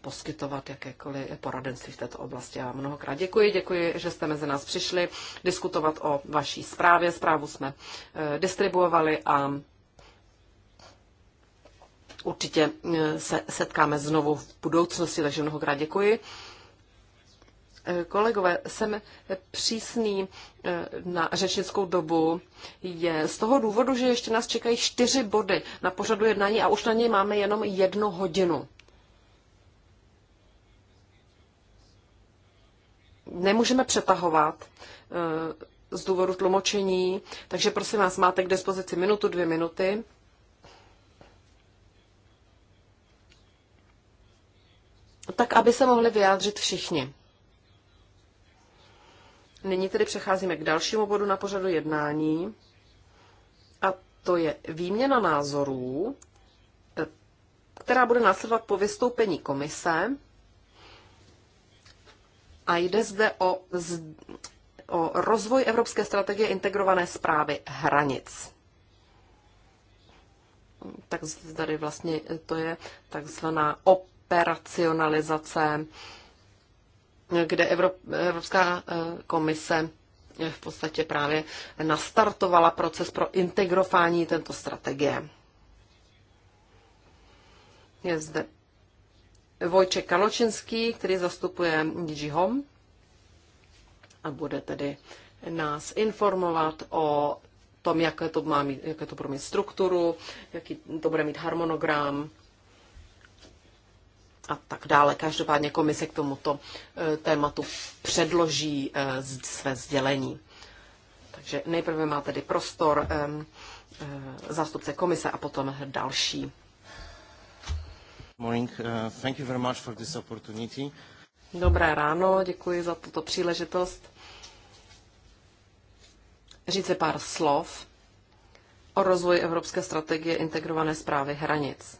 poskytovat jakékoliv poradenství v této oblasti. Já mnohokrát děkuji, děkuji, že jste mezi nás přišli diskutovat o vaší zprávě. Zprávu jsme distribuovali a určitě se setkáme znovu v budoucnosti, takže mnohokrát děkuji. Kolegové, jsem přísný eh, na řečnickou dobu. Je z toho důvodu, že ještě nás čekají čtyři body na pořadu jednání a už na něj máme jenom jednu hodinu. Nemůžeme přetahovat eh, z důvodu tlumočení, takže prosím vás, máte k dispozici minutu, dvě minuty. tak aby se mohli vyjádřit všichni. Nyní tedy přecházíme k dalšímu bodu na pořadu jednání a to je výměna názorů, eh, která bude následovat po vystoupení komise. A jde zde o, o rozvoj evropské strategie integrované zprávy hranic. Tak tady vlastně to je takzvaná operacionalizace kde Evropská eh, komise eh, v podstatě právě nastartovala proces pro integrování této strategie. Je zde Vojček Kaločinský, který zastupuje DG Home a bude tedy nás informovat o tom, jaké to, má mít, jaké to bude mít strukturu, jaký to bude mít harmonogram a tak dále. Každopádně komise k tomuto eh, tématu předloží eh, své sdělení. Takže nejprve má tedy prostor eh, zástupce komise a potom další. Dobré ráno, děkuji za tuto příležitost. Říci pár slov o rozvoji Evropské strategie integrované zprávy hranic.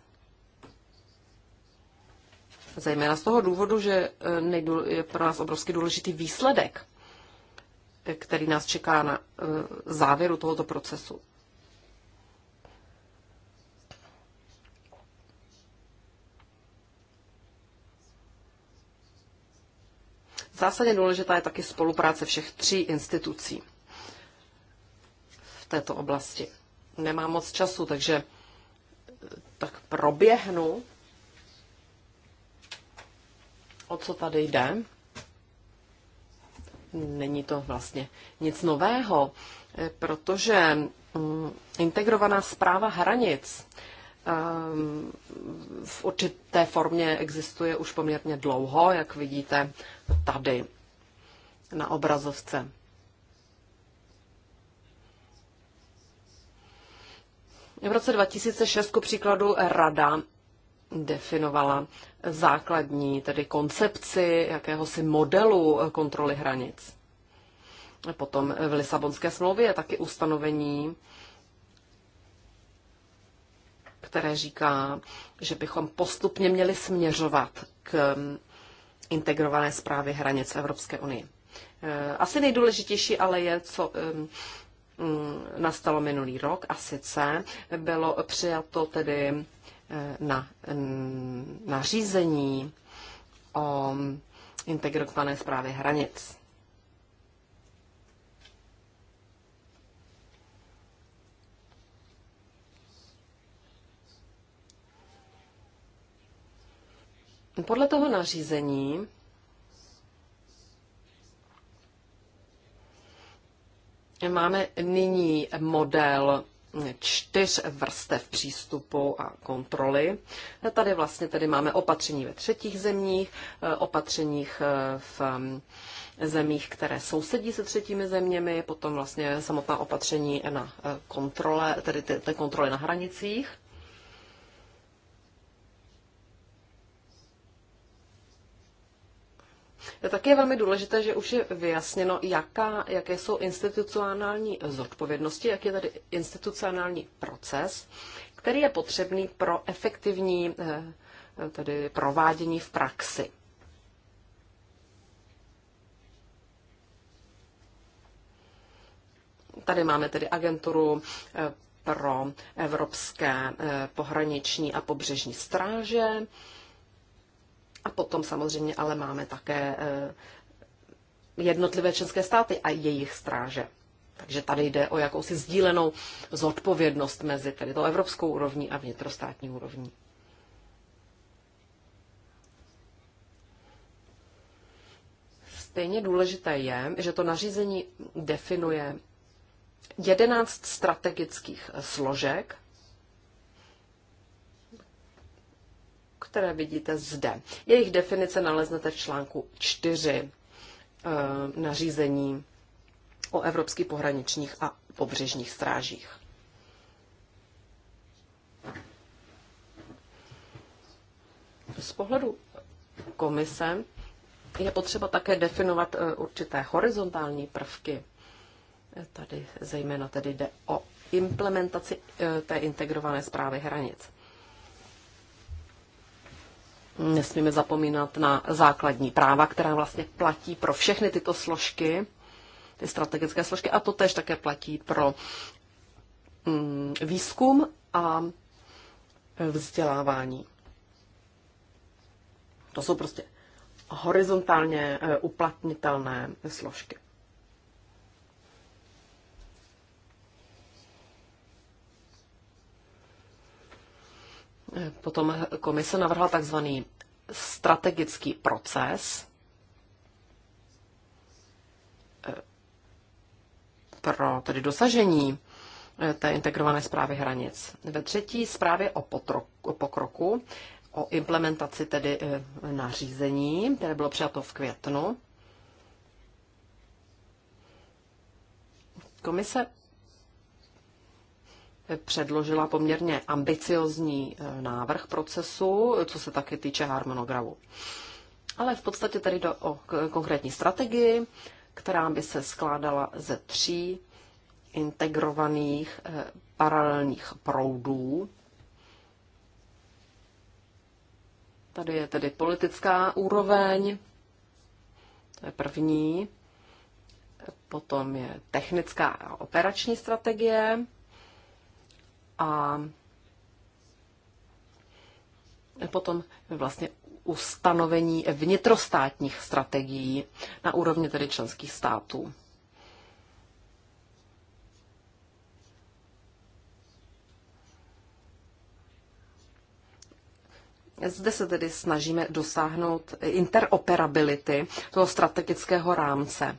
Zejména z toho důvodu, že eh, je pro nás obrovsky důležitý výsledek, eh, který nás čeká na eh, závěru tohoto procesu. Zásadně důležitá je taky spolupráce všech tří institucí v této oblasti. Nemám moc času, takže tak proběhnu o co tady jde. Není to vlastně nic nového, protože mm, integrovaná zpráva hranic ehm, v určité formě existuje už poměrně dlouho, jak vidíte tady na obrazovce. V roce 2006 ku příkladu rada definovala základní, tedy koncepci jakéhosi modelu eh, kontroly hranic. Potom v Lisabonské smlouvě je taky ustanovení, které říká, že bychom postupně měli směřovat k mm, integrované zprávě hranic Evropské unie. Eh, asi nejdůležitější ale je, co mm, mm, nastalo minulý rok, a sice bylo přijato tedy na nařízení o integrované zprávě hranic. Podle toho nařízení máme nyní model čtyř vrstev přístupu a kontroly. Tady vlastně tady máme opatření ve třetích zemích, eh, opatřeních eh, v mm, zemích, které sousedí se třetími zeměmi, potom vlastně samotná opatření na eh, kontrole, tedy ty, ty kontroly na hranicích. Taky je velmi důležité, že už je vyjasněno, jaká, jaké jsou institucionální zodpovědnosti, jak je tady institucionální proces, který je potřebný pro efektivní eh, tedy provádění v praxi. Tady máme tedy agenturu eh, pro evropské eh, pohraniční a pobřežní stráže. A potom samozřejmě ale máme také eh, jednotlivé české státy a jejich stráže. Takže tady jde o jakousi sdílenou zodpovědnost mezi tedy to evropskou úrovní a vnitrostátní úrovní. Stejně důležité je, že to nařízení definuje 11 strategických složek které vidíte zde. Jejich definice naleznete v článku 4 eh, nařízení o evropských pohraničních a pobřežních strážích. Z pohledu komise je potřeba také definovat eh, určité horizontální prvky. Eh, tady zejména tedy jde o implementaci té integrované zprávy hranic. Nesmíme zapomínat na základní práva, která vlastně platí pro všechny tyto složky, ty strategické složky, a to tež také platí pro mm, výzkum a vzdělávání. To jsou prostě horizontálně eh, uplatnitelné složky. Potom komise navrhla takzvaný strategický proces eh, pro tedy dosažení eh, té integrované zprávy hranic. Ve třetí zprávě o, potroku, o pokroku, o implementaci tedy eh, nařízení, které bylo přijato v květnu, komise předložila poměrně ambiciozní eh, návrh procesu, co se také týče harmonogramu. Ale v podstatě tady jde o konkrétní strategii, která by se skládala ze tří integrovaných eh, paralelních proudů. Tady je tedy politická úroveň, to je první. Potom je technická a operační strategie, a potom vlastně ustanovení vnitrostátních strategií na úrovni tedy členských států. Zde se tedy snažíme dosáhnout interoperability toho strategického rámce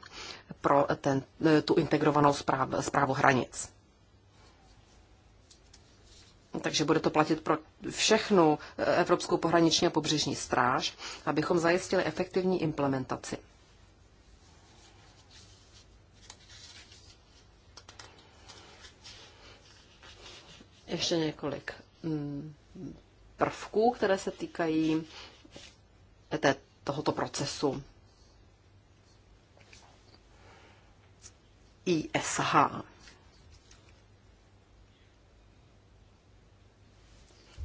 pro ten, tu integrovanou zpráv, zprávu hranic takže bude to platit pro všechnu eh, Evropskou pohraniční a pobřežní stráž, abychom zajistili efektivní implementaci. Ještě několik mm, prvků, které se týkají eh, té, tohoto procesu ISH.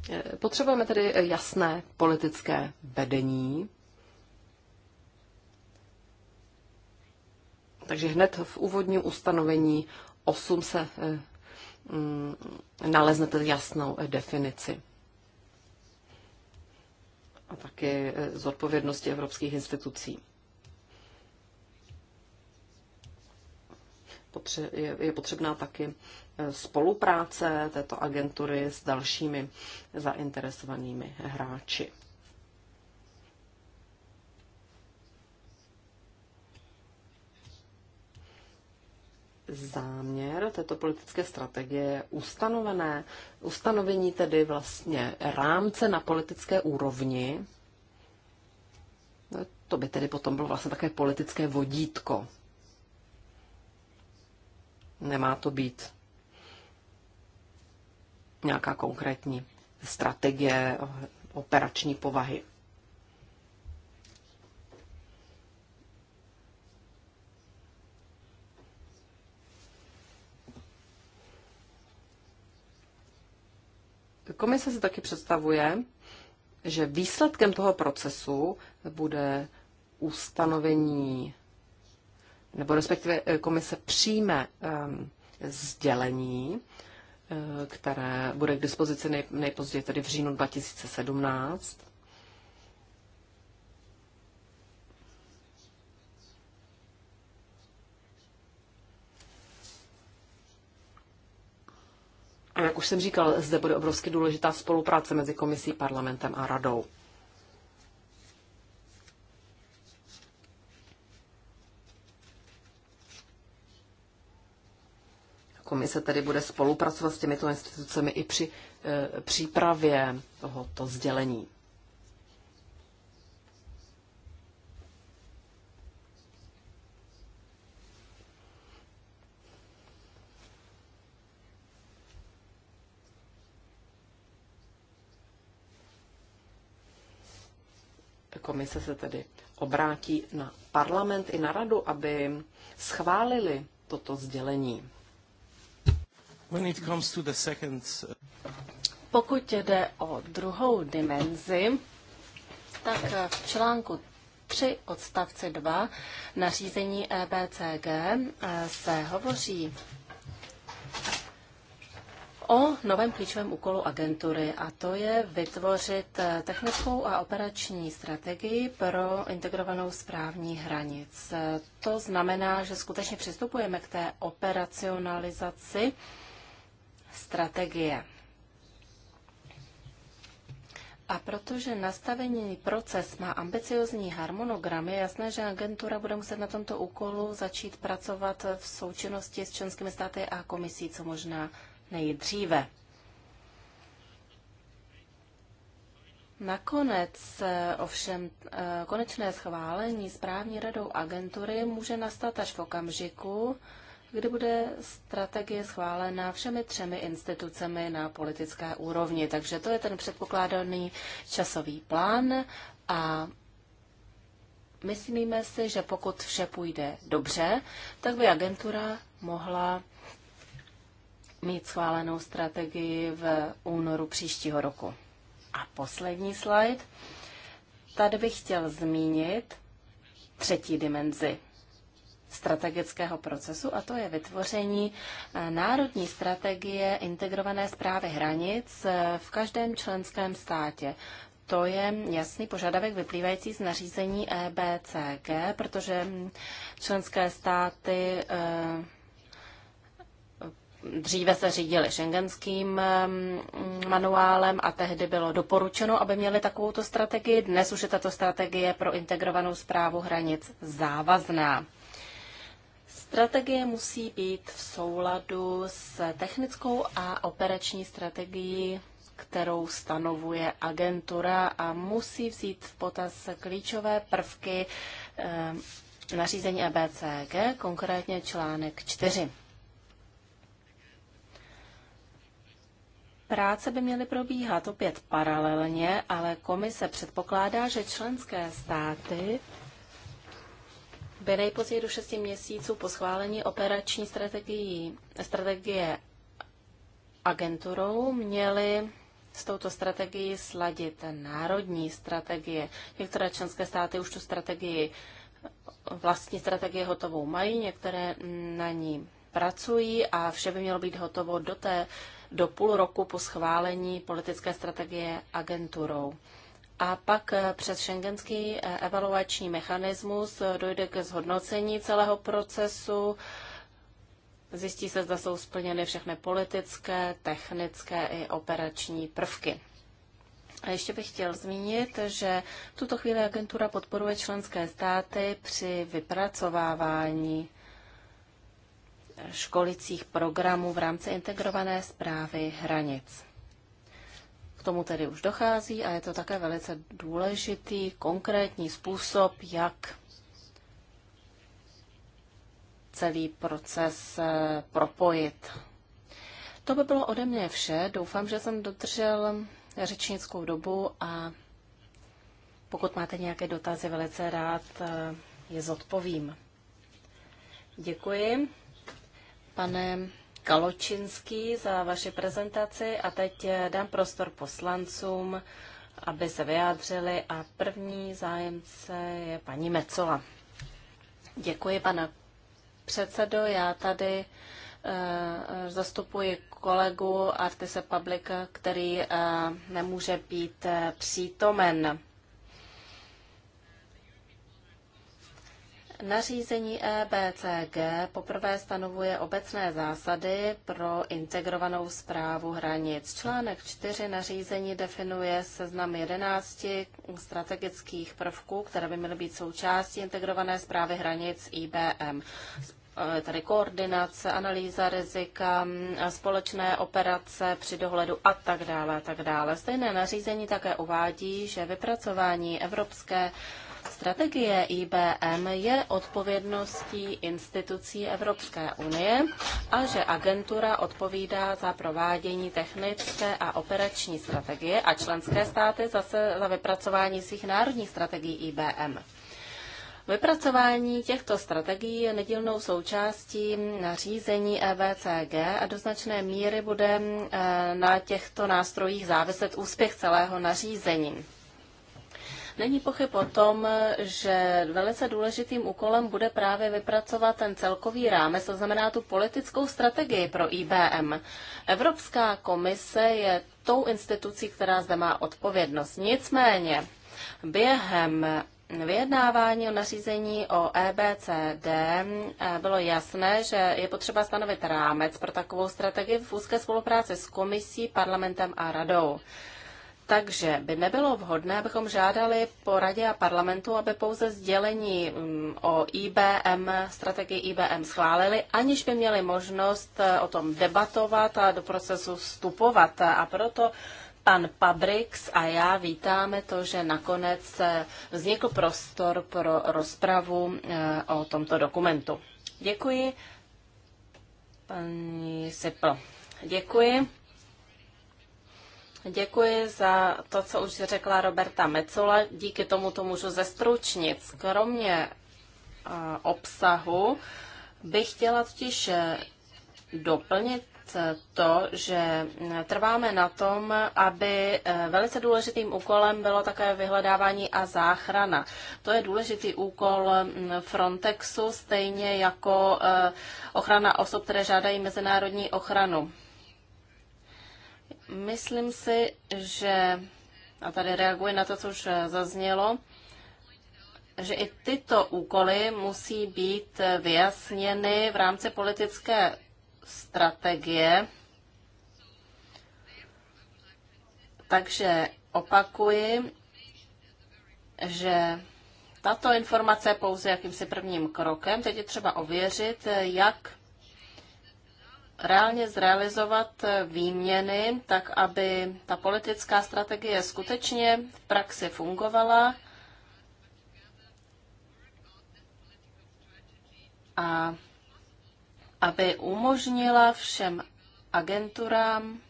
Eh, potřebujeme tedy eh, jasné politické vedení. Takže hned v úvodním ustanovení 8 se eh, mm, naleznete jasnou definici. A taky odpovědnosti evropských institucí. je potřebná taky eh, spolupráce této agentury s dalšími zainteresovanými hráči. záměr této politické strategie je ustanovené, ustanovení tedy vlastně rámce na politické úrovni. No, to by tedy potom bylo vlastně také politické vodítko. Nemá to být nějaká konkrétní strategie operační povahy. Komise se taky představuje, že výsledkem toho procesu bude ustanovení nebo respektive eh, komise přijme ehm, sdělení, eh, které bude k dispozici nejpozději tedy v říjnu 2017. A jak už jsem říkal, zde bude obrovsky důležitá spolupráce mezi komisí, parlamentem a radou. Komise tedy bude spolupracovat s těmito institucemi i při e, přípravě tohoto sdělení. komise se tedy obrátí na parlament i na radu, aby schválili toto sdělení. Uh, Pokud jde o druhou dimenzi, tak v článku 3 odstavce 2 nařízení EBCG eh, se hovoří o novém klíčovém úkolu agentury a to je vytvořit eh, technickou a operační strategii pro integrovanou správní hranic. Eh, to znamená, že skutečně přistupujeme k té operacionalizaci strategie. A protože nastavení proces má ambiciozní harmonogram, je jasné, že agentura bude muset na tomto úkolu začít pracovat v součinnosti s členskými státy a komisí co možná nejdříve. Nakonec ovšem eh, konečné schválení správní radou agentury může nastat až v okamžiku, kdy bude strategie schválena všemi třemi institucemi na politické úrovni. Takže to je ten předpokládaný časový plán a myslíme si, že pokud vše půjde dobře, tak by agentura mohla mít schválenou strategii v únoru příštího roku. A poslední slide. Tady bych chtěl zmínit třetí dimenzi strategického procesu a to je vytvoření eh, národní strategie integrované zprávy hranic eh, v každém členském státě. To je jasný požadavek vyplývající z nařízení EBCG, protože hm, členské státy eh, dříve se řídili šengenským hm, manuálem a tehdy bylo doporučeno, aby měli takovouto strategii. Dnes už je tato strategie pro integrovanou zprávu hranic závazná. Strategie musí být v souladu s technickou a operační strategií, kterou stanovuje agentura a musí vzít v potaz klíčové prvky eh, nařízení EBCG, konkrétně článek 4. Práce by měly probíhat opět paralelně, ale komise předpokládá, že členské státy by nejpozději do 6 měsíců po schválení operační strategii, strategie agenturou měly s touto strategií sladit národní strategie. Některé členské státy už tu strategii, vlastní strategie hotovou mají, některé na ní pracují a vše by mělo být hotovo do té do půl roku po schválení politické strategie agenturou. A pak eh, přes šengenský eh, evaluační mechanismus eh, dojde k zhodnocení celého procesu. Zjistí se, zda jsou splněny všechny politické, technické i operační prvky. A ještě bych chtěl zmínit, že v tuto chvíli agentura podporuje členské státy při vypracovávání školicích programů v rámci integrované zprávy hranic tomu tedy už dochází a je to také velice důležitý, konkrétní způsob, jak celý proces eh, propojit. To by bylo ode mě vše. Doufám, že jsem dodržel řečnickou dobu a pokud máte nějaké dotazy, velice rád eh, je zodpovím. Děkuji, pane Kaločinský za vaši prezentaci a teď dám prostor poslancům, aby se vyjádřili a první zájemce je paní Mecola. Děkuji, pane předsedo. Já tady eh, zastupuji kolegu Artise Publika, který eh, nemůže být eh, přítomen. Nařízení EBCG poprvé stanovuje obecné zásady pro integrovanou zprávu hranic. Článek 4 nařízení definuje seznam 11 strategických prvků, které by měly být součástí integrované zprávy hranic IBM e, tedy koordinace, analýza rizika, společné operace při dohledu a tak dále a tak dále. Stejné nařízení také uvádí, že vypracování evropské Strategie IBM je odpovědností institucí Evropské unie a že agentura odpovídá za provádění technické a operační strategie a členské státy zase za vypracování svých národních strategií IBM. Vypracování těchto strategií je nedílnou součástí nařízení EVCG a do značné míry bude eh, na těchto nástrojích záviset úspěch celého nařízení. Není pochyb o tom, že velice důležitým úkolem bude právě vypracovat ten celkový rámec, to znamená tu politickou strategii pro IBM. Evropská komise je tou institucí, která zde má odpovědnost. Nicméně během vyjednávání o nařízení o EBCD eh, bylo jasné, že je potřeba stanovit rámec pro takovou strategii v úzké spolupráci s komisí, parlamentem a radou. Takže by nebylo vhodné, abychom žádali po radě a parlamentu, aby pouze sdělení mm, o IBM, strategii IBM schválili, aniž by měli možnost eh, o tom debatovat a do procesu vstupovat. A proto pan Pabrix a já vítáme to, že nakonec eh, vznikl prostor pro rozpravu eh, o tomto dokumentu. Děkuji. Paní Sipl. Děkuji. Děkuji za to, co už řekla Roberta Mecola. Díky tomu to můžu zestručnit. Kromě eh, obsahu bych chtěla totiž eh, doplnit eh, to, že trváme na tom, aby velice důležitým úkolem bylo také vyhledávání a záchrana. To je důležitý úkol mm, Frontexu, stejně jako ochrana osob, které žádají mezinárodní ochranu. Myslím si, že, a tady reaguji na to, co už eh, zaznělo, že i tyto úkoly musí být eh, vyjasněny v rámci politické strategie. Takže opakuji, že tato informace je pouze jakýmsi prvním krokem. Teď je třeba ověřit, eh, jak reálně zrealizovat výměny, tak aby ta politická strategie skutečně v praxi fungovala a aby umožnila všem agenturám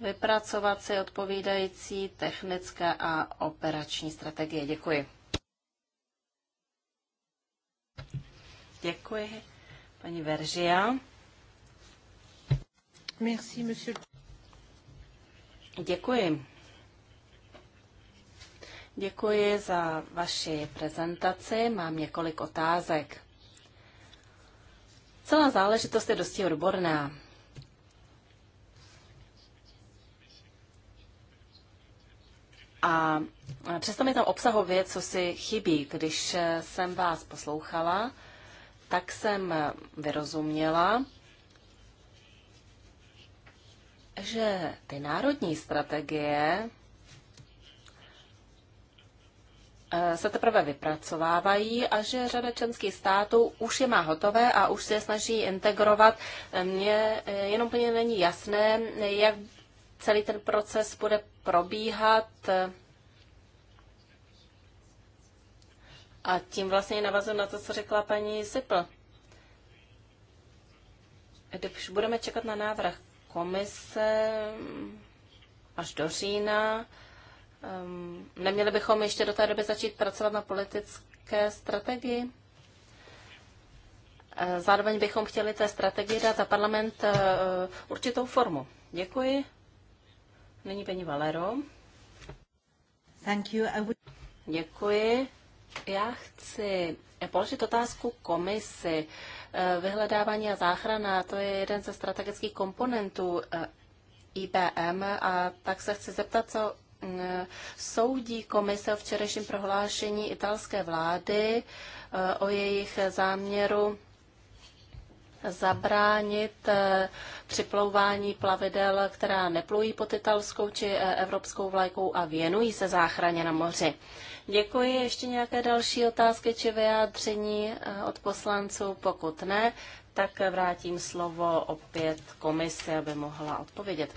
vypracovat si odpovídající technické a operační strategie. Děkuji. Děkuji, paní Veržia. Děkuji. Děkuji za vaši prezentaci. Mám několik otázek. Celá záležitost je dosti odborná. A přesto mi tam obsahově, co si chybí. Když jsem vás poslouchala, tak jsem vyrozuměla, že ty národní strategie eh, se teprve vypracovávají a že řada členských států už je má hotové a už se snaží integrovat. Mně eh, jenom plně není jasné, jak celý ten proces bude probíhat a tím vlastně navazuji na to, co řekla paní Sipl. Když budeme čekat na návrh komise až do října. Neměli bychom ještě do té doby začít pracovat na politické strategii? E, zároveň bychom chtěli té strategii dát za parlament e, určitou formu. Děkuji. Nyní paní Valero. Thank you. I would... Děkuji. Já chci položit otázku komisi. Eh, vyhledávání a záchrana, to je jeden ze strategických komponentů eh, IBM a tak se chci zeptat, co mm, soudí komise o včerejším prohlášení italské vlády eh, o jejich záměru zabránit eh, připlouvání plavidel, která neplují pod italskou či eh, evropskou vlajkou a věnují se záchraně na moři. Děkuji. Ještě nějaké další otázky či vyjádření eh, od poslanců? Pokud ne, tak vrátím slovo opět komisi, aby mohla odpovědět.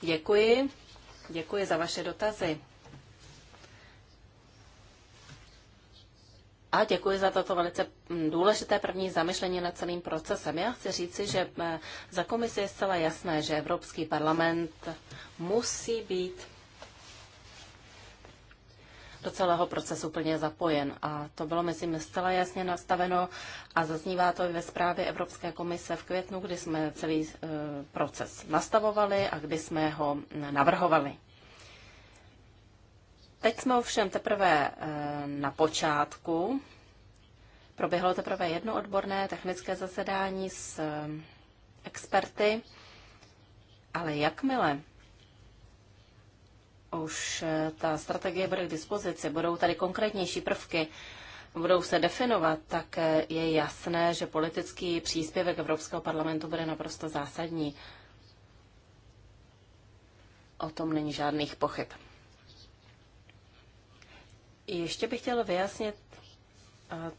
Děkuji. Děkuji za vaše dotazy. a děkuji za toto velice mm, důležité první zamyšlení nad celým procesem. Já chci říci, že eh, za komisi je zcela jasné, že Evropský parlament musí být do celého procesu plně zapojen. A to bylo, myslím, zcela jasně nastaveno a zaznívá to i ve zprávě Evropské komise v květnu, kdy jsme celý eh, proces nastavovali a kdy jsme ho navrhovali. Teď jsme ovšem teprve eh, na počátku. Proběhlo teprve jedno odborné technické zasedání s eh, experty, ale jakmile už eh, ta strategie bude k dispozici, budou tady konkrétnější prvky, budou se definovat, tak je jasné, že politický příspěvek Evropského parlamentu bude naprosto zásadní. O tom není žádných pochyb. Ještě bych chtěl vyjasnit eh,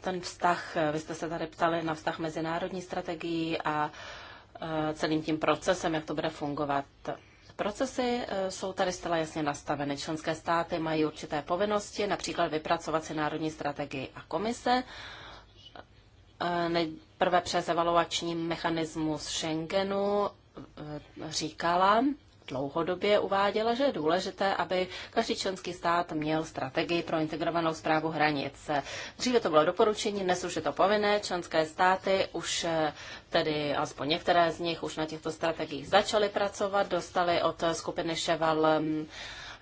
ten vztah, eh, vy jste se tady ptali na vztah mezinárodní strategií a eh, celým tím procesem, jak to bude fungovat. Procesy jsou tady zcela jasně nastaveny. Členské státy mají určité povinnosti, například vypracovat si národní strategii a komise. Nejprve přes evaluační mechanismus Schengenu říkala, dlouhodobě uváděla, že je důležité, aby každý členský stát měl strategii pro integrovanou zprávu hranic. Dříve to bylo doporučení, dnes už je to povinné. Členské státy už eh, tedy aspoň některé z nich už na těchto strategiích začaly pracovat, dostali od skupiny Ševal mm,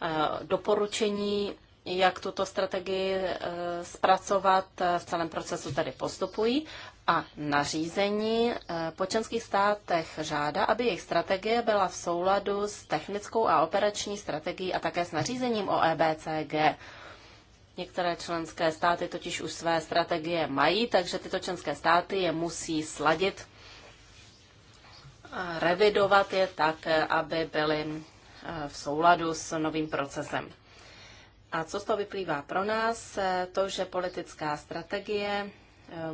eh, doporučení jak tuto strategii eh, zpracovat. V celém procesu tady postupují a nařízení eh, po členských státech žádá, aby jejich strategie byla v souladu s technickou a operační strategií a také s nařízením o EBCG. Některé členské státy totiž už své strategie mají, takže tyto členské státy je musí sladit a revidovat je tak, aby byly eh, v souladu s novým procesem. A co z toho vyplývá pro nás? Eh, to, že politická strategie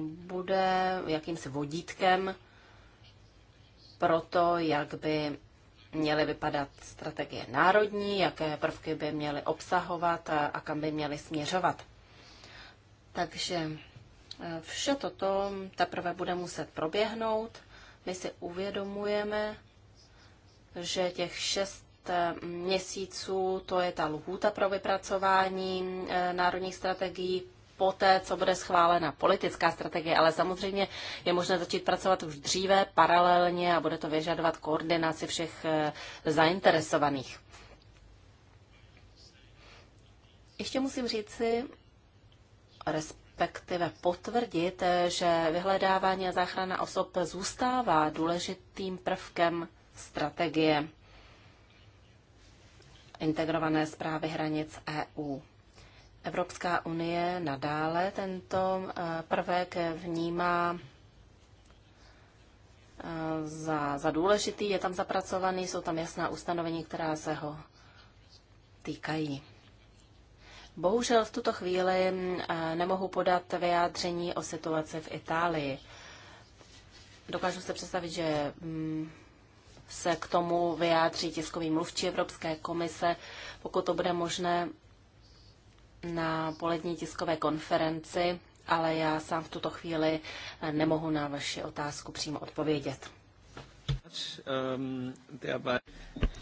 bude jakýmsi vodítkem pro to, jak by měly vypadat strategie národní, jaké prvky by měly obsahovat a, a kam by měly směřovat. Takže e, vše toto teprve bude muset proběhnout. My si uvědomujeme, že těch šest e, měsíců to je ta lhůta pro vypracování e, národních strategií poté, co bude schválena politická strategie, ale samozřejmě je možné začít pracovat už dříve, paralelně a bude to vyžadovat koordinaci všech eh, zainteresovaných. Ještě musím říci, respektive potvrdit, eh, že vyhledávání a záchrana osob zůstává důležitým prvkem strategie integrované zprávy hranic EU. Evropská unie nadále tento eh, prvek vnímá eh, za, za důležitý, je tam zapracovaný, jsou tam jasná ustanovení, která se ho týkají. Bohužel v tuto chvíli eh, nemohu podat vyjádření o situaci v Itálii. Dokážu se představit, že mm, se k tomu vyjádří tiskový mluvčí Evropské komise, pokud to bude možné na polední tiskové konferenci, ale já sám v tuto chvíli eh, nemohu na vaši otázku přímo odpovědět.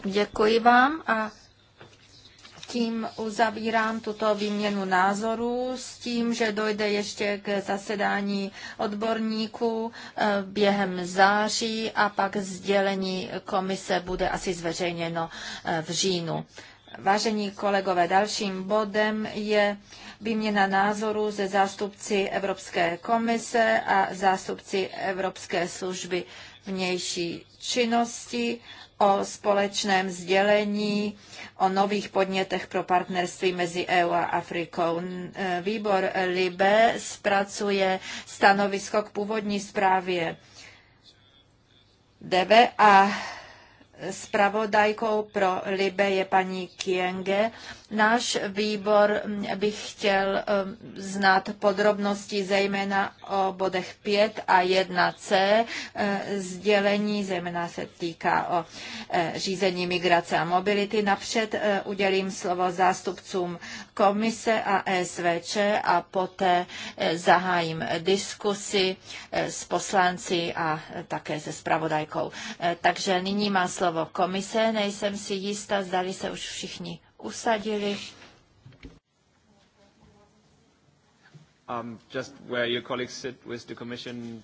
Děkuji vám a tím uzavírám tuto výměnu názorů s tím, že dojde ještě k zasedání odborníků eh, během září a pak sdělení komise bude asi zveřejněno eh, v říjnu. Vážení kolegové, dalším bodem je výměna názoru ze zástupci Evropské komise a zástupci Evropské služby vnější činnosti o společném sdělení o nových podnětech pro partnerství mezi EU a Afrikou. E, výbor LIBE zpracuje stanovisko k původní zprávě DEVE a zpravodajkou pro Libe je paní Kienge Náš výbor mm, by chtěl mm, znát podrobnosti zejména o bodech 5 a 1c. E, sdělení zejména se týká o e, řízení migrace a mobility. Napřed e, udělím slovo zástupcům komise a SVČ a poté zahájím diskusi s poslanci a také se spravodajkou. Takže nyní má slovo komise. Nejsem si jistá, zdali se už všichni usadili. Um, just where your colleagues sit with the Commission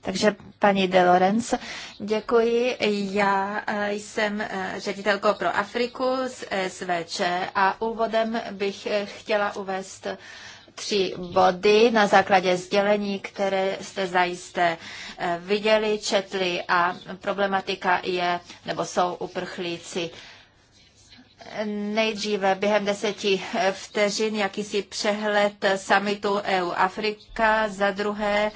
Takže paní De Lorenz, děkuji. Já eh, jsem eh, ředitelkou pro Afriku z eh, SVČ a úvodem bych chtěla uvést tři body na základě sdělení, které jste zajisté viděli, četli a problematika je, nebo jsou uprchlíci Nejdříve během deseti vteřin jakýsi přehled samitu EU-Afrika, za druhé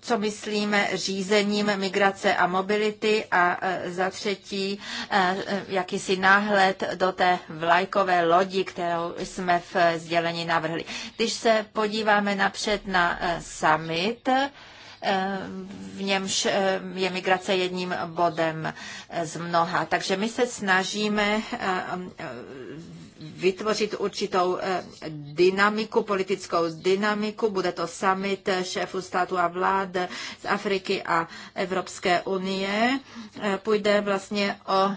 co myslíme řízením migrace a mobility a e, za třetí e, e, jakýsi náhled do té vlajkové lodi, kterou jsme v sdělení navrhli. Když se podíváme napřed na summit, v němž eh, je migrace jedním bodem eh, z mnoha. Takže my se snažíme eh, vytvořit určitou dynamiku, politickou dynamiku. Bude to summit šéfů státu a vlád z Afriky a Evropské unie. Půjde vlastně o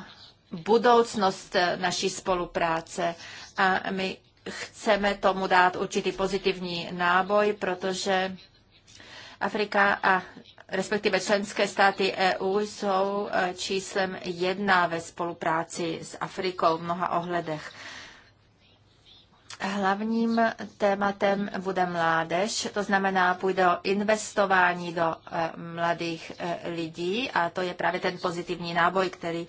budoucnost naší spolupráce. A my chceme tomu dát určitý pozitivní náboj, protože Afrika a respektive členské státy EU jsou e, číslem jedna ve spolupráci s Afrikou v mnoha ohledech. Hlavním tématem bude mládež, to znamená půjde o investování do e, mladých e, lidí a to je právě ten pozitivní náboj, který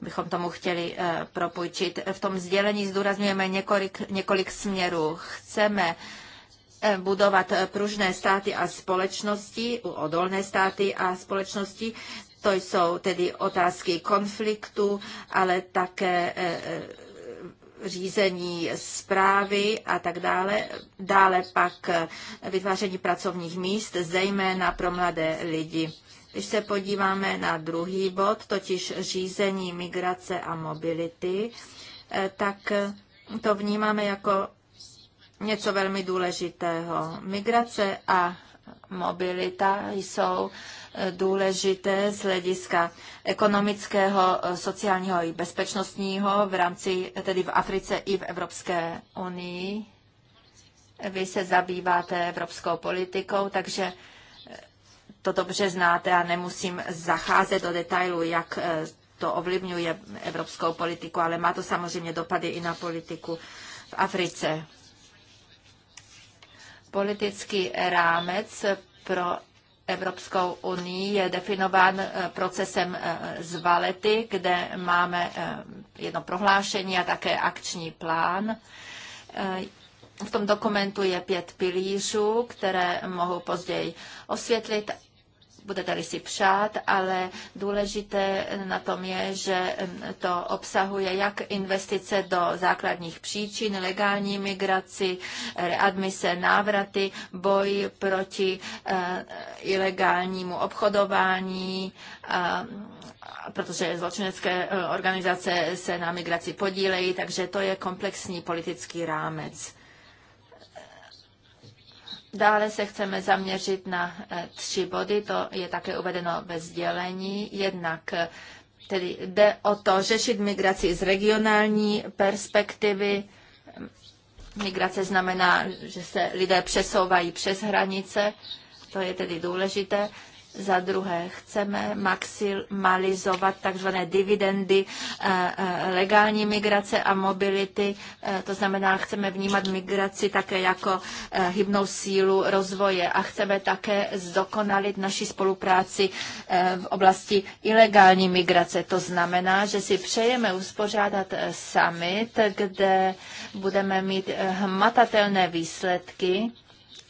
bychom tomu chtěli propůjčit. V tom sdělení zdůrazňujeme několik, několik směrů. Chceme Eh, budovat eh, pružné státy a společnosti, odolné státy a společnosti. To jsou tedy otázky konfliktu, ale také eh, řízení zprávy a tak dále. Dále pak vytváření pracovních míst, zejména pro mladé lidi. Když se podíváme na druhý bod, totiž řízení migrace a mobility, tak to vnímáme jako něco velmi důležitého. Migrace a mobilita jsou eh, důležité z hlediska ekonomického, eh, sociálního i bezpečnostního v rámci, tedy v Africe i v Evropské unii. Vy se zabýváte evropskou politikou, takže eh, to dobře znáte a nemusím zacházet do detailu, jak to ovlivňuje evropskou politiku, ale má to samozřejmě dopady i na politiku v Africe. Politický rámec pro Evropskou unii je definován eh, procesem eh, z Valety, kde máme eh, jedno prohlášení a také akční plán. V tom dokumentu je pět pilířů, které mohu později osvětlit budete-li si přát, ale důležité na tom je, že to obsahuje jak investice do základních příčin, legální migraci, readmise, návraty, boj proti eh, ilegálnímu obchodování, eh, protože zločinecké eh, organizace se na migraci podílejí, takže to je komplexní politický rámec. Dále se chceme zaměřit na eh, tři body, to je také uvedeno ve sdělení. Jednak eh, tedy jde o to řešit migraci z regionální perspektivy. Migrace znamená, že se lidé přesouvají přes hranice, to je tedy důležité. Za druhé, chceme maximalizovat takzvané dividendy eh, eh, legální migrace a mobility, eh, to znamená, chceme vnímat migraci také jako hybnou sílu rozvoje a chceme také zdokonalit naši spolupráci v oblasti ilegální migrace. To znamená, že si přejeme uspořádat summit, kde budeme mít hmatatelné výsledky,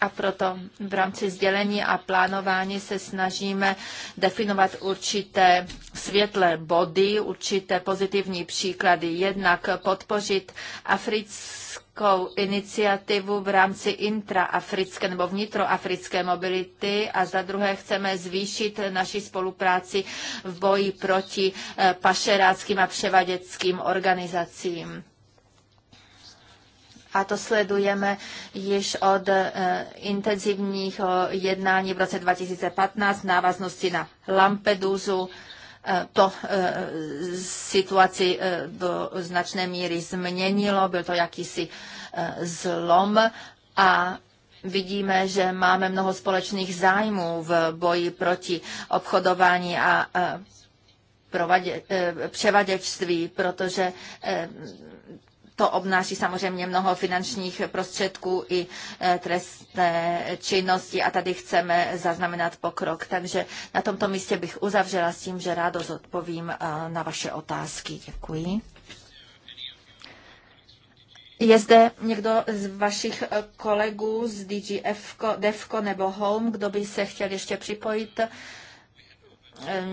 a proto v rámci sdělení a plánování se snažíme definovat určité světlé body, určité pozitivní příklady. Jednak podpořit africkou iniciativu v rámci intraafrické nebo vnitroafrické mobility a za druhé chceme zvýšit naši spolupráci v boji proti eh, pašeráckým a převaděckým organizacím a to sledujeme již od eh, intenzivních jednání v roce 2015 v návaznosti na Lampedusu eh, to eh, situaci do značné míry změnilo, byl to jakýsi zlom a vidíme, že máme mnoho společných zájmů v boji proti obchodování a převaděčství, protože to obnáší samozřejmě mnoho finančních prostředků i eh, trestné činnosti a tady chceme zaznamenat pokrok. Takže na tomto místě bych uzavřela s tím, že rádo zodpovím eh, na vaše otázky. Děkuji. Je zde někdo z vašich eh, kolegů z DGF, DEFCO nebo HOME, kdo by se chtěl ještě připojit?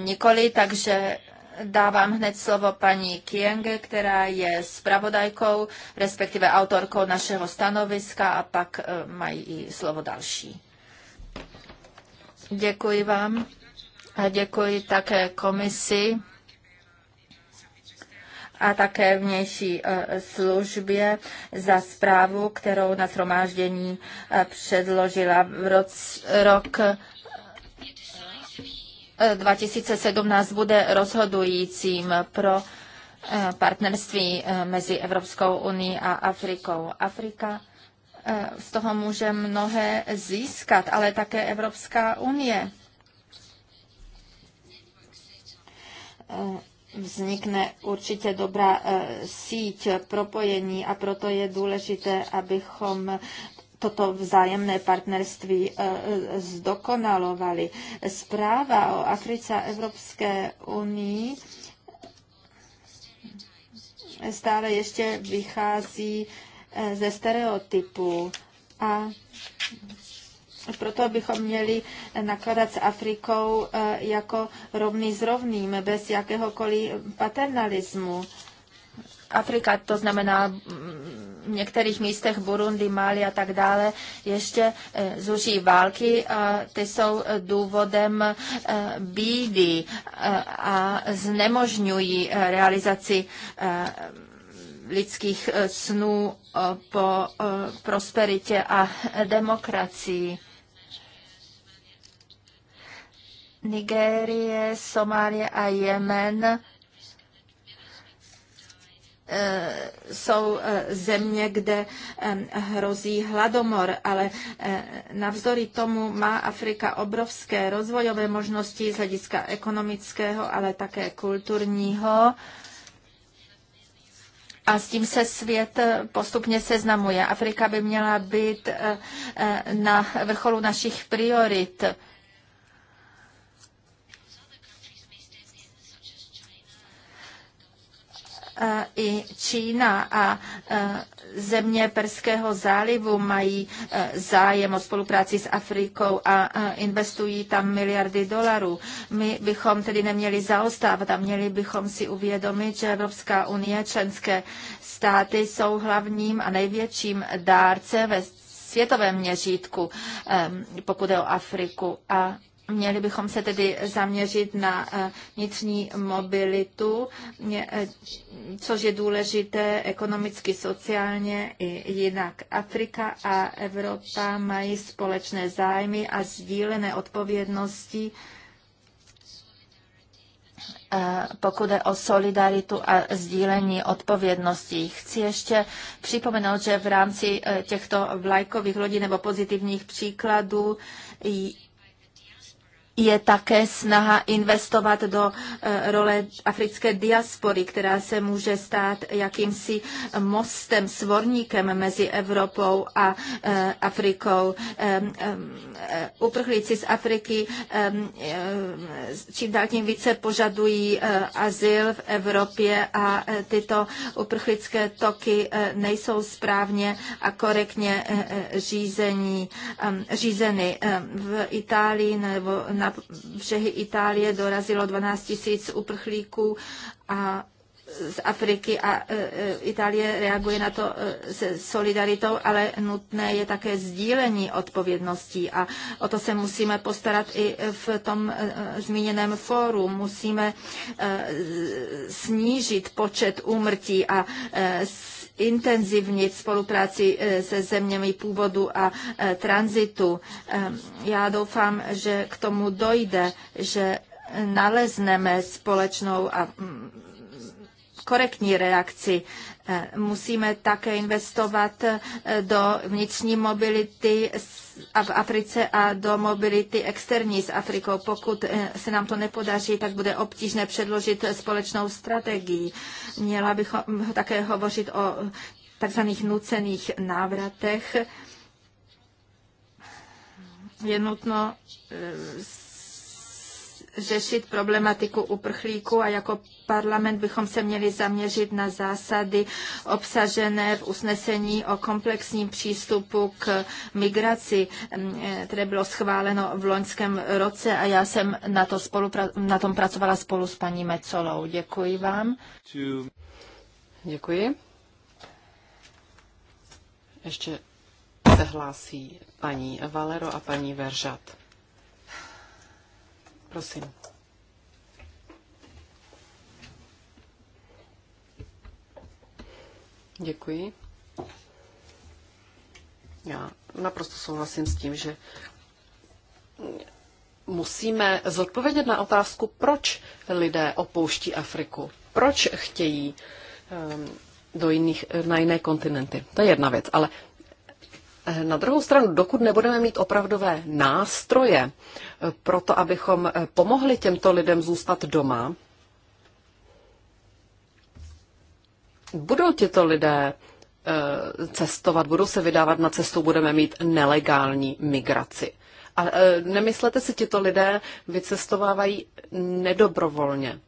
Nikoli, takže dávám hned slovo paní Kienge, která je zpravodajkou, respektive autorkou našeho stanoviska a pak eh, mají i slovo další. Děkuji vám a děkuji také komisi a také vnější eh, službě za zprávu, kterou na shromáždění eh, předložila v roc, rok 2017 bude rozhodujícím pro eh, partnerství eh, mezi Evropskou unii a Afrikou. Afrika eh, z toho může mnohé získat, ale také Evropská unie. Vznikne určitě dobrá síť propojení a proto je důležité, abychom toto vzájemné partnerství e, e, zdokonalovali. Zpráva o Africe a Evropské unii stále ještě vychází e, ze stereotypů a proto bychom měli nakladat s Afrikou jako rovný s rovným, bez jakéhokoliv paternalismu. Afrika, to znamená v některých místech Burundi, Mali a tak dále, ještě eh, zuží války a ty jsou eh, důvodem eh, bídy a znemožňují realizaci lidských snů po prosperitě a demokracii. Nigérie, Somálie a Jemen Eh, jsou eh, země, kde hrozí hladomor, ale eh, navzdory tomu má Afrika obrovské rozvojové možnosti z hlediska ekonomického, ale také kulturního a s tím se svět postupně seznamuje. Afrika by měla být na vrcholu našich priorit. i Čína a země Perského zálivu mají e, zájem o spolupráci s Afrikou a investují tam miliardy dolarů. My bychom tedy neměli zaostávat a měli bychom si uvědomit, že Evropská unie, členské státy jsou hlavním a největším dárce ve světovém měřítku, e, pokud je o Afriku. A Měli bychom se tedy zaměřit na eh, vnitřní mobilitu, eh, což je důležité ekonomicky, sociálně i jinak. Afrika a Evropa mají společné zájmy a sdílené odpovědnosti, eh, pokud jde o solidaritu a sdílení odpovědností. Chci ještě připomenout, že v rámci těchto vlajkových lodí nebo pozitivních příkladů je také snaha investovat do eh, role africké diaspory, která se může stát jakýmsi mostem, svorníkem mezi Evropou a eh, Afrikou. Eh, uprchlíci z Afriky čím dál tím více požadují azyl v Evropě a tyto uprchlické toky nejsou správně a korektně řízení, řízeny. V Itálii nebo na břehy Itálie dorazilo 12 tisíc uprchlíků a z Afriky a e, e, Itálie reaguje na to e, se solidaritou, ale nutné je také sdílení odpovědností a o to se musíme postarat i v tom zmíněném fóru. Musíme snížit počet úmrtí a intenzivnit spolupráci eh, se zeměmi původu a eh, tranzitu. Eh, já doufám, že k tomu dojde, že nalezneme společnou a mm, korektní reakci. Eh, musíme také investovat eh, do vnitřní mobility v Africe a do mobility externí s Afrikou. Pokud eh, se nám to nepodaří, tak bude obtížné předložit společnou strategii. Měla bych také hovořit o takzvaných nucených návratech. Je nutno řešit problematiku uprchlíků a jako parlament bychom se měli zaměřit na zásady obsažené v usnesení o komplexním přístupu k migraci, mm, eh, které bylo schváleno v loňském roce a já jsem na, to spolupra- na tom pracovala spolu s paní Mecolou. Děkuji vám. Děkuji. Ještě se hlásí paní Valero a paní Veržat. Prosím. Děkuji. Já naprosto souhlasím s tím, že musíme zodpovědět na otázku, proč lidé opouští Afriku, proč chtějí ehm, do jiných, na jiné kontinenty. To je jedna věc. Ale na druhou stranu, dokud nebudeme mít opravdové nástroje pro to, abychom pomohli těmto lidem zůstat doma, budou tito lidé eh, cestovat, budou se vydávat na cestu, budeme mít nelegální migraci. A eh, nemyslete si, tito lidé vycestovávají nedobrovolně.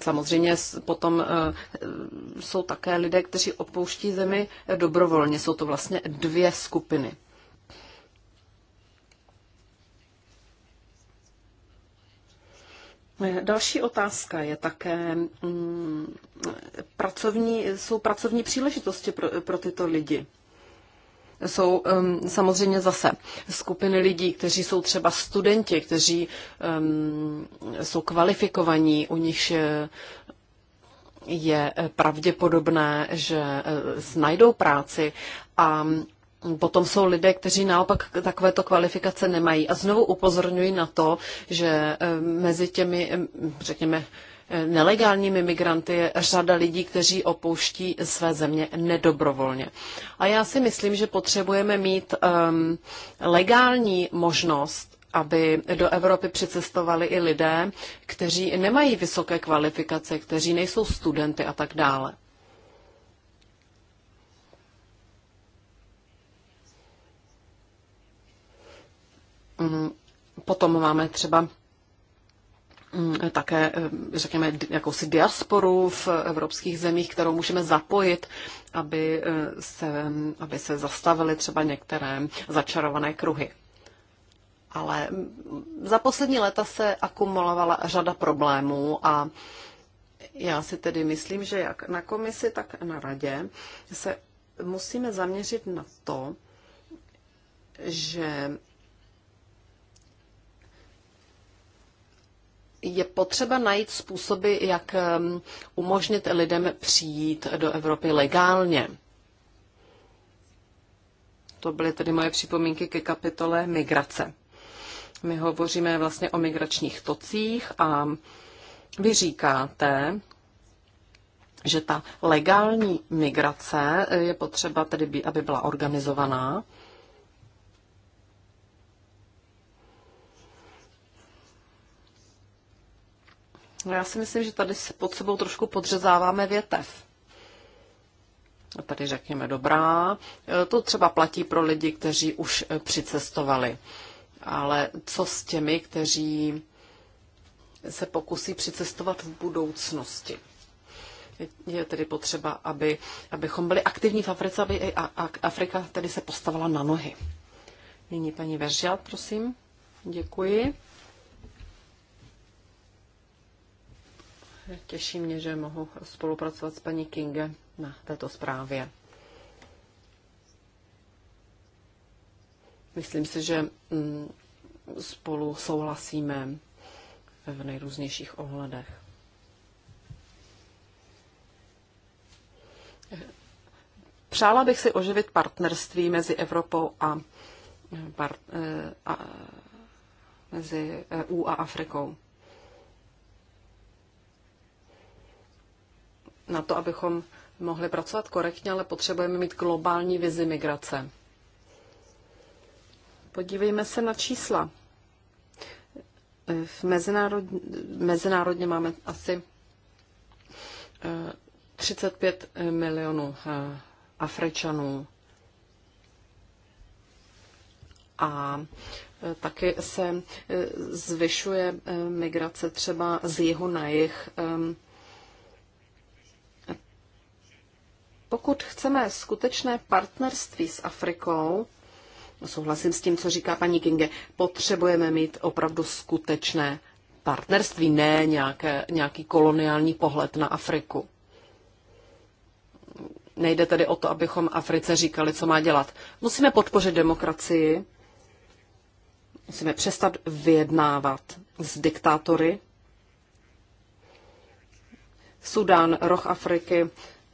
Samozřejmě potom eh, jsou také lidé, kteří opouští zemi dobrovolně. Jsou to vlastně dvě skupiny. Eh, další otázka je také, mm, pracovní, jsou pracovní příležitosti pro, pro tyto lidi jsou um, samozřejmě zase skupiny lidí, kteří jsou třeba studenti, kteří um, jsou kvalifikovaní, u nich je pravděpodobné, že e, znajdou práci a mm, Potom jsou lidé, kteří naopak takovéto kvalifikace nemají. A znovu upozorňuji na to, že mezi těmi, řekněme, nelegálními migranty je řada lidí, kteří opouští své země nedobrovolně. A já si myslím, že potřebujeme mít um, legální možnost aby do Evropy přicestovali i lidé, kteří nemají vysoké kvalifikace, kteří nejsou studenty a tak dále. Mm, potom máme třeba Mm, také, eh, řekněme, jakousi diasporu v evropských zemích, kterou můžeme zapojit, aby eh, se, aby se zastavily třeba některé začarované kruhy. Ale mm, za poslední léta se akumulovala řada problémů a já si tedy myslím, že jak na komisi, tak na radě se musíme zaměřit na to, že je potřeba najít způsoby, jak umožnit lidem přijít do Evropy legálně. To byly tedy moje připomínky ke kapitole migrace. My hovoříme vlastně o migračních tocích a vy říkáte, že ta legální migrace eh, je potřeba tedy, aby byla organizovaná. No, já si myslím, že tady pod sebou trošku podřezáváme větev. A tady řekněme dobrá. E, to třeba platí pro lidi, kteří už e, přicestovali. Ale co s těmi, kteří se pokusí přicestovat v budoucnosti? Je tedy potřeba, aby, abychom byli aktivní v Africe, aby i Afrika tedy se postavila na nohy. Nyní paní Veržat, prosím. Děkuji. Těší mě, že mohu spolupracovat s paní Kinge na této zprávě. Myslím si, že mm, spolu souhlasíme v nejrůznějších ohledech. Přála bych si oživit partnerství mezi Evropou a, e, a, e, a mezi EU a Afrikou. na to, abychom mohli pracovat korektně, ale potřebujeme mít globální vizi migrace. Podívejme se na čísla. V mezinárod, mezinárodně máme asi 35 eh, milionů eh, Afričanů. A eh, taky se zvyšuje migrace třeba z jihu na jih Pokud chceme skutečné partnerství s Afrikou, souhlasím s tím, co říká paní Kinge, potřebujeme mít opravdu skutečné partnerství, ne nějaké, nějaký koloniální pohled na Afriku. Nejde tedy o to, abychom Africe říkali, co má dělat. Musíme podpořit demokracii, musíme přestat vyjednávat s diktátory. Sudán, roh Afriky,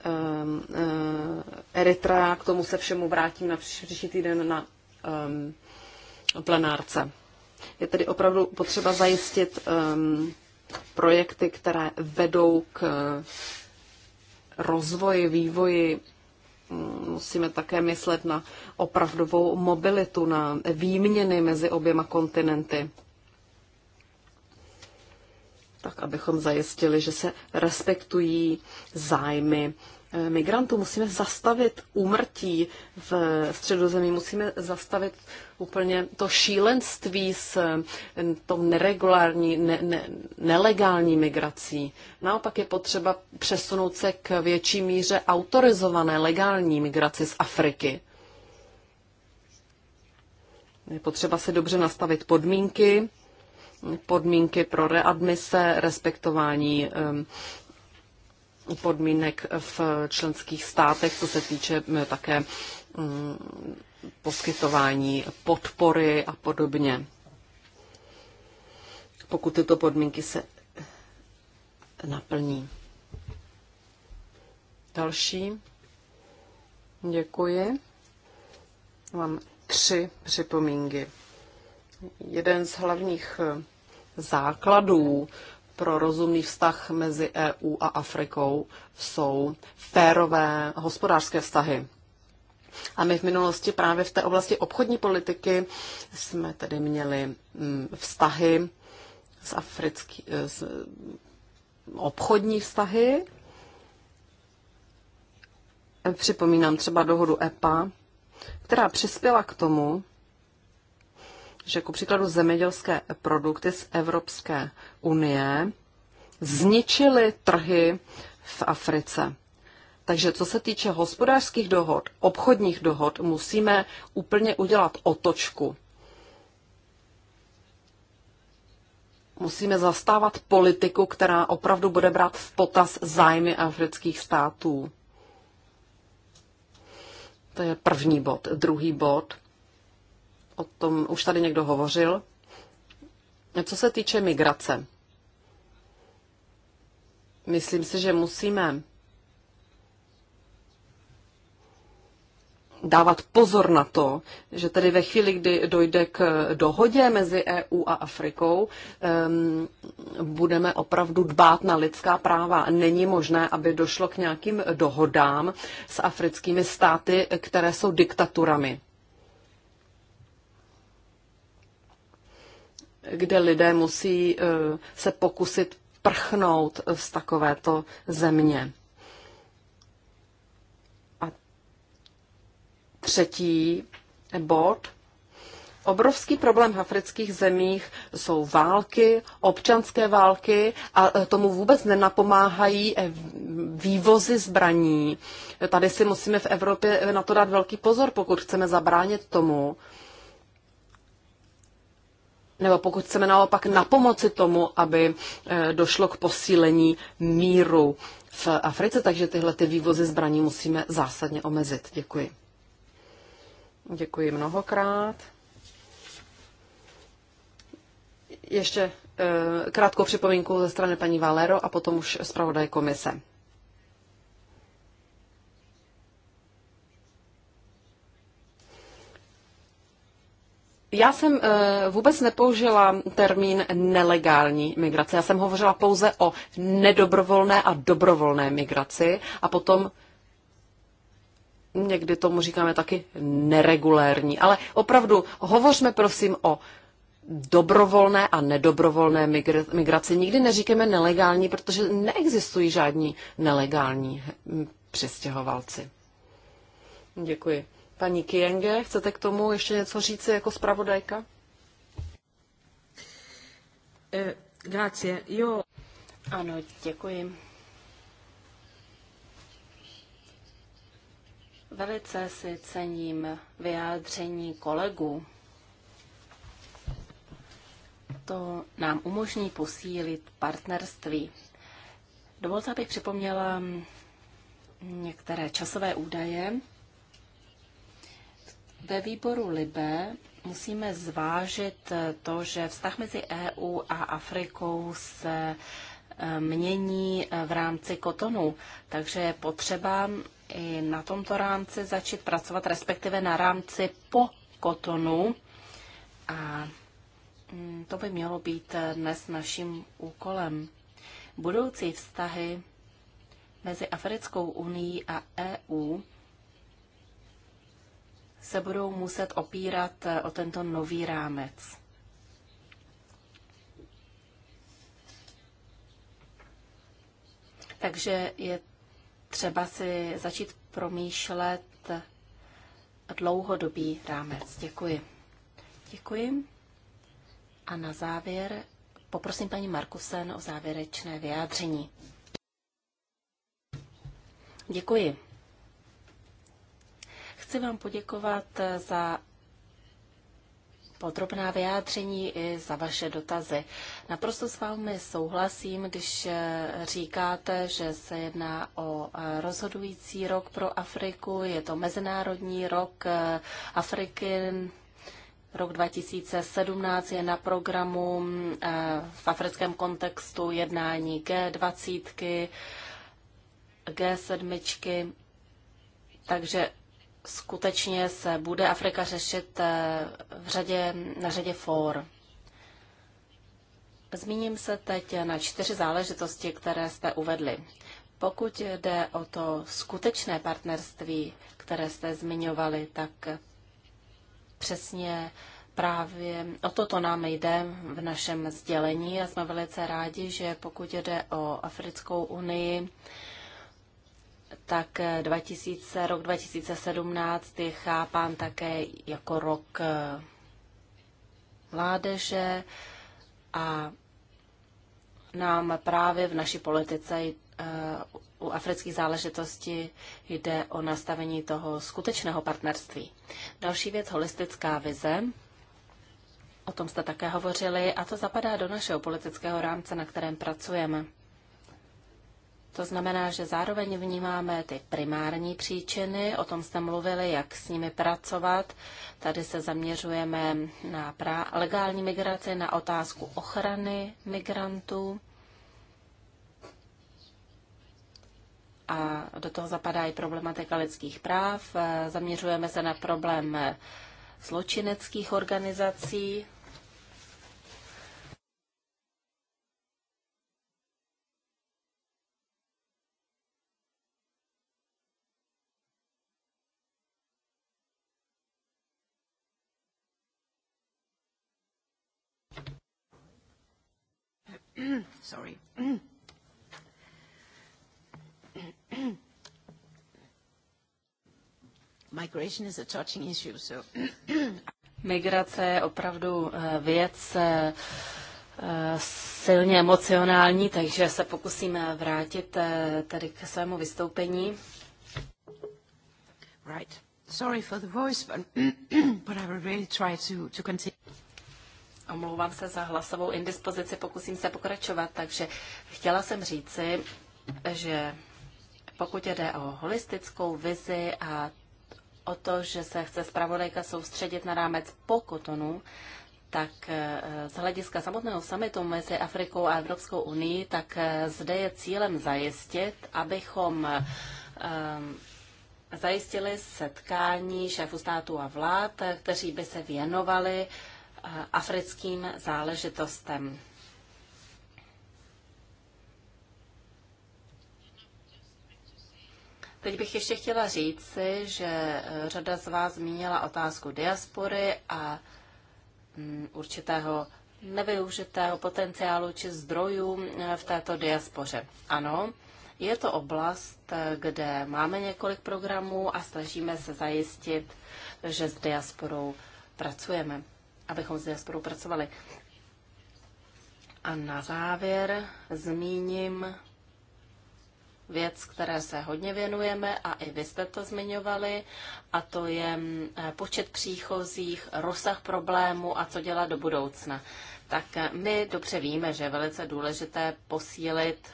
um, uh, Eritrea, k tomu se všemu vrátím na příští týden na um, plenárce. Je tedy opravdu potřeba zajistit um, projekty, které vedou k rozvoji, vývoji. Musíme také myslet na opravdovou mobilitu, na výměny mezi oběma kontinenty tak abychom zajistili, že se respektují zájmy Eh, migrantů, musíme zastavit úmrtí v středozemí, musíme zastavit úplně to šílenství s eh, tou neregulární, ne, ne, nelegální migrací. Naopak je potřeba přesunout se k větší míře autorizované legální migraci z Afriky. Je potřeba si dobře nastavit podmínky, podmínky pro readmise, respektování podmínek v členských státech, co se týče také poskytování podpory a podobně. Pokud tyto podmínky se naplní. Další. Děkuji. Mám tři připomínky. Jeden z hlavních eh, základů pro rozumný vztah mezi EU a Afrikou jsou férové hospodářské vztahy. A my v minulosti právě v té oblasti obchodní politiky jsme tedy měli mm, vztahy s africký, eh, s, obchodní vztahy. Připomínám třeba dohodu EPA, která přispěla k tomu, že ku příkladu zemědělské produkty z Evropské unie zničily trhy v Africe. Takže co se týče hospodářských dohod, obchodních dohod, musíme úplně udělat otočku. Musíme zastávat politiku, která opravdu bude brát v potaz zájmy afrických států. To je první bod. Druhý bod – o tom už tady někdo hovořil. Co se týče migrace, myslím si, že musíme dávat pozor na to, že tedy ve chvíli, kdy dojde k dohodě mezi EU a Afrikou, um, budeme opravdu dbát na lidská práva. Není možné, aby došlo k nějakým dohodám s africkými státy, které jsou diktaturami. kde lidé musí eh, se pokusit prchnout z takovéto země. A třetí bod. Obrovský problém v afrických zemích jsou války, občanské války a eh, tomu vůbec nenapomáhají eh, vývozy zbraní. Tady si musíme v Evropě na to dát velký pozor, pokud chceme zabránit tomu, nebo pokud chceme naopak pomoci tomu, aby eh, došlo k posílení míru v Africe, takže tyhle ty vývozy zbraní musíme zásadně omezit. Děkuji. Děkuji mnohokrát. Ještě eh, krátkou připomínku ze strany paní Valero a potom už zpravodaj komise. Já jsem eh, vůbec nepoužila termín nelegální migrace. Já jsem hovořila pouze o nedobrovolné a dobrovolné migraci a potom někdy tomu říkáme taky neregulérní. Ale opravdu hovořme prosím o dobrovolné a nedobrovolné migraci. Nikdy neříkáme nelegální, protože neexistují žádní nelegální hm, přestěhovalci. Děkuji. Paní Kienge, chcete k tomu ještě něco říct jako zpravodajka? Eh, grazie, jo. Ano, děkuji. Velice si cením vyjádření kolegů. To nám umožní posílit partnerství. Dovolte, abych připomněla některé časové údaje. Ve výboru Libe musíme zvážit to, že vztah mezi EU a Afrikou se e, mění e, v rámci kotonu, takže je potřeba i na tomto rámci začít pracovat, respektive na rámci po kotonu. A mm, to by mělo být e, dnes naším úkolem. Budoucí vztahy mezi Africkou unii a EU se budou muset opírat eh, o tento nový rámec. Takže je třeba si začít promýšlet dlouhodobý rámec. Děkuji. Děkuji. A na závěr poprosím paní Markusen o závěrečné vyjádření. Děkuji. Chci vám poděkovat za podrobná vyjádření i za vaše dotazy. Naprosto s vámi souhlasím, když říkáte, že se jedná o rozhodující rok pro Afriku. Je to Mezinárodní rok Afriky. Rok 2017 je na programu eh, v africkém kontextu jednání G20, G7. Takže skutečně se bude Afrika řešit eh, v řadě, na řadě fór. Zmíním se teď na čtyři záležitosti, které jste uvedli. Pokud jde o to skutečné partnerství, které jste zmiňovali, tak přesně právě o toto nám jde v našem sdělení a jsme velice rádi, že pokud jde o Africkou unii, tak 2000, eh, rok 2017 je chápán také jako rok eh, mládeže a nám právě v naší politice eh, u afrických záležitostí jde o nastavení toho skutečného partnerství. Další věc, holistická vize. O tom jste také hovořili a to zapadá do našeho politického rámce, na kterém pracujeme. To znamená, že zároveň vnímáme ty primární příčiny, o tom jste mluvili, jak s nimi pracovat. Tady se zaměřujeme na legální migraci, na otázku ochrany migrantů. A do toho zapadá i problematika lidských práv. Zaměřujeme se na problém zločineckých organizací, [CLEARS THROAT] Sorry. [CLEARS THROAT] Migration is a touching issue, so [CLEARS THROAT] Migrace je opravdu eh, věc eh, eh, silně emocionální, takže se pokusíme vrátit tady k svému vystoupení. Right. Sorry for the voice, but, but I will really try to, to continue. Omlouvám se za hlasovou indispozici, pokusím se pokračovat. Takže chtěla jsem říci, že pokud jde o holistickou vizi a o to, že se chce zpravodajka soustředit na rámec po kotonu, tak eh, z hlediska samotného samitu mezi Afrikou a Evropskou unii, tak eh, zde je cílem zajistit, abychom eh, zajistili setkání šéfů států a vlád, kteří by se věnovali Eh, africkým záležitostem. Teď bych ještě chtěla říci, že eh, řada z vás zmínila otázku diaspory a mm, určitého nevyužitého potenciálu či zdrojů eh, v této diaspoře. Ano, je to oblast, kde máme několik programů a snažíme se zajistit, že s diasporou pracujeme abychom zde spolupracovali. A na závěr zmíním věc, které se hodně věnujeme a i vy jste to zmiňovali, a to je eh, počet příchozích, rozsah problému a co dělat do budoucna. Tak eh, my dobře víme, že je velice důležité posílit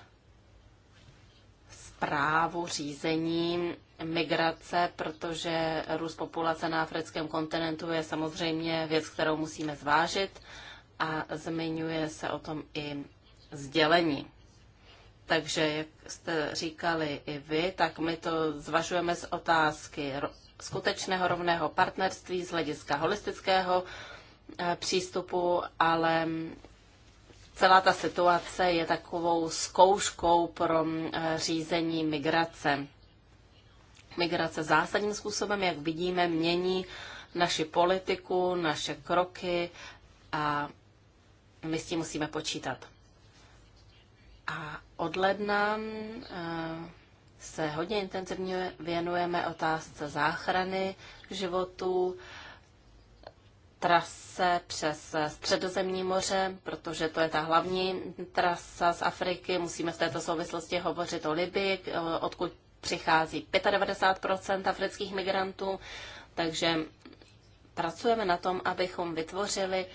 zprávu řízení migrace, protože růst populace na africkém kontinentu je samozřejmě věc, kterou musíme zvážit a zmiňuje se o tom i sdělení. Takže, jak jste říkali i vy, tak my to zvažujeme z otázky skutečného rovného partnerství z hlediska holistického eh, přístupu, ale celá ta situace je takovou zkouškou pro mm, eh, řízení migrace. Migrace zásadním způsobem, jak vidíme, mění naši politiku, naše kroky a my s tím musíme počítat. A od ledna eh, se hodně intenzivně věnujeme otázce záchrany životů, trase přes Středozemní moře, protože to je ta hlavní trasa z Afriky. Musíme v této souvislosti hovořit o Libii, eh, odkud přichází 95 afrických migrantů, takže pracujeme na tom, abychom vytvořili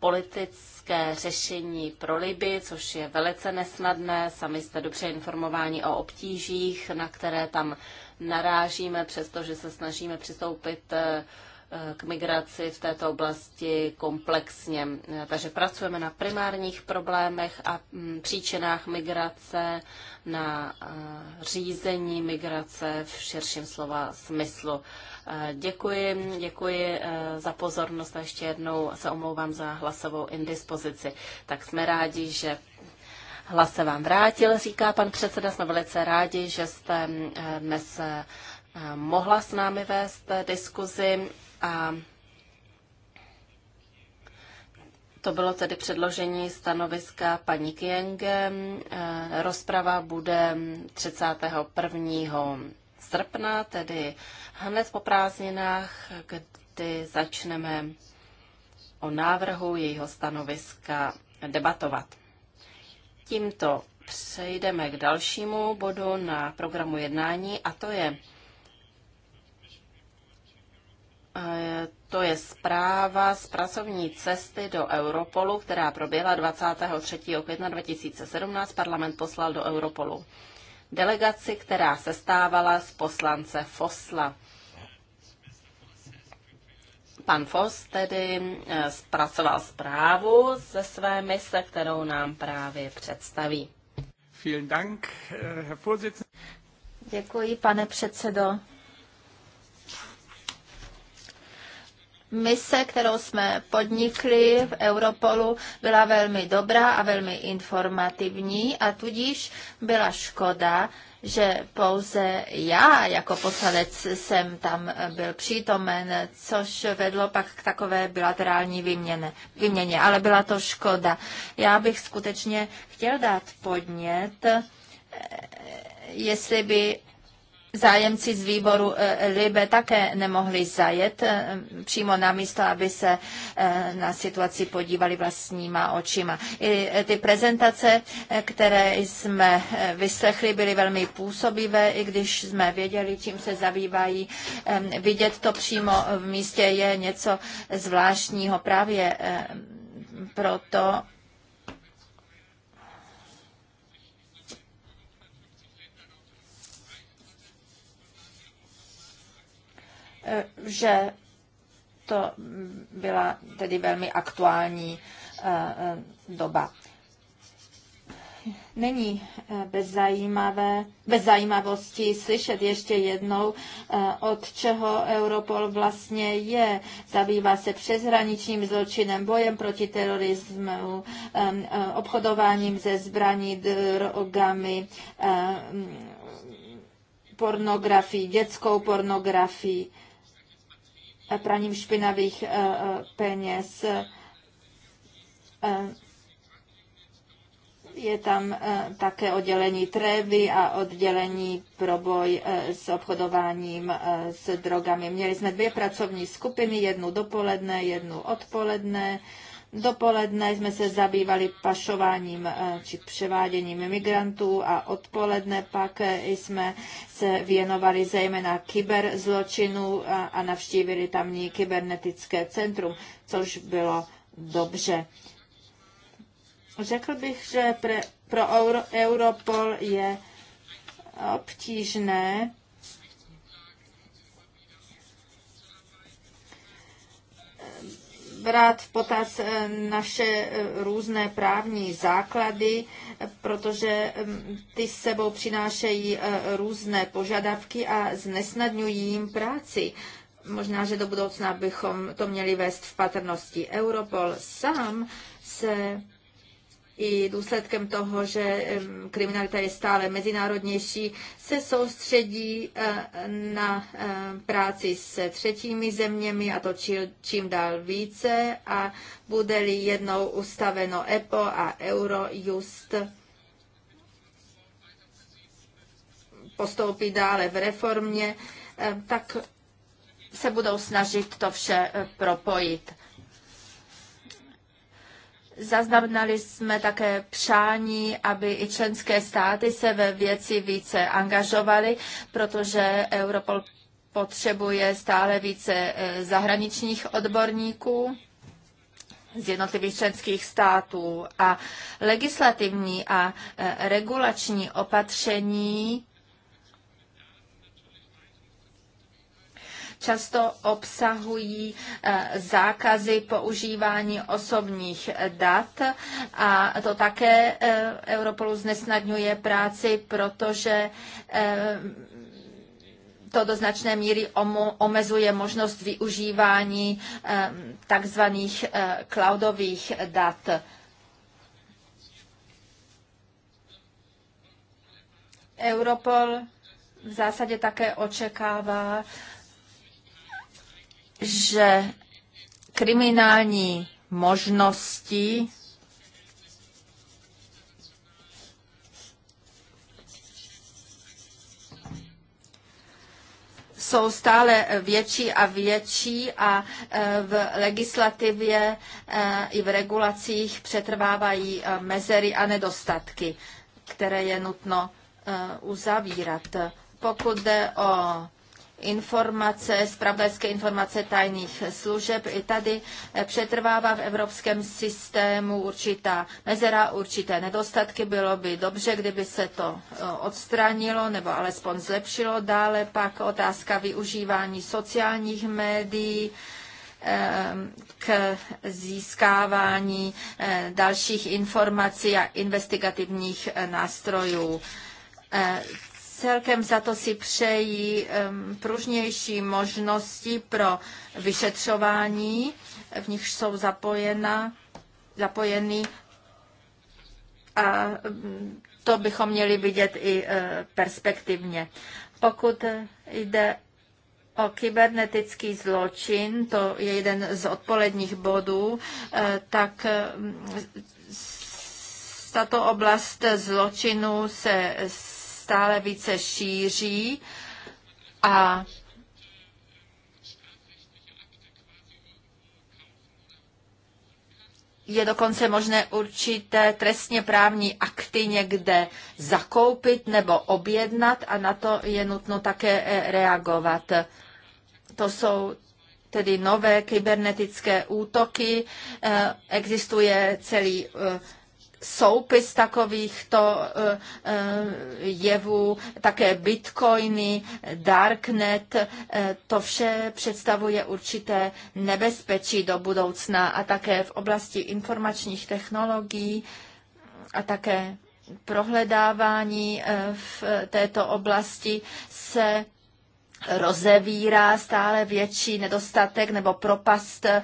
politické řešení pro Liby, což je velice nesnadné. Sami jste dobře informováni o obtížích, na které tam narážíme, přestože se snažíme přistoupit eh, k migraci v této oblasti komplexně. Takže pracujeme na primárních problémech a mm, příčinách migrace, na řízení migrace v širším slova smyslu. Děkuji, děkuji e, za pozornost a ještě jednou se omlouvám za hlasovou indispozici. Tak jsme rádi, že hlas se vám vrátil, říká pan předseda. Jsme velice rádi, že jste e, dnes e, mohla s námi vést diskuzi a to bylo tedy předložení stanoviska paní Kienge. E, rozprava bude 31. srpna, tedy hned po prázdninách, kdy začneme o návrhu jejího stanoviska debatovat. Tímto přejdeme k dalšímu bodu na programu jednání a to je to je zpráva z pracovní cesty do Europolu, která proběhla 23. května 2017. Parlament poslal do Europolu delegaci, která se stávala z poslance Fosla. Pan Fos tedy eh, zpracoval zprávu ze své mise, kterou nám právě představí. Eh, Děkuji, pane předsedo. Mise, kterou jsme podnikli v Europolu, byla velmi dobrá a velmi informativní a tudíž byla škoda, že pouze já jako poslanec jsem tam byl přítomen, což vedlo pak k takové bilaterální výměně, výměně. Ale byla to škoda. Já bych skutečně chtěl dát podnět, eh, jestli by zájemci z výboru eh, Libe také nemohli zajet eh, přímo na místo, aby se eh, na situaci podívali vlastníma očima. I ty prezentace, které jsme vyslechli, byly velmi působivé, i když jsme věděli, čím se zabývají. Ehm, vidět to přímo v místě je něco zvláštního právě ehm, proto, Eh, že to byla tedy velmi aktuální eh, eh, doba. Není bez, zajímavé, bez zajímavosti slyšet ještě jednou, od čeho Europol vlastně je. Zabývá se přeshraničním zločinem, bojem proti terorismu, obchodováním ze zbraní, drogami, pornografií, dětskou pornografií praním špinavých eh, eh, peněz. Eh, je tam také oddělení trévy a oddělení proboj s obchodováním s drogami. Měli jsme dvě pracovní skupiny, jednu dopoledne, jednu odpoledne Dopoledne jsme se zabývali pašováním eh, či převáděním migrantů a odpoledne pak eh, jsme se věnovali zejména kyberzločinu eh, a navštívili tamní kybernetické centrum, což bylo dobře. Řekl bych, že pro Europol je obtížné brát v potaz eh, naše eh, různé právní základy, protože mm, ty s sebou přinášejí eh, různé požadavky a znesnadňují jim práci. Možná, že do budoucna bychom to měli vést v patrnosti. Europol sám se i důsledkem toho, že kriminalita je stále mezinárodnější, se soustředí eh, na eh, práci s třetími zeměmi, a to čím dál více, a bude-li jednou ustaveno EPO a Eurojust, postoupí dále v reformě, eh, tak se budou snažit to vše propojit. Zaznamenali jsme také přání, aby i členské státy se ve věci více angažovaly, protože Europol potřebuje stále více e, zahraničních odborníků z jednotlivých členských států a legislativní a e, regulační opatření často obsahují eh, zákazy používání osobních dat a to také eh, Europolu znesnadňuje práci, protože eh, to do značné míry omezuje možnost využívání takzvaných cloudových dat. Europol v zásadě také očekává že kriminální možnosti jsou stále větší a větší a e, v legislativě e, i v regulacích přetrvávají e, mezery a nedostatky, které je nutno uzavírat. Pokud jde o informace, spravodajské informace tajných služeb. I tady eh, přetrvává v evropském systému určitá mezera, určité nedostatky. Bylo by dobře, kdyby se to eh, odstranilo nebo alespoň zlepšilo. Dále pak otázka využívání sociálních médií ehm, k získávání eh, dalších informací a investigativních nástrojů Celkem za to si přejí pružnější možnosti pro vyšetřování, v nich jsou zapojena, zapojeny a mm, to bychom měli vidět i e, perspektivně. Pokud e, jde o kybernetický zločin, to je jeden z odpoledních bodů, e, tak tato oblast zločinu se stále více šíří a je dokonce možné určité trestně právní akty někde zakoupit nebo objednat a na to je nutno také eh, reagovat. To jsou tedy nové kybernetické útoky. Eh, existuje celý eh, soupis takovýchto eh, eh, jevů, také bitcoiny, darknet, eh, to vše představuje určité nebezpečí do budoucna a také v oblasti informačních technologií a také prohledávání v této oblasti se rozevírá stále větší nedostatek nebo propast um,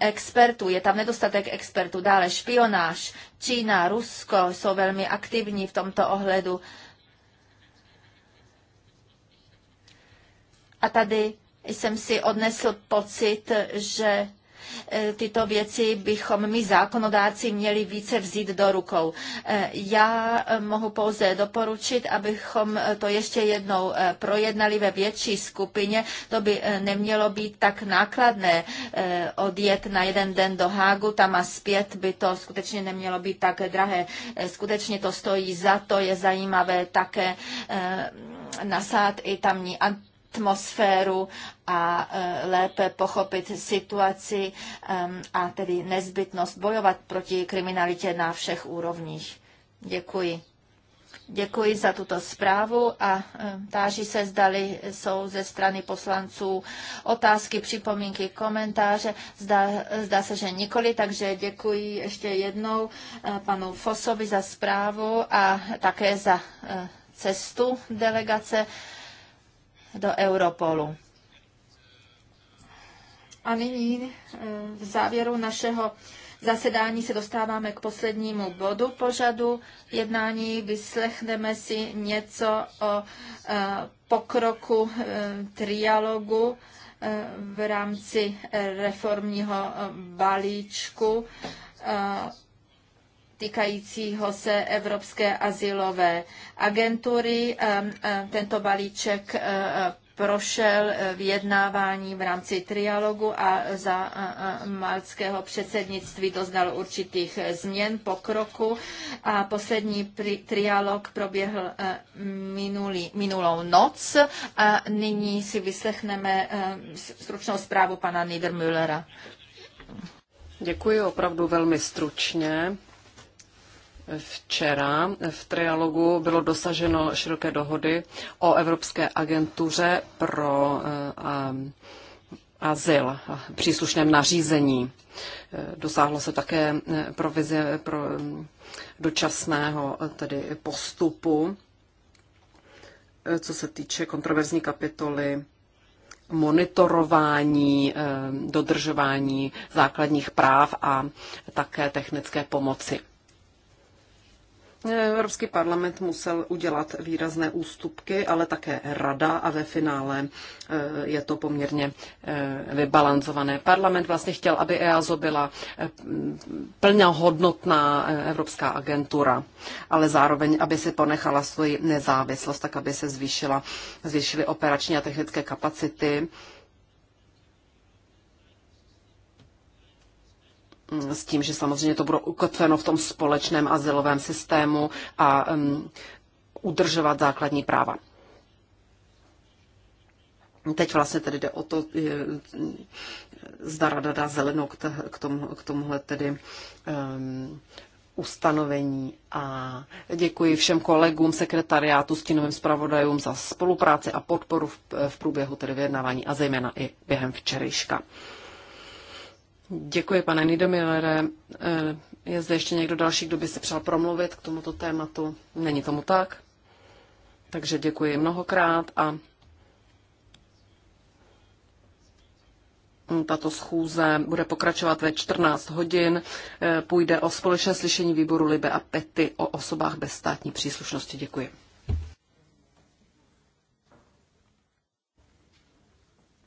expertů. Je tam nedostatek expertů. Dále špionáž. Čína, Rusko jsou velmi aktivní v tomto ohledu. A tady jsem si odnesl pocit, že E, tyto věci bychom my zákonodáci měli více vzít do rukou. E, já e, mohu pouze doporučit, abychom to ještě jednou projednali ve větší skupině. To by nemělo být tak nákladné odjet na jeden den do Hágu, tam a zpět by to skutečně nemělo být tak drahé. Skutečně to stojí za to, je zajímavé také nasát i tamní atmosféru a e, lépe pochopit situaci e, a tedy nezbytnost bojovat proti kriminalitě na všech úrovních. Děkuji. Děkuji za tuto zprávu a e, táží se, zdali jsou ze strany poslanců otázky, připomínky, komentáře. Zdá, zdá se, že nikoli, takže děkuji ještě jednou panu Fosovi za zprávu a také za cestu delegace do Europolu. A nyní eh, v závěru našeho zasedání se dostáváme k poslednímu bodu pořadu jednání. Vyslechneme si něco o eh, pokroku eh, trialogu v rámci reformního balíčku týkajícího se Evropské asilové agentury. Tento balíček eh, prošel eh, vyjednávání v rámci trialogu a za eh, malckého předsednictví doznal určitých změn, pokroku a poslední trialog proběhl minulý, minulou noc a nyní si vyslechneme stručnou zprávu pana Niedermüllera. Děkuji opravdu velmi stručně. Včera v trialogu bylo dosaženo široké dohody o Evropské agentuře pro eh, azyl a příslušném nařízení. Eh, dosáhlo se také eh, provize pro mm, dočasného tedy postupu, co se týče kontroverzní kapitoly monitorování, dodržování základních práv a také technické pomoci. Evropský parlament musel udělat výrazné ústupky, ale také rada a ve finále eh, je to poměrně eh, vybalancované. Parlament vlastně chtěl, aby EASO byla eh, plnohodnotná evropská agentura, ale zároveň, aby si ponechala svoji nezávislost, tak aby se zvýšila, zvýšily operační a technické kapacity Mm, s tím, že samozřejmě to bude ukotveno v tom společném azylovém systému a um, udržovat základní práva. Teď vlastně tedy jde o to, zda rada dá zelenou k, tomu, k tomuhle tedy um, ustanovení a děkuji všem kolegům, sekretariátu, stínovým zpravodajům za spolupráci a podporu v, v průběhu tedy vyjednávání a zejména i během včerejška. Děkuji, pane Nidomilere. Eh, je zde ještě někdo další, kdo by si přál promluvit k tomuto tématu? Není tomu tak. Takže děkuji mnohokrát a Tato schůze bude pokračovat ve 14 hodin. Eh, půjde o společné slyšení výboru Libe a Pety o osobách bez státní příslušnosti. Děkuji.